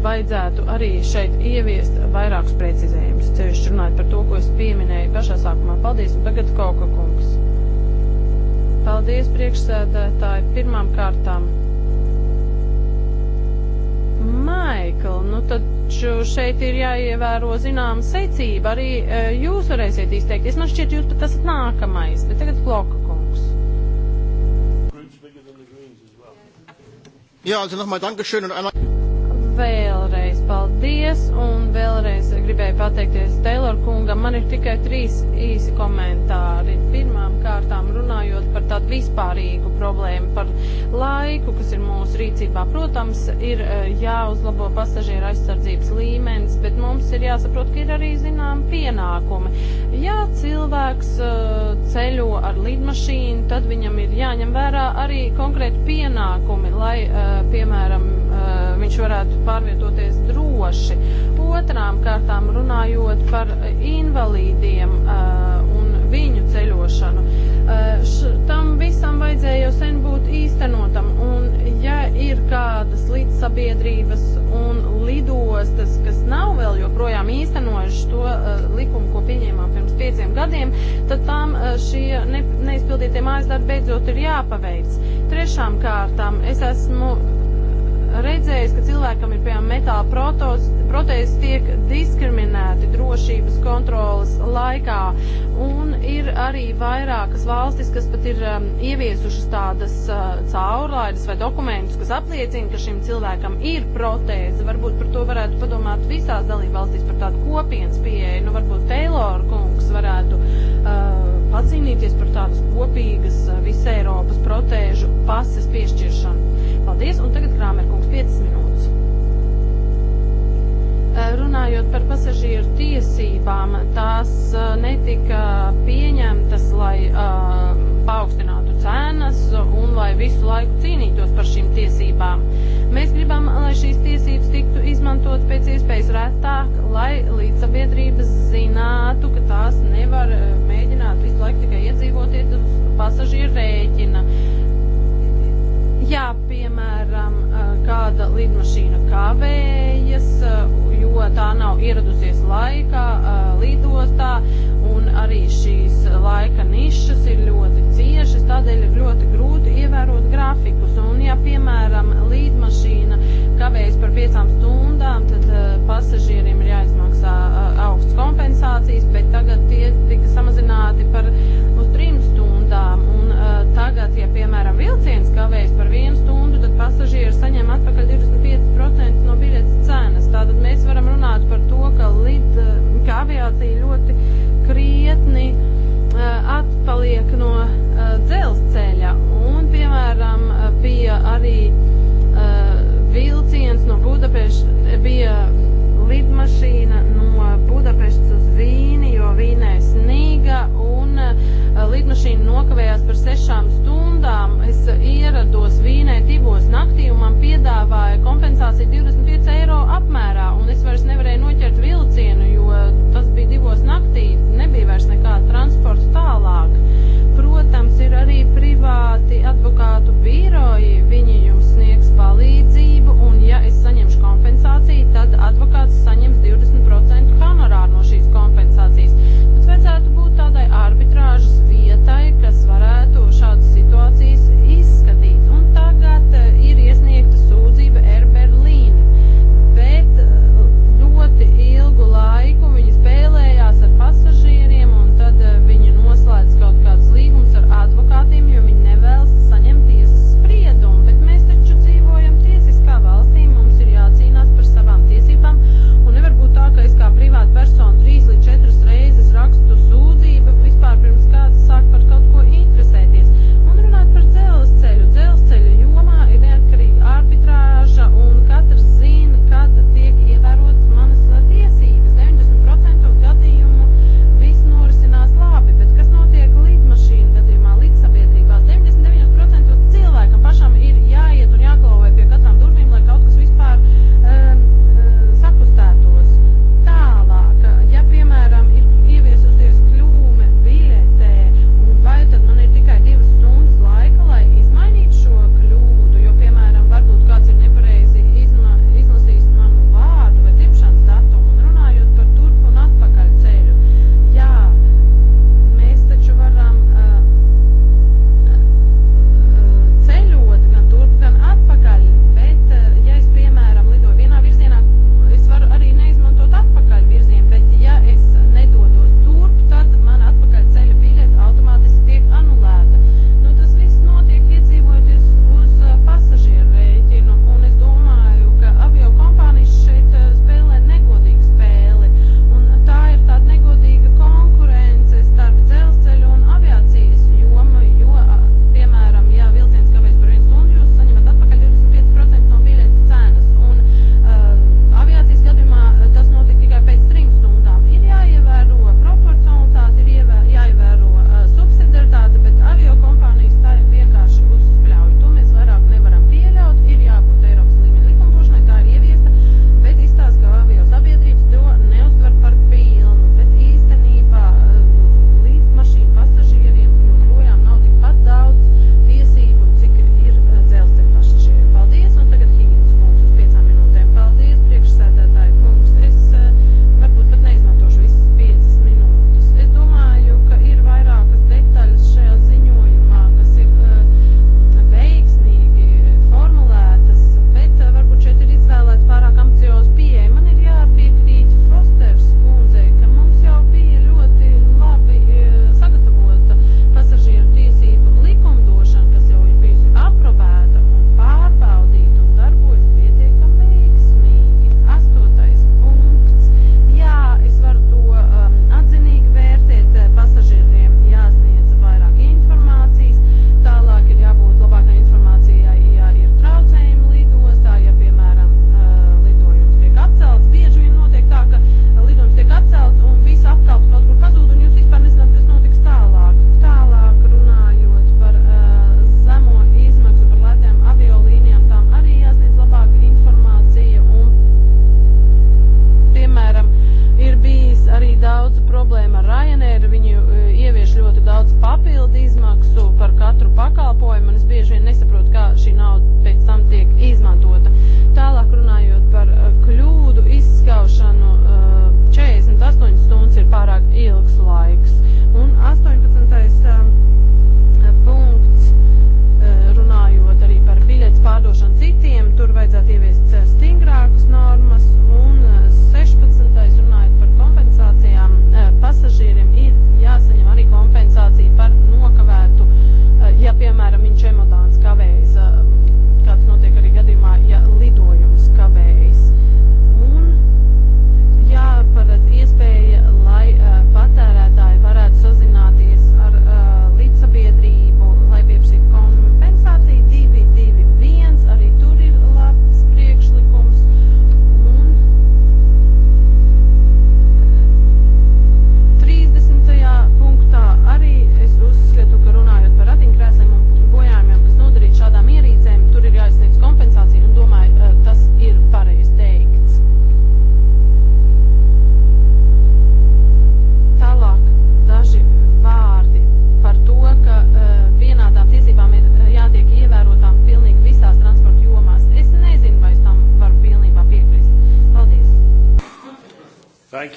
vajadzētu arī šeit ieviest vairākus precizējumus. Ceļš runājot par to, ko es pieminēju pašā sākumā. Paldies, un tagad Kauka kungs. Paldies, priekšsēdētāji, pirmām kārtām Maikl, nu tad šeit ir jāievēro zināma secība. Arī e, jūs varēsiet izteikties. Man šķiet, jūs pat esat nākamais, bet tagad bloka kungs. Jā, also nochmal Dankeschön un einmal vēlreiz paldies un vēlreiz gribēju pateikties Taylor kungam. Man ir tikai trīs īsi komentāri. Pirmām kārtām runājot par tādu vispārīgu problēmu, par laiku, kas ir mūsu rīcībā. Protams, ir eh, jāuzlabo pasažieru aizsardzības līmenis, bet mums ir jāsaprot, ka ir arī zinām pienākumi. Ja cilvēks eh, ceļo ar lidmašīnu, tad viņam ir jāņem vērā arī konkrēti pienākumi, lai, eh, piemēram, Eh, viņš varētu pārvietoties droši. Otrām kārtām runājot par invalīdiem eh, un viņu ceļošanu. Eh, š, tam visam vajadzēja jau sen būt īstenotam, un ja ir kādas līdzsabiedrības un lidostas, kas nav vēl joprojām īstenojuši to uh, likumu, ko pieņēmām pirms pieciem gadiem, tad tām uh, šie ne, neizpildītie mājas darbi beidzot ir jāpaveic. Trešām kārtām es esmu redzējis, ka cilvēkam ir piemēram metāla protos, protēzes tiek diskriminēti drošības kontrolas laikā. Un ir arī vairākas valstis, kas pat ir um, ieviesušas tādas uh, caurlaides vai dokumentus, kas apliecina, ka šim cilvēkam ir protēze. Varbūt par to varētu padomāt visās dalībvalstīs par tādu kopienas pieeju. Nu, varbūt Taylor kungs varētu uh, pacīnīties par tādas kopīgas uh, visai Eiropas protēžu pases piešķiršanu. Paldies, un tagad Krāmerkungs 5 minūtes. Eh, runājot par pasažieru tiesībām, tās eh, netika pieņemtas, lai uh, paaugstinātu cenas un lai visu laiku cīnītos par šīm tiesībām. Mēs gribam, lai šīs tiesības tiktu izmantot pēc iespējas retāk, lai līdzsabiedrības zinātu, ka tās nevar mēģināt visu laiku tikai iedzīvoties uz pasažieru rēķina. Uh, ja, piemēram, kāda lidmašīna kavējas, jo tā nav ieradusies laikā lidostā, un arī šīs laika nišas ir ļoti ciešas, tādēļ ir ļoti grūti ievērot grafikus. Un, ja, piemēram, lidmašīna kavējas par piecām stundām, tad pasažierim ir jāizmaksā augsts kompensācijas, bet tagad tie tika samazināti par uz trim tagad, ja, piemēram, vilciens kavējas par vienu stundu, tad pasažieri saņem atpakaļ 25% no biļetes cenas. Tātad mēs varam runāt par to, ka, lid, ka aviācija ļoti krietni uh, atpaliek no uh, dzelzceļa. Un, piemēram, bija arī uh, vilciens no Budapešta, bija lidmašīna no Budapeštas uz Vīni, jo Vīnē snīga Eh, lidmašīna nokavējās par sešām stundām. Es eh, ierados Vīnē divos naktī un man piedāvāja kompensāciju 25 eiro apmērā. Un es vairs nevarēju noķert vilcienu, jo eh, tas bija divos naktī. Nebija vairs nekāda transporta tālāk. Protams, ir arī privāti advokātu biroji. Viņi jums sniegs palīdzību un ja es saņemšu kompensāciju, tad advokāts saņems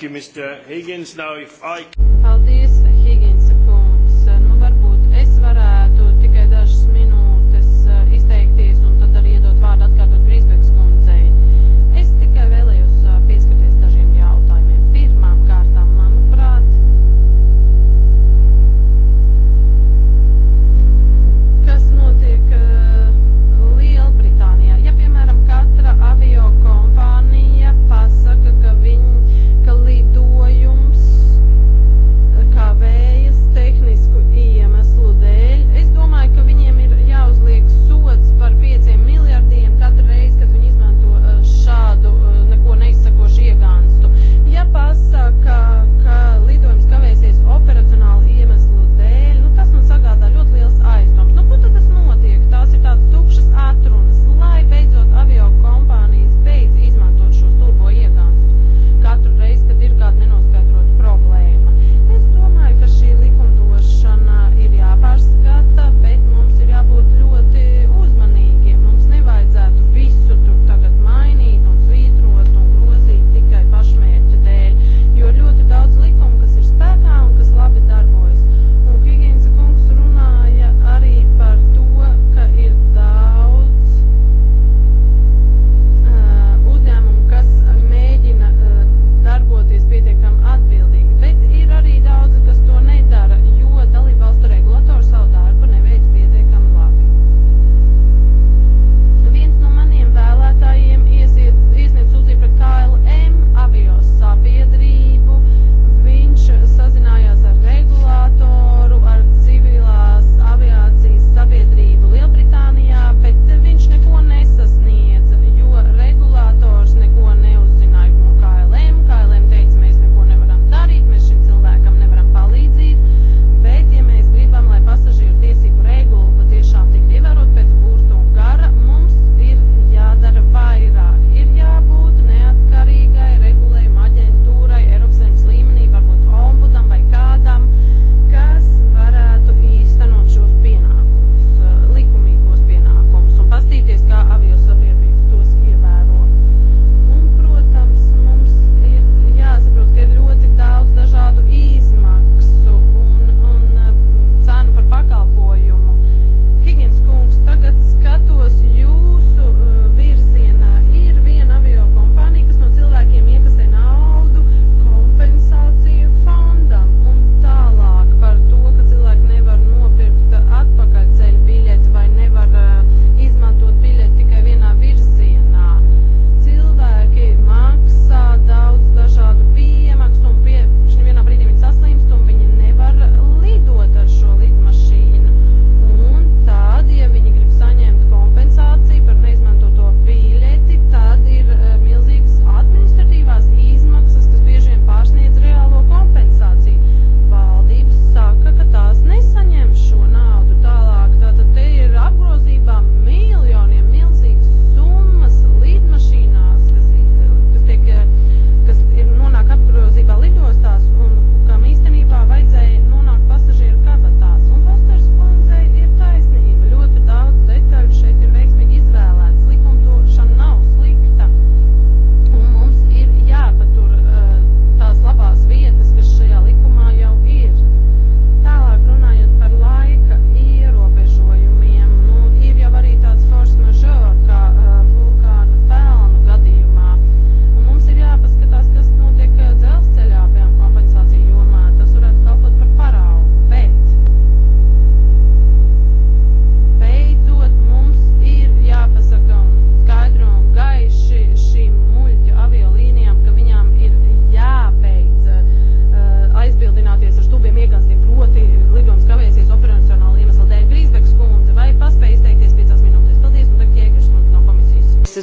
Thank you, Mr. Higgins. Now, if I... Paldies.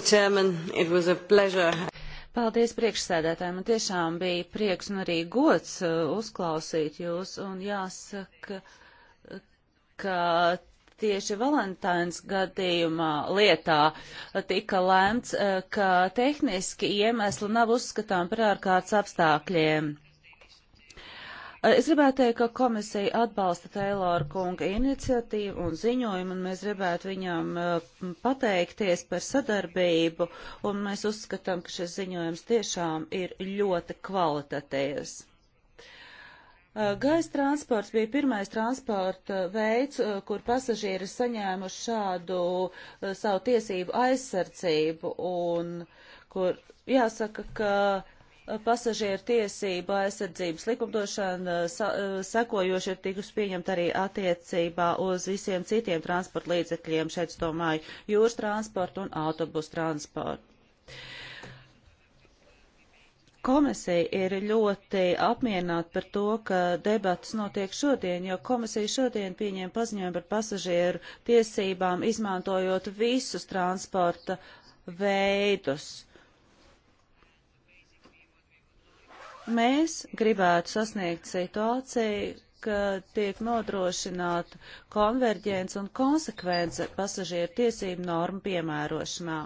Chairman. It was a pleasure. Paldies priekšsēdētājiem. Man tiešām bija prieks un arī gods uh, uzklausīt jūs. Un jāsaka, ka tieši Valentāns gadījumā lietā tika lēmts, uh, ka tehniski iemesli nav uzskatām par ārkārtas apstākļiem. Es gribētu teikt, ka komisija atbalsta Teilora kunga iniciatīvu un ziņojumu, un mēs gribētu viņam pateikties par sadarbību, un mēs uzskatām, ka šis ziņojums tiešām ir ļoti kvalitatīvs. Gaisa transports bija pirmais transporta veids, kur pasažieri ir saņēmuši šādu savu tiesību aizsardzību, un kur jāsaka, ka pasažieru tiesību aizsardzības likumdošana sa, eh, sekojoši ir tikus pieņemta arī attiecībā uz visiem citiem transporta līdzekļiem, šeit es domāju jūras transportu un autobusu transportu. Komisija ir ļoti apmierināta par to, ka debatas notiek šodien, jo komisija šodien pieņēma paziņojumu par pasažieru tiesībām, izmantojot visus transporta veidus Mēs gribētu sasniegt situāciju, ka tiek nodrošināta konverģence un konsekvence pasažieru tiesību normu piemērošanā.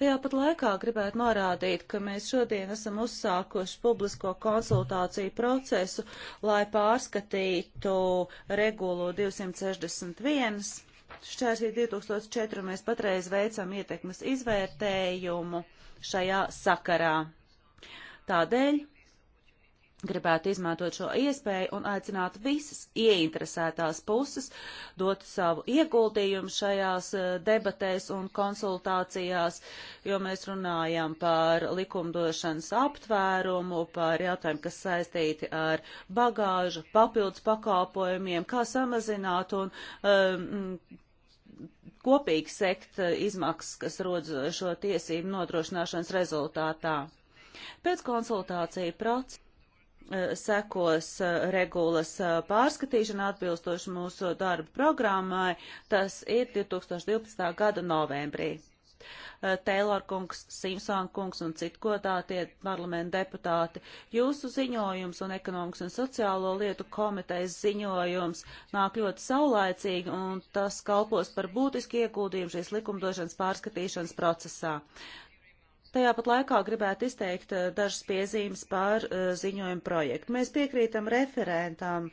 Tajā pat laikā gribētu norādīt, ka mēs šodien esam uzsākuši publisko konsultāciju procesu, lai pārskatītu regulu 261. Šķērsī 2004 mēs patreiz veicam ietekmes izvērtējumu šajā sakarā. Tādēļ gribētu izmantot šo iespēju un aicināt visas ieinteresētās puses dot savu ieguldījumu šajās eh, debatēs un konsultācijās, jo mēs runājam par likumdošanas aptvērumu, par jautājumu, kas saistīti ar bagāžu, papildus pakalpojumiem, kā samazināt un um, kopīgi sekt eh, izmaksas, kas rodas šo tiesību nodrošināšanas rezultātā. Pēc konsultāciju procesa E, sekos e, regulas e, pārskatīšana atbilstoši mūsu darba programmai. Tas ir 2012. gada novembrī. Taylor kungs, Simpson kungs un citu godātie parlamenta deputāti, jūsu ziņojums un ekonomikas un sociālo lietu komitejas ziņojums nāk ļoti saulēcīgi un tas kalpos par būtisku ieguldījumu šīs likumdošanas pārskatīšanas procesā. Tajā pat laikā gribētu izteikt eh, dažas piezīmes par eh, ziņojumu projektu. Mēs piekrītam referentam,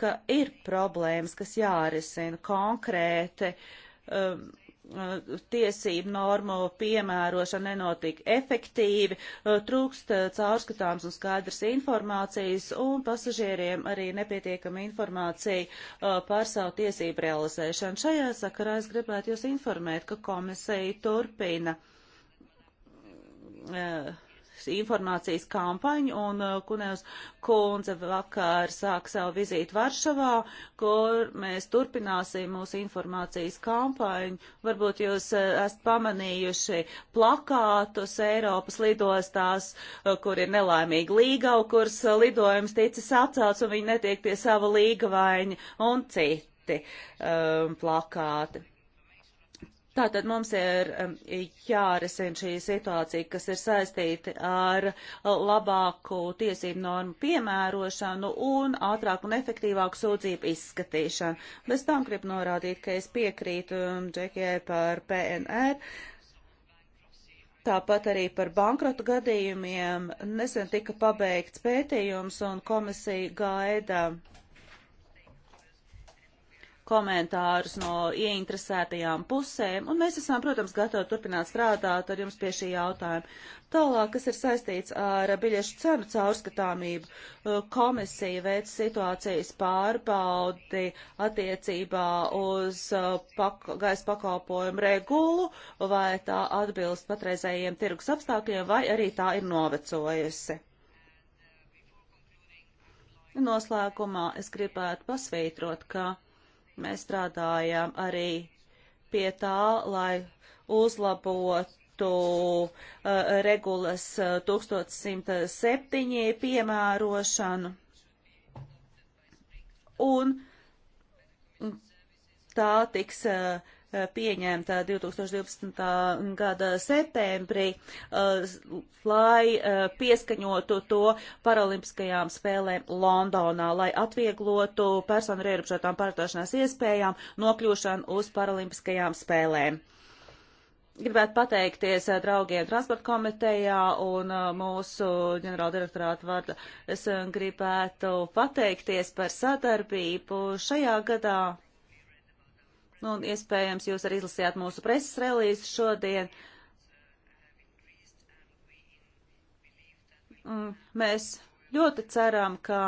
ka ir problēmas, kas jārisina konkrēti. Um, tiesību normu piemērošana nenotika efektīvi, trūkst caurskatāms un skaidrs informācijas, un pasažieriem arī nepietiekama informācija par savu tiesību realizēšanu. Šajā sakarā es gribētu jūs informēt, ka komisija turpina uh, Eh, informācijas kampaņu, un eh, Kunevs kundze vakar sāk savu vizīti Varšavā, kur mēs turpināsim mūsu informācijas kampaņu. Varbūt jūs eh, esat pamanījuši plakātus Eiropas lidostās, kur ir nelaimīgi līgau, kurs lidojums ticis atcelts, un viņi netiek pie sava līgavaini un citi um, plakāti. Tātad mums ir um, jārisina šī situācija, kas ir saistīta ar uh, labāku tiesību normu piemērošanu un ātrāku un efektīvāku sūdzību izskatīšanu. Bez tam gribu norādīt, ka es piekrītu um, Džekijai par PNR. Tāpat arī par bankrotu gadījumiem nesen tika pabeigts pētījums un komisija gaida komentārus no ieinteresētajām pusēm, un mēs esam, protams, gatavi turpināt strādāt ar jums pie šī jautājuma. Tālāk, kas ir saistīts ar biļešu cenu caurskatāmību, uh, komisija veic situācijas pārbaudi attiecībā uz uh, pak gaisa pakalpojumu regulu, vai tā atbilst patreizējiem tirgus apstākļiem, vai arī tā ir novecojusi. Noslēgumā es gribētu pasvītrot, ka Mēs strādājam arī pie tā, lai uzlabotu uh, regulas 1107 uh, piemērošanu. Un tā tiks uh, Eh, pieņemta 2012. gada septembrī, eh, lai eh, pieskaņotu to paralimpiskajām spēlēm Londonā, lai atvieglotu personu ar ierobežotām pārvietošanās iespējām nokļūšanu uz paralimpiskajām spēlēm. Gribētu pateikties draugiem transporta komitejā un mūsu ģenerāldirektorāta vārdu. Es gribētu pateikties par sadarbību šajā gadā Nu, un iespējams, jūs arī izlasījāt mūsu preses relīzi šodien. Mēs ļoti ceram, ka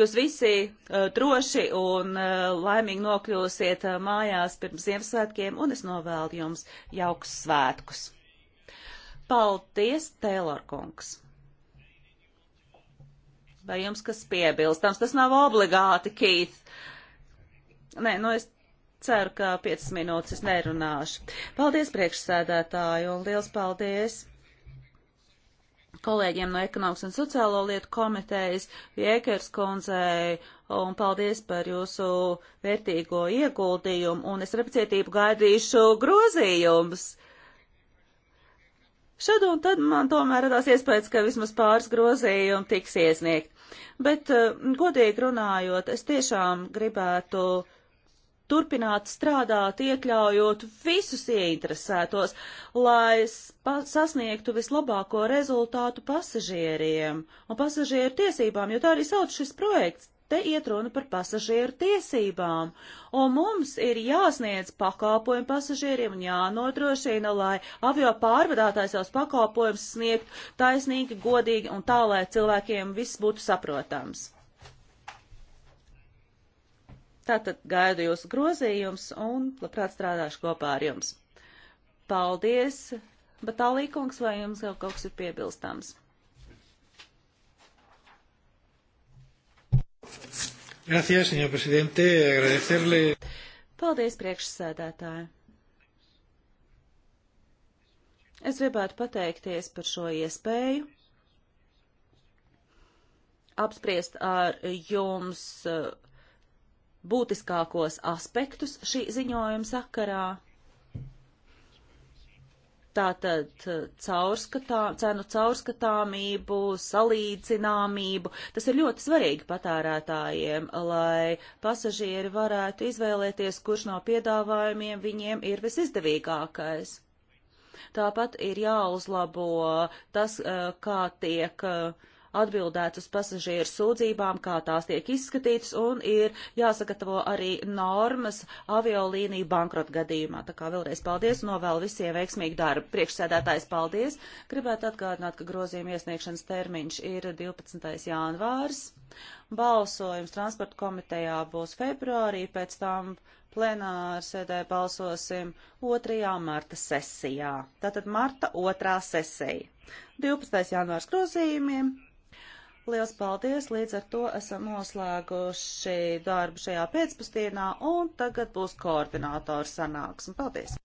jūs visi uh, droši un uh, laimīgi nokļūsiet uh, mājās pirms Ziemassvētkiem, un es novēlu jums jauks svētkus. Paldies, Tēlorkungs! Vai jums kas piebilstams? Tas nav obligāti, Kīt. Nē, nu es ceru, ka 5 minūtes es nerunāšu. Paldies priekšsēdētāju un liels paldies kolēģiem no Ekonomikas un sociālo lietu komitejas, Viekers kundzei, un paldies par jūsu vērtīgo ieguldījumu, un es repacietību gaidīšu grozījumus. Šad un tad man tomēr radās iespējas, ka vismaz pāris grozījumi tiks iesniegt. Bet, eh, godīgi runājot, es tiešām gribētu turpināt strādāt, iekļaujot visus ieinteresētos, lai sasniegtu vislabāko rezultātu pasažieriem un pasažieru tiesībām, jo tā arī sauc šis projekts Te iet runa par pasažieru tiesībām, un mums ir jāsniedz pakāpojumi pasažieriem un jānodrošina, lai avio pārvadātājs savus pakāpojumus sniegt taisnīgi, godīgi un tā, lai cilvēkiem viss būtu saprotams. Tātad gaidu jūsu grozījums un labprāt strādāšu kopā ar jums. Paldies, bet tālīkums, vai jums jau kaut kas ir piebilstams? Gracias, señor presidente. Agradecerle. Paldies, priekšsēdētāji. Es gribētu pateikties par šo iespēju apspriest ar jums eh, būtiskākos aspektus šī ziņojuma sakarā. Tātad uh, caurskatā, cenu caurskatāmību, salīdzināmību. Tas ir ļoti svarīgi patērētājiem, lai pasažieri varētu izvēlēties, kurš no piedāvājumiem viņiem ir visizdevīgākais. Tāpat ir jāuzlabo tas, uh, kā tiek uh, atbildēts uz pasažieru sūdzībām, kā tās tiek izskatītas, un ir jāsagatavo arī normas aviolīniju bankrota gadījumā. Tā kā vēlreiz paldies un novēlu visiem veiksmīgu darbu. Priekšsēdētājs paldies. Gribētu atgādināt, ka grozījuma iesniegšanas termiņš ir 12. janvārs. Balsojums transporta komitejā būs februārī, pēc tam plenāra sēdē balsosim 2. marta sesijā. Tātad marta 2. sesija. 12. janvārs grozījumiem, Liels paldies! Līdz ar to esam noslēguši darbu šajā pēcpusdienā, un tagad būs koordinātors sanāksme. Paldies!